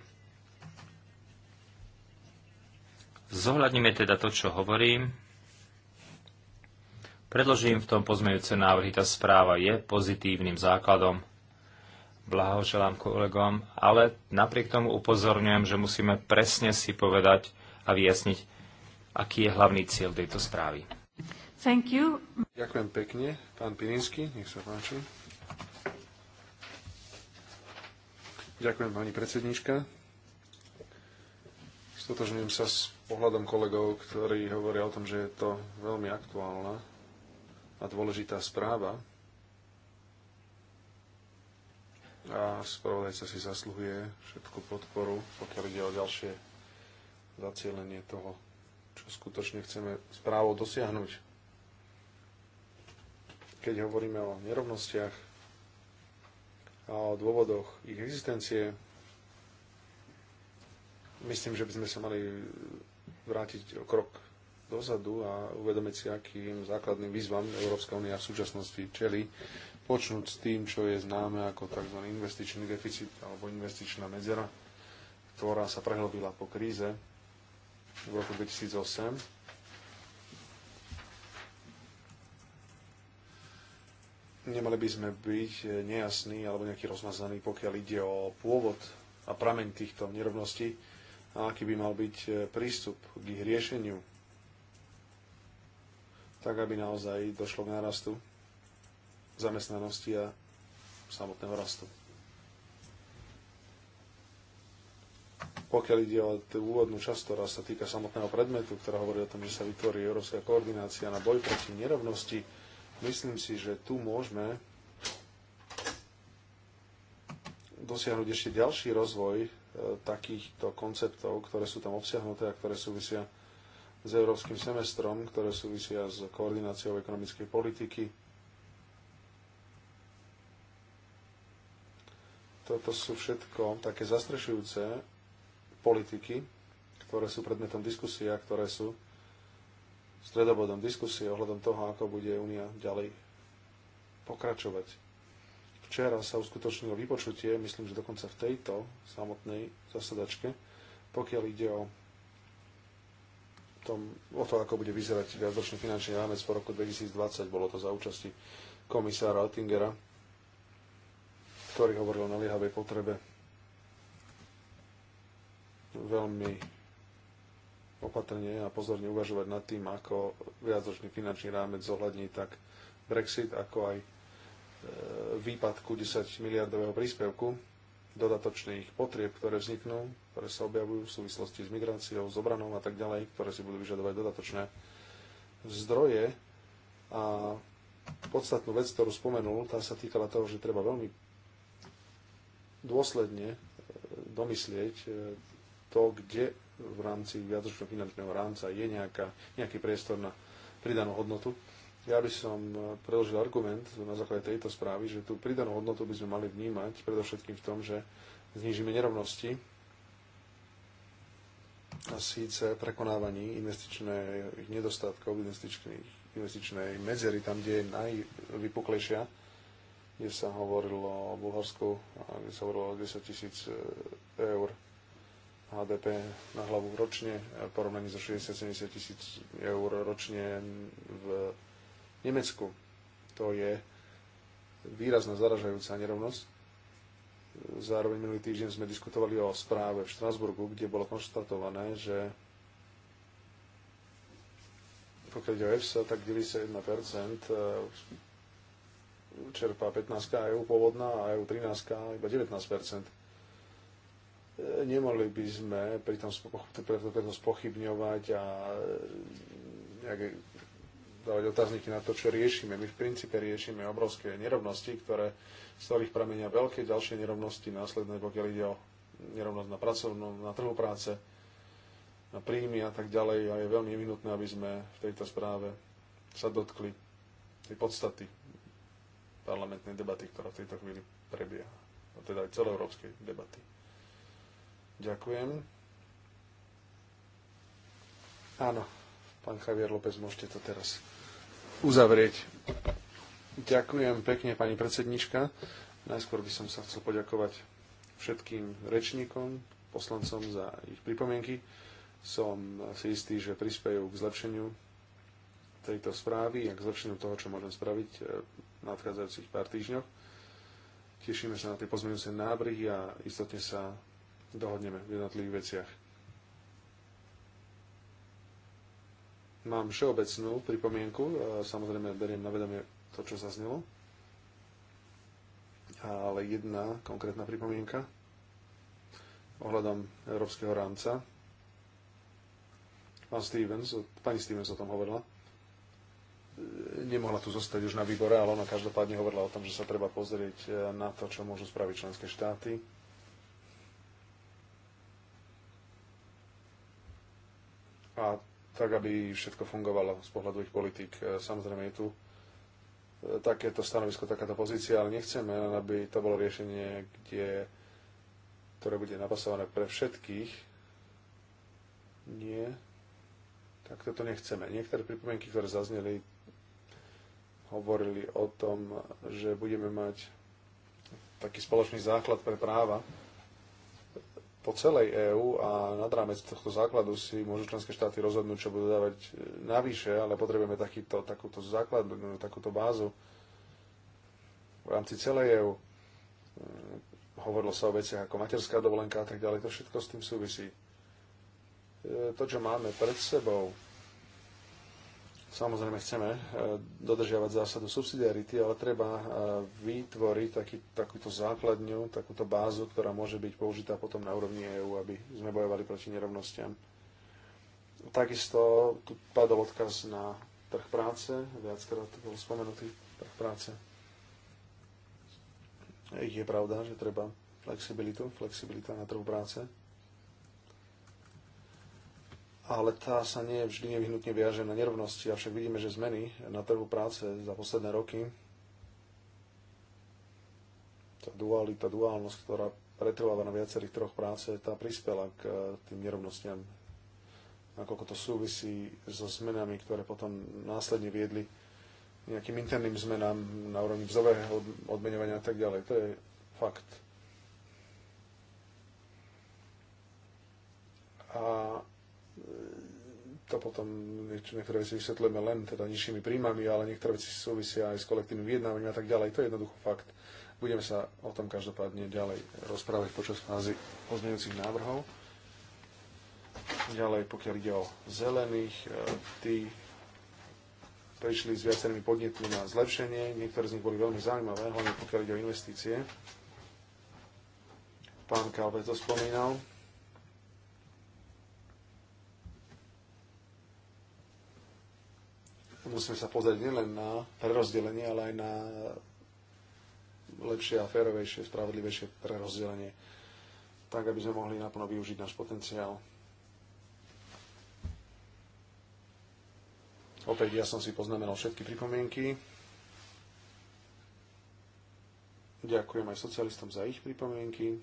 Zohľadníme teda to, čo hovorím. Predložím v tom pozmejúce návrhy. Tá správa je pozitívnym základom. Blahoželám kolegom, ale napriek tomu upozorňujem, že musíme presne si povedať a vyjasniť, aký je hlavný cieľ tejto správy. Thank you. Ďakujem pekne. Pán Pirinsky, nech sa páči. Ďakujem, pani predsednička. Stotožňujem sa s pohľadom kolegov, ktorí hovoria o tom, že je to veľmi aktuálna a dôležitá správa. A spravodajca si zasluhuje všetku podporu, pokiaľ ide o ďalšie zacielenie toho, čo skutočne chceme správou dosiahnuť. Keď hovoríme o nerovnostiach, a o dôvodoch ich existencie. Myslím, že by sme sa mali vrátiť krok dozadu a uvedomiť si, akým základným výzvam Európska únia v súčasnosti čeli, počnúť s tým, čo je známe ako tzv. investičný deficit alebo investičná medzera, ktorá sa prehlbila po kríze v roku 2008 Nemali by sme byť eh, nejasní alebo nejaký rozmazaný, pokiaľ ide o pôvod a prameň týchto nerovností a aký by mal byť eh, prístup k ich riešeniu, tak aby naozaj došlo k nárastu zamestnanosti a samotného rastu. Pokiaľ ide o tú úvodnú časť, ktorá sa týka samotného predmetu, ktorá hovorí o tom, že sa vytvorí európska koordinácia na boj proti nerovnosti, Myslím si, že tu môžeme dosiahnuť ešte ďalší rozvoj e, takýchto konceptov, ktoré sú tam obsiahnuté a ktoré súvisia s európskym semestrom, ktoré súvisia s koordináciou ekonomickej politiky. Toto sú všetko také zastrešujúce politiky, ktoré sú predmetom diskusia, ktoré sú stredobodom diskusie ohľadom toho, ako bude Únia ďalej pokračovať. Včera sa uskutočnilo vypočutie, myslím, že dokonca v tejto samotnej zasadačke, pokiaľ ide o, tom, o to, ako bude vyzerať viacročný finančný rámec po roku 2020. Bolo to za účasti komisára Oettingera, ktorý hovoril o naliehavej potrebe veľmi opatrne a pozorne uvažovať nad tým, ako viacročný finančný rámec zohľadní tak Brexit, ako aj e, výpadku 10 miliardového príspevku, dodatočných potrieb, ktoré vzniknú, ktoré sa objavujú v súvislosti s migráciou, s obranou a tak ďalej, ktoré si budú vyžadovať dodatočné zdroje. A podstatnú vec, ktorú spomenul, tá sa týkala toho, že treba veľmi dôsledne e, domyslieť e, to, kde v rámci viacročného finančného rámca je nejaká, nejaký priestor na pridanú hodnotu. Ja by som e, preložil argument na základe tejto správy, že tú pridanú hodnotu by sme mali vnímať predovšetkým v tom, že znižíme nerovnosti a síce prekonávaní investičných nedostatkov, investičných, investičnej medzery tam, kde je najvypuklejšia, kde sa hovorilo o Bulharsku, kde sa hovorilo o 10 tisíc e, eur HDP na hlavu ročne, v porovnaní so 60-70 tisíc eur ročne v Nemecku. To je výrazná zaražajúca nerovnosť. Zároveň minulý týždeň sme diskutovali o správe v Štrasburgu, kde bolo konštatované, že pokiaľ ide o EFSA, tak 91% e, čerpá 15 EU pôvodná a EU 13 iba 19 E, nemohli by sme pri tom spochybňovať a e, nejaké, dávať otázniky na to, čo riešime. My v princípe riešime obrovské nerovnosti, ktoré, z ktorých pramenia veľké ďalšie nerovnosti následné, pokiaľ ide o nerovnosť na pracovnom, na trhu práce, na príjmy a tak ďalej. A je veľmi nevinutné, aby sme v tejto správe sa dotkli tej podstaty parlamentnej debaty, ktorá v tejto chvíli prebieha. A teda aj celoeurópskej debaty. Ďakujem. Áno, pán Javier López, môžete to teraz uzavrieť. Ďakujem pekne, pani predsednička. Najskôr by som sa chcel poďakovať všetkým rečníkom, poslancom za ich pripomienky. Som si istý, že prispejú k zlepšeniu tejto správy a k zlepšeniu toho, čo môžem spraviť eh, v nadchádzajúcich pár týždňoch. Tešíme sa na tie pozmeňujúce návrhy a istotne sa dohodneme v jednotlivých veciach. Mám všeobecnú pripomienku, samozrejme beriem na vedomie to, čo zaznelo, ale jedna konkrétna pripomienka ohľadom európskeho rámca. Pán Stevens, pani Stevens o tom hovorila. Nemohla tu zostať už na výbore, ale ona každopádne hovorila o tom, že sa treba pozrieť e, na to, čo môžu spraviť členské štáty a tak, aby všetko fungovalo z pohľadu ich politik. E, samozrejme je tu e, takéto stanovisko, takáto pozícia, ale nechceme, aby to bolo riešenie, kde, ktoré bude napasované pre všetkých. Nie. Tak toto nechceme. Niektoré pripomienky, ktoré zazneli, hovorili o tom, že budeme mať taký spoločný základ pre práva po celej EÚ a nad rámec tohto základu si môžu členské štáty rozhodnúť, čo budú dávať e, navyše, ale potrebujeme takýto, takúto základnú, takúto bázu v rámci celej EÚ. Mm, hovorilo sa o veciach ako materská dovolenka a tak ďalej, to všetko s tým súvisí. E, to, čo máme pred sebou, Samozrejme chceme e, dodržiavať zásadu subsidiarity, ale treba e, vytvoriť taký, takúto základňu, takúto bázu, ktorá môže byť použitá potom na úrovni EÚ, aby sme bojovali proti nerovnostiam. Takisto tu padol odkaz na trh práce, viackrát bol spomenutý trh práce. Je pravda, že treba flexibilitu, flexibilita na trhu práce ale tá sa nie vždy nevyhnutne viaže na nerovnosti, avšak vidíme, že zmeny na trhu práce za posledné roky, tá dualita, duálnosť, ktorá pretrváva na viacerých troch práce, tá prispela k eh, tým nerovnostiam, nakoľko to súvisí so zmenami, ktoré potom následne viedli nejakým interným zmenám na úrovni vzového odmenovania a tak ďalej. To je fakt. A to potom niektoré veci vysvetľujeme len teda nižšími príjmami, ale niektoré veci súvisia aj s kolektívnym vyjednávaním a tak ďalej. To je jednoducho fakt. Budeme sa o tom každopádne ďalej rozprávať počas fázy pozmeňujúcich návrhov. Ďalej, pokiaľ ide o zelených, e, tí prišli s viacerými podnetmi na zlepšenie. Niektoré z nich boli veľmi zaujímavé, hlavne pokiaľ ide o investície. Pán Kalve to spomínal. musíme sa pozrieť nielen na prerozdelenie, ale aj na lepšie a férovejšie, spravodlivejšie prerozdelenie, tak aby sme mohli naplno využiť náš potenciál. Opäť ja som si poznamenal všetky pripomienky. Ďakujem aj socialistom za ich pripomienky.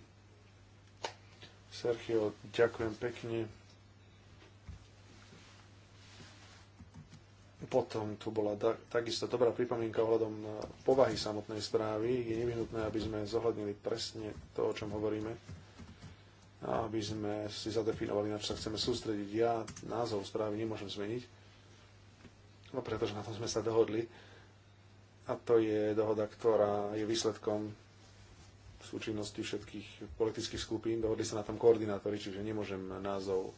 Sergio, ďakujem pekne. Potom tu bola takisto dobrá pripomienka ohľadom eh, povahy samotnej správy. Je nevyhnutné, aby sme zohľadnili presne to, o čom hovoríme a aby sme si zadefinovali, na čo sa chceme sústrediť. Ja názov správy nemôžem zmeniť, no pretože na tom sme sa dohodli. A to je dohoda, ktorá je výsledkom súčinnosti všetkých politických skupín. Dohodli sa na tom koordinátori, čiže nemôžem názov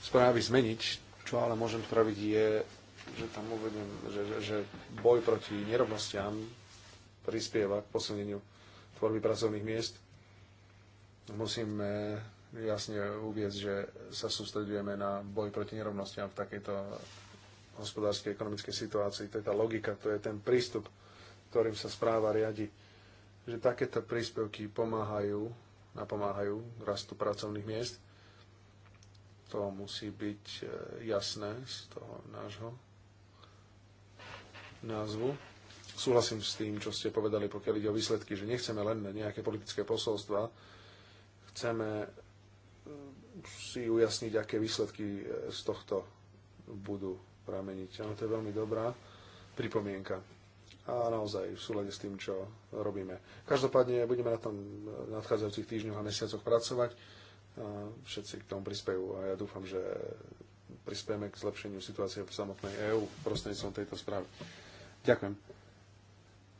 správy zmeniť. Čo ale môžem spraviť je že tam uvedem, že, že, že boj proti nerovnostiam prispieva k posuneniu tvorby pracovných miest. Musíme jasne uviezť, že sa sústredujeme na boj proti nerovnostiam v takejto hospodárskej, ekonomickej situácii. To je tá logika, to je ten prístup, ktorým sa správa riadi. Že takéto príspevky pomáhajú, napomáhajú rastu pracovných miest. To musí byť eh, jasné z toho nášho názvu. Súhlasím s tým, čo ste povedali, pokiaľ ide o výsledky, že nechceme len nejaké politické posolstva, chceme eh, si ujasniť, aké výsledky eh, z tohto budú prameniť. Áno, to je veľmi dobrá pripomienka. A naozaj v súlade s tým, čo robíme. Každopádne budeme na tom eh, nadchádzajúcich týždňoch a mesiacoch pracovať. A všetci k tomu prispejú a ja dúfam, že prispieme k zlepšeniu situácie v samotnej EÚ prostredníctvom tejto správy. Ďakujem.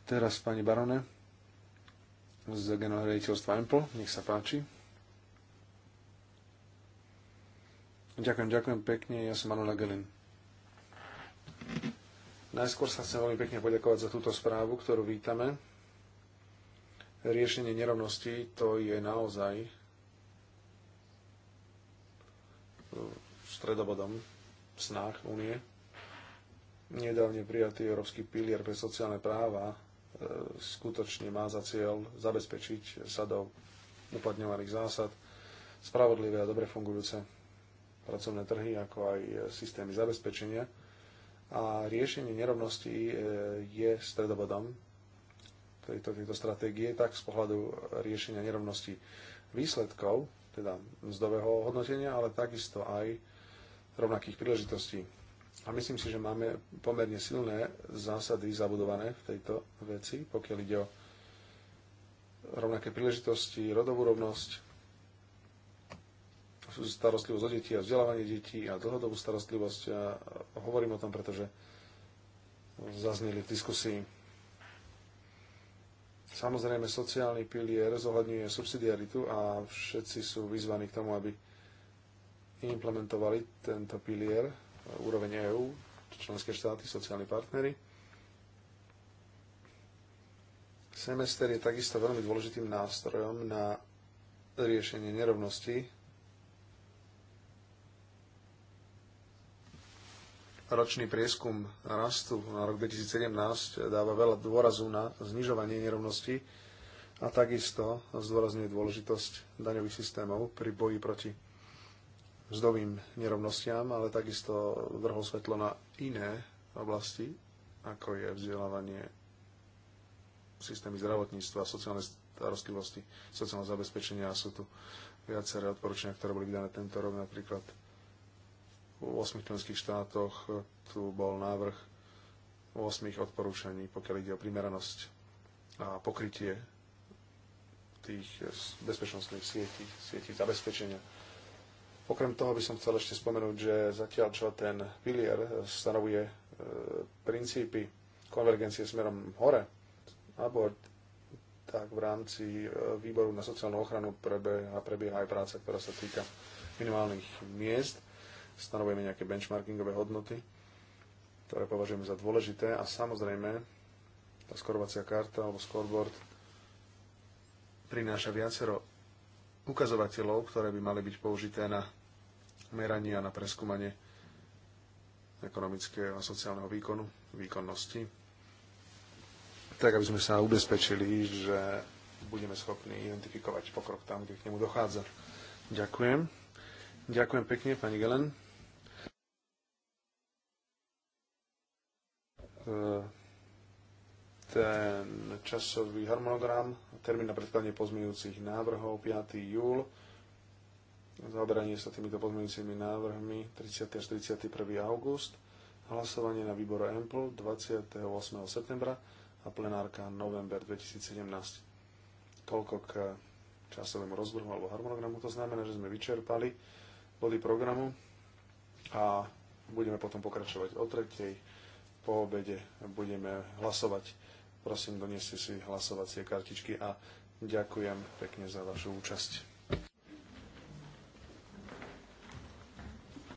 Teraz pani Barone z generálneho rediteľstva EMPL, nech sa páči. Ďakujem, ďakujem pekne, ja som Manuela Gelin. Najskôr sa chcem veľmi pekne poďakovať za túto správu, ktorú vítame. Riešenie nerovnosti to je naozaj e, stredobodom snách únie nedávne prijatý Európsky pilier pre sociálne práva e, skutočne má za cieľ zabezpečiť sa do uplatňovaných zásad spravodlivé a dobre fungujúce pracovné trhy, ako aj e, systémy zabezpečenia. A riešenie nerovností e, je stredobodom tejto, tejto stratégie, tak z pohľadu riešenia nerovností výsledkov, teda mzdového hodnotenia, ale takisto aj rovnakých príležitostí a myslím si, že máme pomerne silné zásady zabudované v tejto veci, pokiaľ ide o rovnaké príležitosti, rodovú rovnosť, starostlivosť o deti a vzdelávanie detí a dlhodobú starostlivosť. A hovorím o tom, pretože zazneli v diskusii. Samozrejme, sociálny pilier zohľadňuje subsidiaritu a všetci sú vyzvaní k tomu, aby implementovali tento pilier úroveň EÚ, členské štáty, sociálni partnery. Semester je takisto veľmi dôležitým nástrojom na riešenie nerovnosti. Ročný prieskum rastu na rok 2017 dáva veľa dôrazu na znižovanie nerovnosti a takisto zdôrazňuje dôležitosť daňových systémov pri boji proti mzdovým nerovnostiam, ale takisto vrhol svetlo na iné oblasti, ako je vzdelávanie systémy zdravotníctva, sociálnej starostlivosti, sociálne zabezpečenia a sú tu viaceré odporúčania, ktoré boli vydané tento rok, napríklad v 8 členských štátoch tu bol návrh 8 odporúčaní, pokiaľ ide o primeranosť a pokrytie tých bezpečnostných sietí, sietí zabezpečenia Okrem toho by som chcel ešte spomenúť, že zatiaľ čo ten pilier stanovuje e, princípy konvergencie smerom hore, alebo tak v rámci e, výboru na sociálnu ochranu prebieha, prebieha aj práca, ktorá sa týka minimálnych miest. Stanovujeme nejaké benchmarkingové hodnoty, ktoré považujeme za dôležité a samozrejme tá skorovacia karta alebo scoreboard prináša viacero ukazovateľov, ktoré by mali byť použité na merania na preskúmanie ekonomického a sociálneho výkonu, výkonnosti, tak aby sme sa ubezpečili, že budeme schopní identifikovať pokrok tam, kde k nemu dochádza. Ďakujem. Ďakujem pekne, pani Gelen. E, ten časový harmonogram, termín na predkladanie pozmeňujúcich návrhov 5. júl zaoberanie sa týmito pozmeňujúcimi návrhmi 30. až 31. august, hlasovanie na výbore EMPL 28. septembra a plenárka november 2017. Toľko k časovému rozvrhu alebo harmonogramu. To znamená, že sme vyčerpali body programu a budeme potom pokračovať o tretej. Po obede budeme hlasovať. Prosím, doneste si hlasovacie kartičky a ďakujem pekne za vašu účasť.